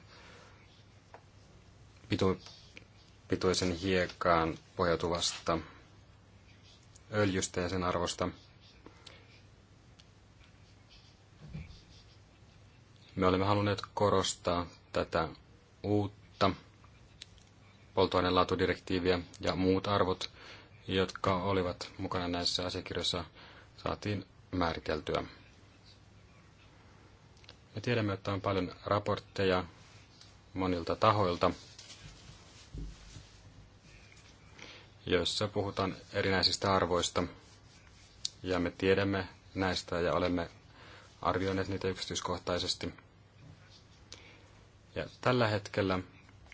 pitu, pituisen hiekkaan pohjautuvasta öljystä ja sen arvosta. Me olemme halunneet korostaa tätä uutta polttoainelaatudirektiiviä ja muut arvot, jotka olivat mukana näissä asiakirjoissa, saatiin määriteltyä. Me tiedämme, että on paljon raportteja monilta tahoilta, joissa puhutaan erinäisistä arvoista. Ja me tiedämme näistä ja olemme arvioineet niitä yksityiskohtaisesti. Ja tällä hetkellä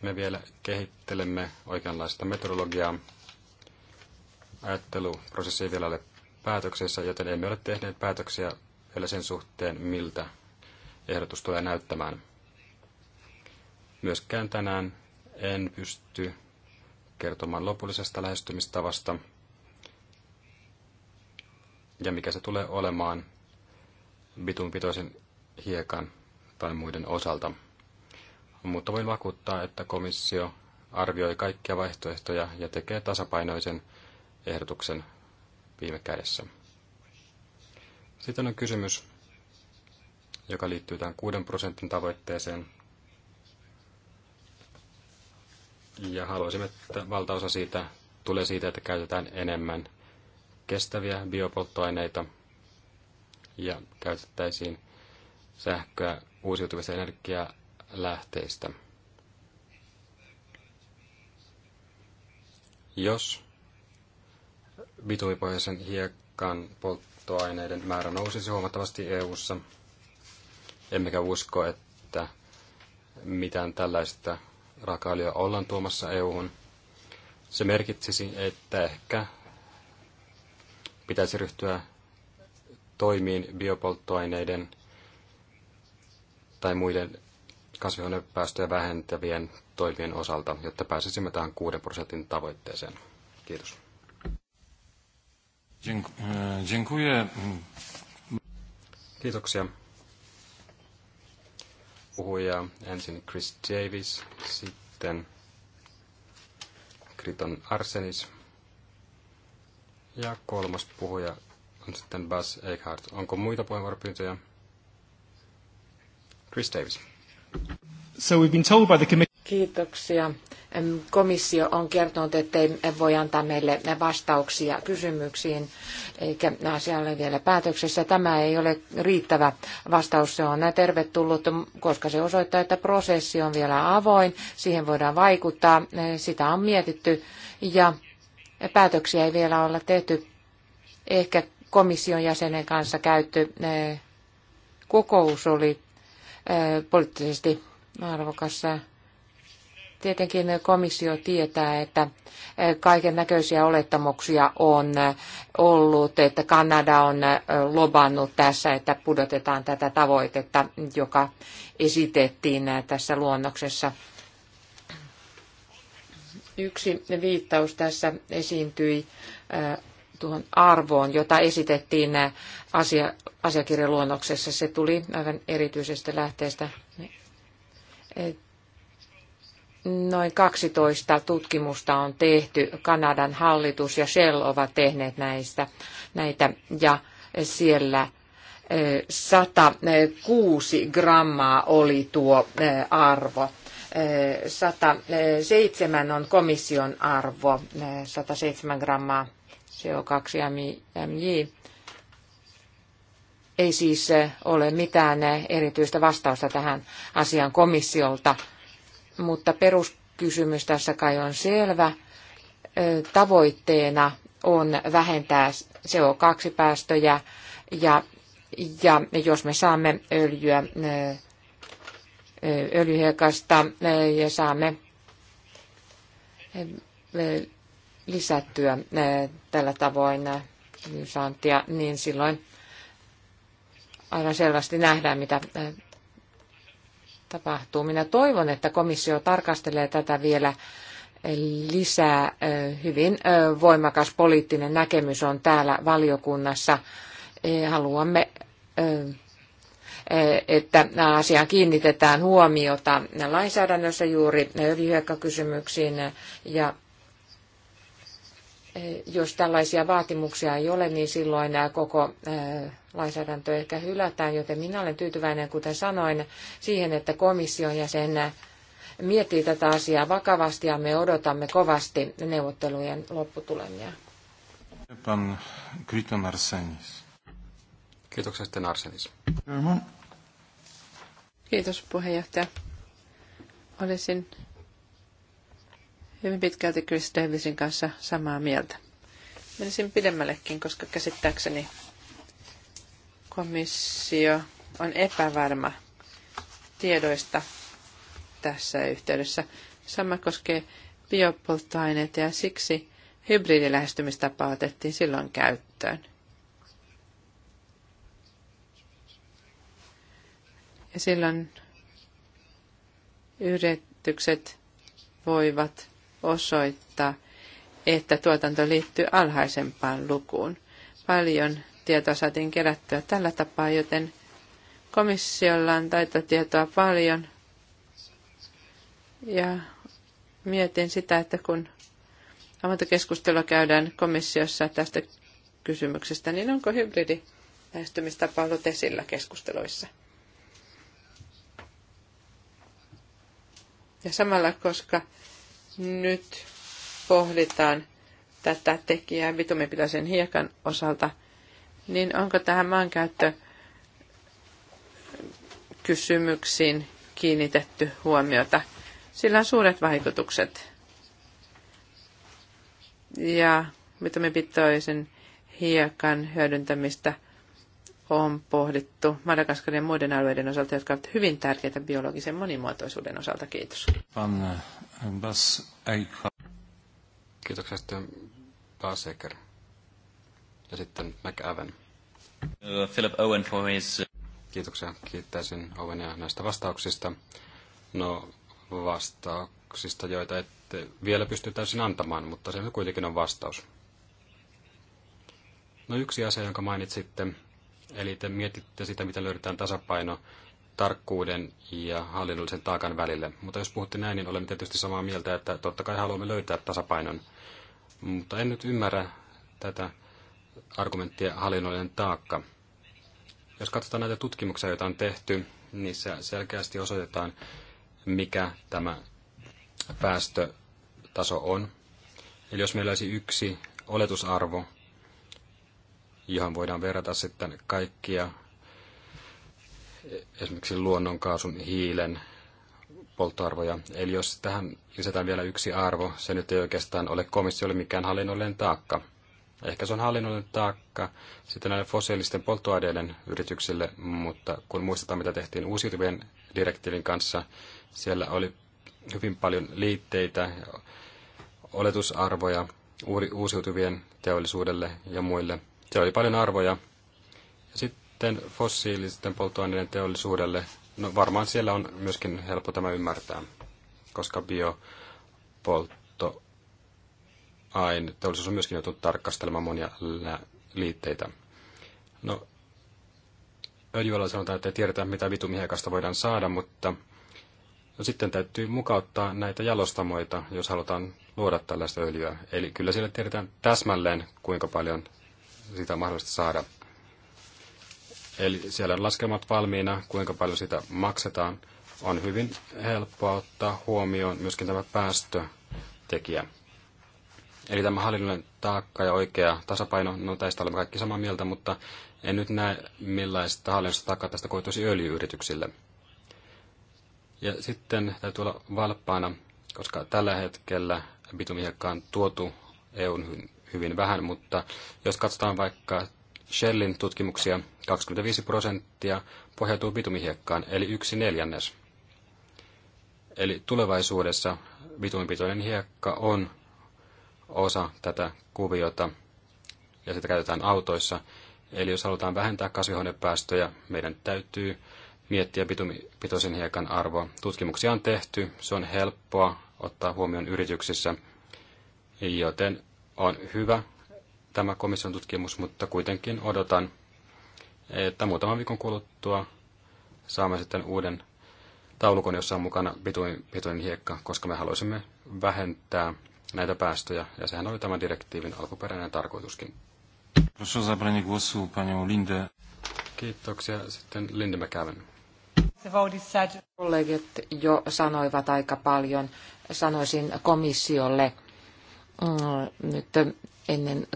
me vielä kehittelemme oikeanlaista metodologiaa. Ajatteluprosessi ei vielä ole päätöksessä, joten emme ole tehneet päätöksiä vielä sen suhteen, miltä ehdotus tulee näyttämään. Myöskään tänään en pysty kertomaan lopullisesta lähestymistavasta ja mikä se tulee olemaan bitunpitoisen hiekan tai muiden osalta mutta voin vakuuttaa, että komissio arvioi kaikkia vaihtoehtoja ja tekee tasapainoisen ehdotuksen viime kädessä. Sitten on kysymys, joka liittyy tähän 6 prosentin tavoitteeseen. Ja haluaisimme, että valtaosa siitä tulee siitä, että käytetään enemmän kestäviä biopolttoaineita ja käytettäisiin sähköä uusiutuvista energiaa lähteistä. Jos bitumipohjaisen hiekan polttoaineiden määrä nousisi huomattavasti EU:ssa, emmekä usko, että mitään tällaista raakailua ollaan tuomassa EU:hun. Se merkitsisi, että ehkä pitäisi ryhtyä toimiin biopolttoaineiden tai muiden kasvihuonepäästöjä vähentävien toimien osalta, jotta pääsisimme tähän 6 prosentin tavoitteeseen. Kiitos. E, dziękuję. Kiitoksia. Puhuja ensin Chris Davis, sitten Kriton Arsenis ja kolmas puhuja on sitten Bas Eichhardt. Onko muita puheenvuoropyyntöjä? Chris Davis. So we've been told by the Kiitoksia. Komissio on kertonut, ettei voi antaa meille vastauksia kysymyksiin, eikä asia ole vielä päätöksessä. Tämä ei ole riittävä vastaus, se on tervetullut, koska se osoittaa, että prosessi on vielä avoin, siihen voidaan vaikuttaa, e, sitä on mietitty ja päätöksiä ei vielä olla tehty. Ehkä komission jäsenen kanssa käyty e, kokous oli poliittisesti arvokas. Tietenkin komissio tietää, että kaiken näköisiä olettamuksia on ollut, että Kanada on lobannut tässä, että pudotetaan tätä tavoitetta, joka esitettiin tässä luonnoksessa. Yksi viittaus tässä esiintyi tuohon arvoon, jota esitettiin asia, asiakirjaluonnoksessa. Se tuli aivan erityisestä lähteestä. Noin 12 tutkimusta on tehty. Kanadan hallitus ja Shell ovat tehneet näistä, näitä ja siellä 106 grammaa oli tuo arvo. 107 on komission arvo, 107 grammaa CO2-MJ. Ei siis eh, ole mitään eh, erityistä vastausta tähän asian komissiolta, mutta peruskysymys tässä kai on selvä. Eh, tavoitteena on vähentää CO2-päästöjä ja, ja jos me saamme öljyä öljyhiekasta ja saamme lisättyä tällä tavoin saantia, niin silloin aivan selvästi nähdään, mitä tapahtuu. Minä toivon, että komissio tarkastelee tätä vielä lisää. Hyvin voimakas poliittinen näkemys on täällä valiokunnassa. E, haluamme, että asiaan kiinnitetään huomiota lainsäädännössä juuri öljyhyökkäkysymyksiin ja Eh, jos tällaisia vaatimuksia ei ole, niin silloin koko lainsäädäntö ehkä hylätään, joten minä olen tyytyväinen, kuten sanoin, siihen, että komission jäsen miettii tätä asiaa vakavasti ja me odotamme kovasti neuvottelujen lopputulemia. Pan Kriton Arsenis. Kiitoksia sitten Arsenis. Kiitos puheenjohtaja. Olisin hyvin pitkälti Chris Davisin kanssa samaa mieltä. Menisin pidemmällekin, koska käsittääkseni komissio on epävarma tiedoista tässä yhteydessä. Sama koskee biopolttoaineita ja siksi hybridilähestymistapa otettiin silloin käyttöön. Ja silloin yritykset voivat osoittaa, että tuotanto liittyy alhaisempaan lukuun. Paljon tietoa saatiin kerättyä tällä tapaa, joten komissiolla on taitotietoa paljon. Ja mietin sitä, että kun ammattokeskustelua käydään komissiossa tästä kysymyksestä, niin onko hybridi lähestymistapa ollut esillä keskusteluissa? Ja samalla, koska nyt pohditaan tätä tekijää bitumipitoisen hiekan osalta, niin onko tähän maankäyttö kysymyksiin kiinnitetty huomiota? Sillä on suuret vaikutukset. Ja bitumipitoisen hiekan hyödyntämistä – on pohdittu Madagaskarin ja muiden alueiden osalta, jotka ovat hyvin tärkeitä biologisen monimuotoisuuden osalta. Kiitos. Van eh, Bas Eikha. Kiitoksia sitten Bas Ja sitten McAven. Eh, Philip Owen for his... Eh, Kiitoksia. Kiittäisin Owenia näistä vastauksista. No, vastauksista, joita ette vielä pysty täysin antamaan, mutta se kuitenkin on vastaus. No yksi asia, jonka mainitsitte, Eli te mietitte sitä, miten löydetään tasapaino tarkkuuden ja hallinnollisen taakan välille. Mutta jos puhutte näin, niin olemme tietysti samaa mieltä, että totta kai haluamme löytää tasapainon. Mutta en nyt ymmärrä tätä argumenttia hallinnollinen taakka. Jos katsotaan näitä tutkimuksia, joita on tehty, niissä selkeästi osoitetaan, mikä tämä päästötaso on. Eli jos meillä olisi yksi oletusarvo, johon voidaan verrata sitten kaikkia esimerkiksi luonnonkaasun, hiilen polttoarvoja. Eli jos tähän lisätään vielä yksi arvo, se nyt ei oikeastaan ole komissiolle mikään hallinnollinen taakka. Ehkä se on hallinnollinen taakka sitten näille fossiilisten polttoaineiden yrityksille, mutta kun muistetaan, mitä tehtiin uusiutuvien direktiivin kanssa, siellä oli hyvin paljon liitteitä, oletusarvoja uusiutuvien teollisuudelle ja muille, se oli paljon arvoja. Ja sitten fossiilisten polttoaineiden teollisuudelle, no varmaan siellä on myöskin helppo tämä ymmärtää, koska biopolttoaine teollisuus on myöskin joutunut tarkastelemaan monia liitteitä. No, öljyllä sanotaan, että ei tiedetä, mitä vitumihekasta voidaan saada, mutta no, sitten täytyy mukauttaa näitä jalostamoita, jos halutaan luoda tällaista öljyä. Eli kyllä siellä tiedetään täsmälleen, kuinka paljon sitä on mahdollista saada. Eli siellä on laskelmat valmiina, kuinka paljon sitä maksetaan. On hyvin helppoa ottaa huomioon myöskin tämä päästötekijä. Eli tämä hallinnollinen taakka ja oikea tasapaino, no tästä olemme kaikki samaa mieltä, mutta en nyt näe millaista hallinnollista taakkaa tästä koituisi öljyyrityksille. Ja sitten täytyy olla valppaana, koska tällä hetkellä bitumihekka on tuotu EUn hyvin vähän, mutta jos katsotaan vaikka Shellin tutkimuksia, 25 prosenttia pohjautuu bitumihiekkaan, eli yksi neljännes. Eli tulevaisuudessa bitumipitoinen hiekka on osa tätä kuviota, ja sitä käytetään autoissa. Eli jos halutaan vähentää kasvihuonepäästöjä, meidän täytyy miettiä bitumipitoisen hiekan arvoa. Tutkimuksia on tehty, se on helppoa ottaa huomioon yrityksissä, joten on hyvä tämä komission tutkimus, mutta kuitenkin odotan, että muutaman viikon kuluttua saamme sitten uuden taulukon, jossa on mukana pituinen hiekka, koska me haluaisimme vähentää näitä päästöjä, ja sehän oli tämän direktiivin alkuperäinen tarkoituskin. Kiitoksia. Sitten Linde McCaven. kollegit jo sanoivat aika paljon. Sanoisin komissiolle, Äh, nyt ennen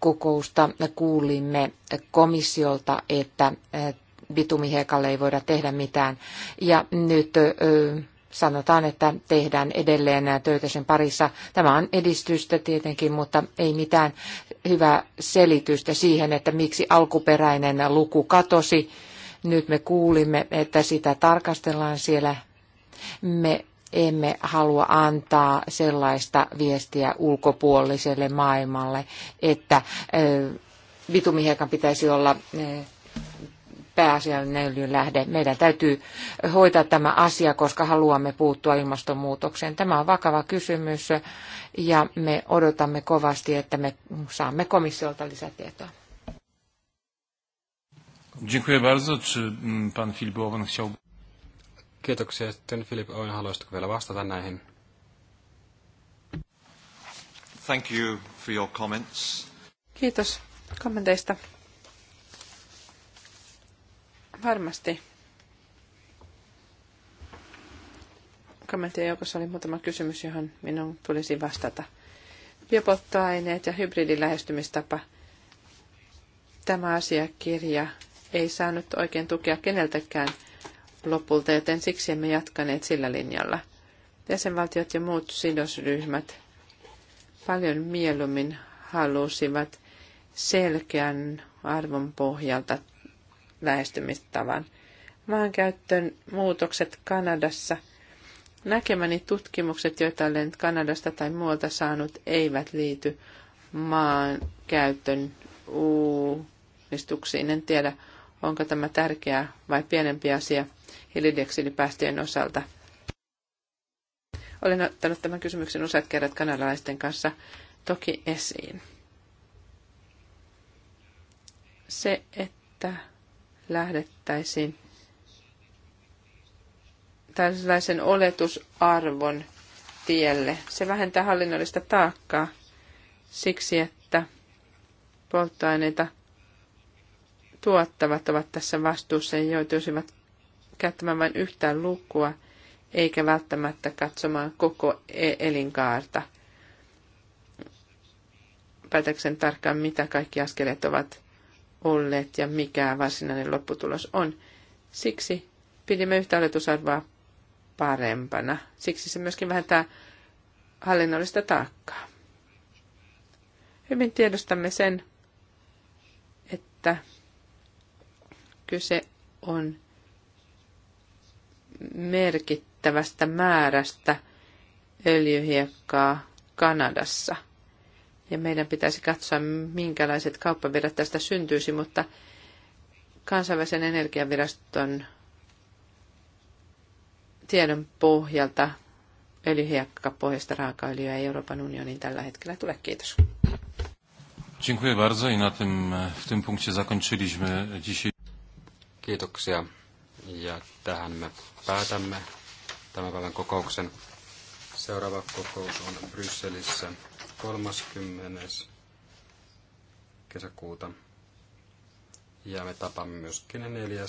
kokousta kuulimme komissiolta, että äh, bitumihekalla ei voida tehdä mitään. Ja nyt äh, sanotaan, että tehdään edelleen töitä sen parissa. Tämä on edistystä tietenkin, mutta ei mitään hyvää selitystä siihen, että miksi alkuperäinen luku katosi. Nyt me kuulimme, että sitä tarkastellaan siellä. Me emme halua antaa sellaista viestiä ulkopuoliselle maailmalle, että bitumihiekan pitäisi olla pääasiallinen öljyn lähde. Meidän täytyy hoitaa tämä asia, koska haluamme puuttua ilmastonmuutokseen. Tämä on vakava kysymys ja me odotamme kovasti, että me saamme komissiolta lisätietoa. Dziękuję bardzo. Czy mm, pan Filip Owen Kiitoksia. Sitten Filip Owen haluaisitko vielä vastata näihin? Thank you for your comments. Kiitos kommenteista. Varmasti. Kommenttien joukossa oli muutama kysymys, johon minun tulisi vastata. Biopolttoaineet ja hybridilähestymistapa. Tämä asiakirja ei saanut oikein tukea keneltäkään lopulta, joten siksi emme jatkaneet sillä linjalla. Jäsenvaltiot ja muut sidosryhmät paljon mieluummin halusivat selkeän arvon pohjalta lähestymistavan. Maankäyttön muutokset Kanadassa. Näkemäni tutkimukset, joita olen Kanadasta tai muualta saanut, eivät liity maankäytön uudistuksiin. En tiedä, onko tämä tärkeä vai pienempi asia hiilidioksidipäästöjen osalta. Olen ottanut tämän kysymyksen useat kerrat kanadalaisten kanssa toki esiin. Se, että lähdettäisiin tällaisen oletusarvon tielle. Se vähentää hallinnollista taakkaa siksi, että polttoaineita tuottavat ovat tässä vastuussa ja joutuisivat käyttämään vain lukua, eikä välttämättä katsomaan koko e- elinkaarta. Päätäkseen tarkkaan, mitä kaikki askeleet ovat olleet ja mikä varsinainen lopputulos on. Siksi pidimme yhtä oletusarvoa parempana. Siksi se myöskin vähentää hallinnollista taakkaa. Hyvin tiedostamme sen, että kyse on merkittävästä määrästä öljyhiekkaa Kanadassa. Ja meidän pitäisi katsoa, minkälaiset kauppavirrat tästä syntyisi, mutta kansainvälisen energiaviraston tiedon pohjalta pohjasta raakaöljyä ei Euroopan unioniin tällä hetkellä tule. Kiitos. Dziękuję bardzo i na tym, w tym punkcie zakończyliśmy dzisiaj. Kiitoksia. Ja tähän me päätämme tämän päivän kokouksen. Seuraava kokous on Brysselissä 30. kesäkuuta. Ja me tapamme myöskin 4.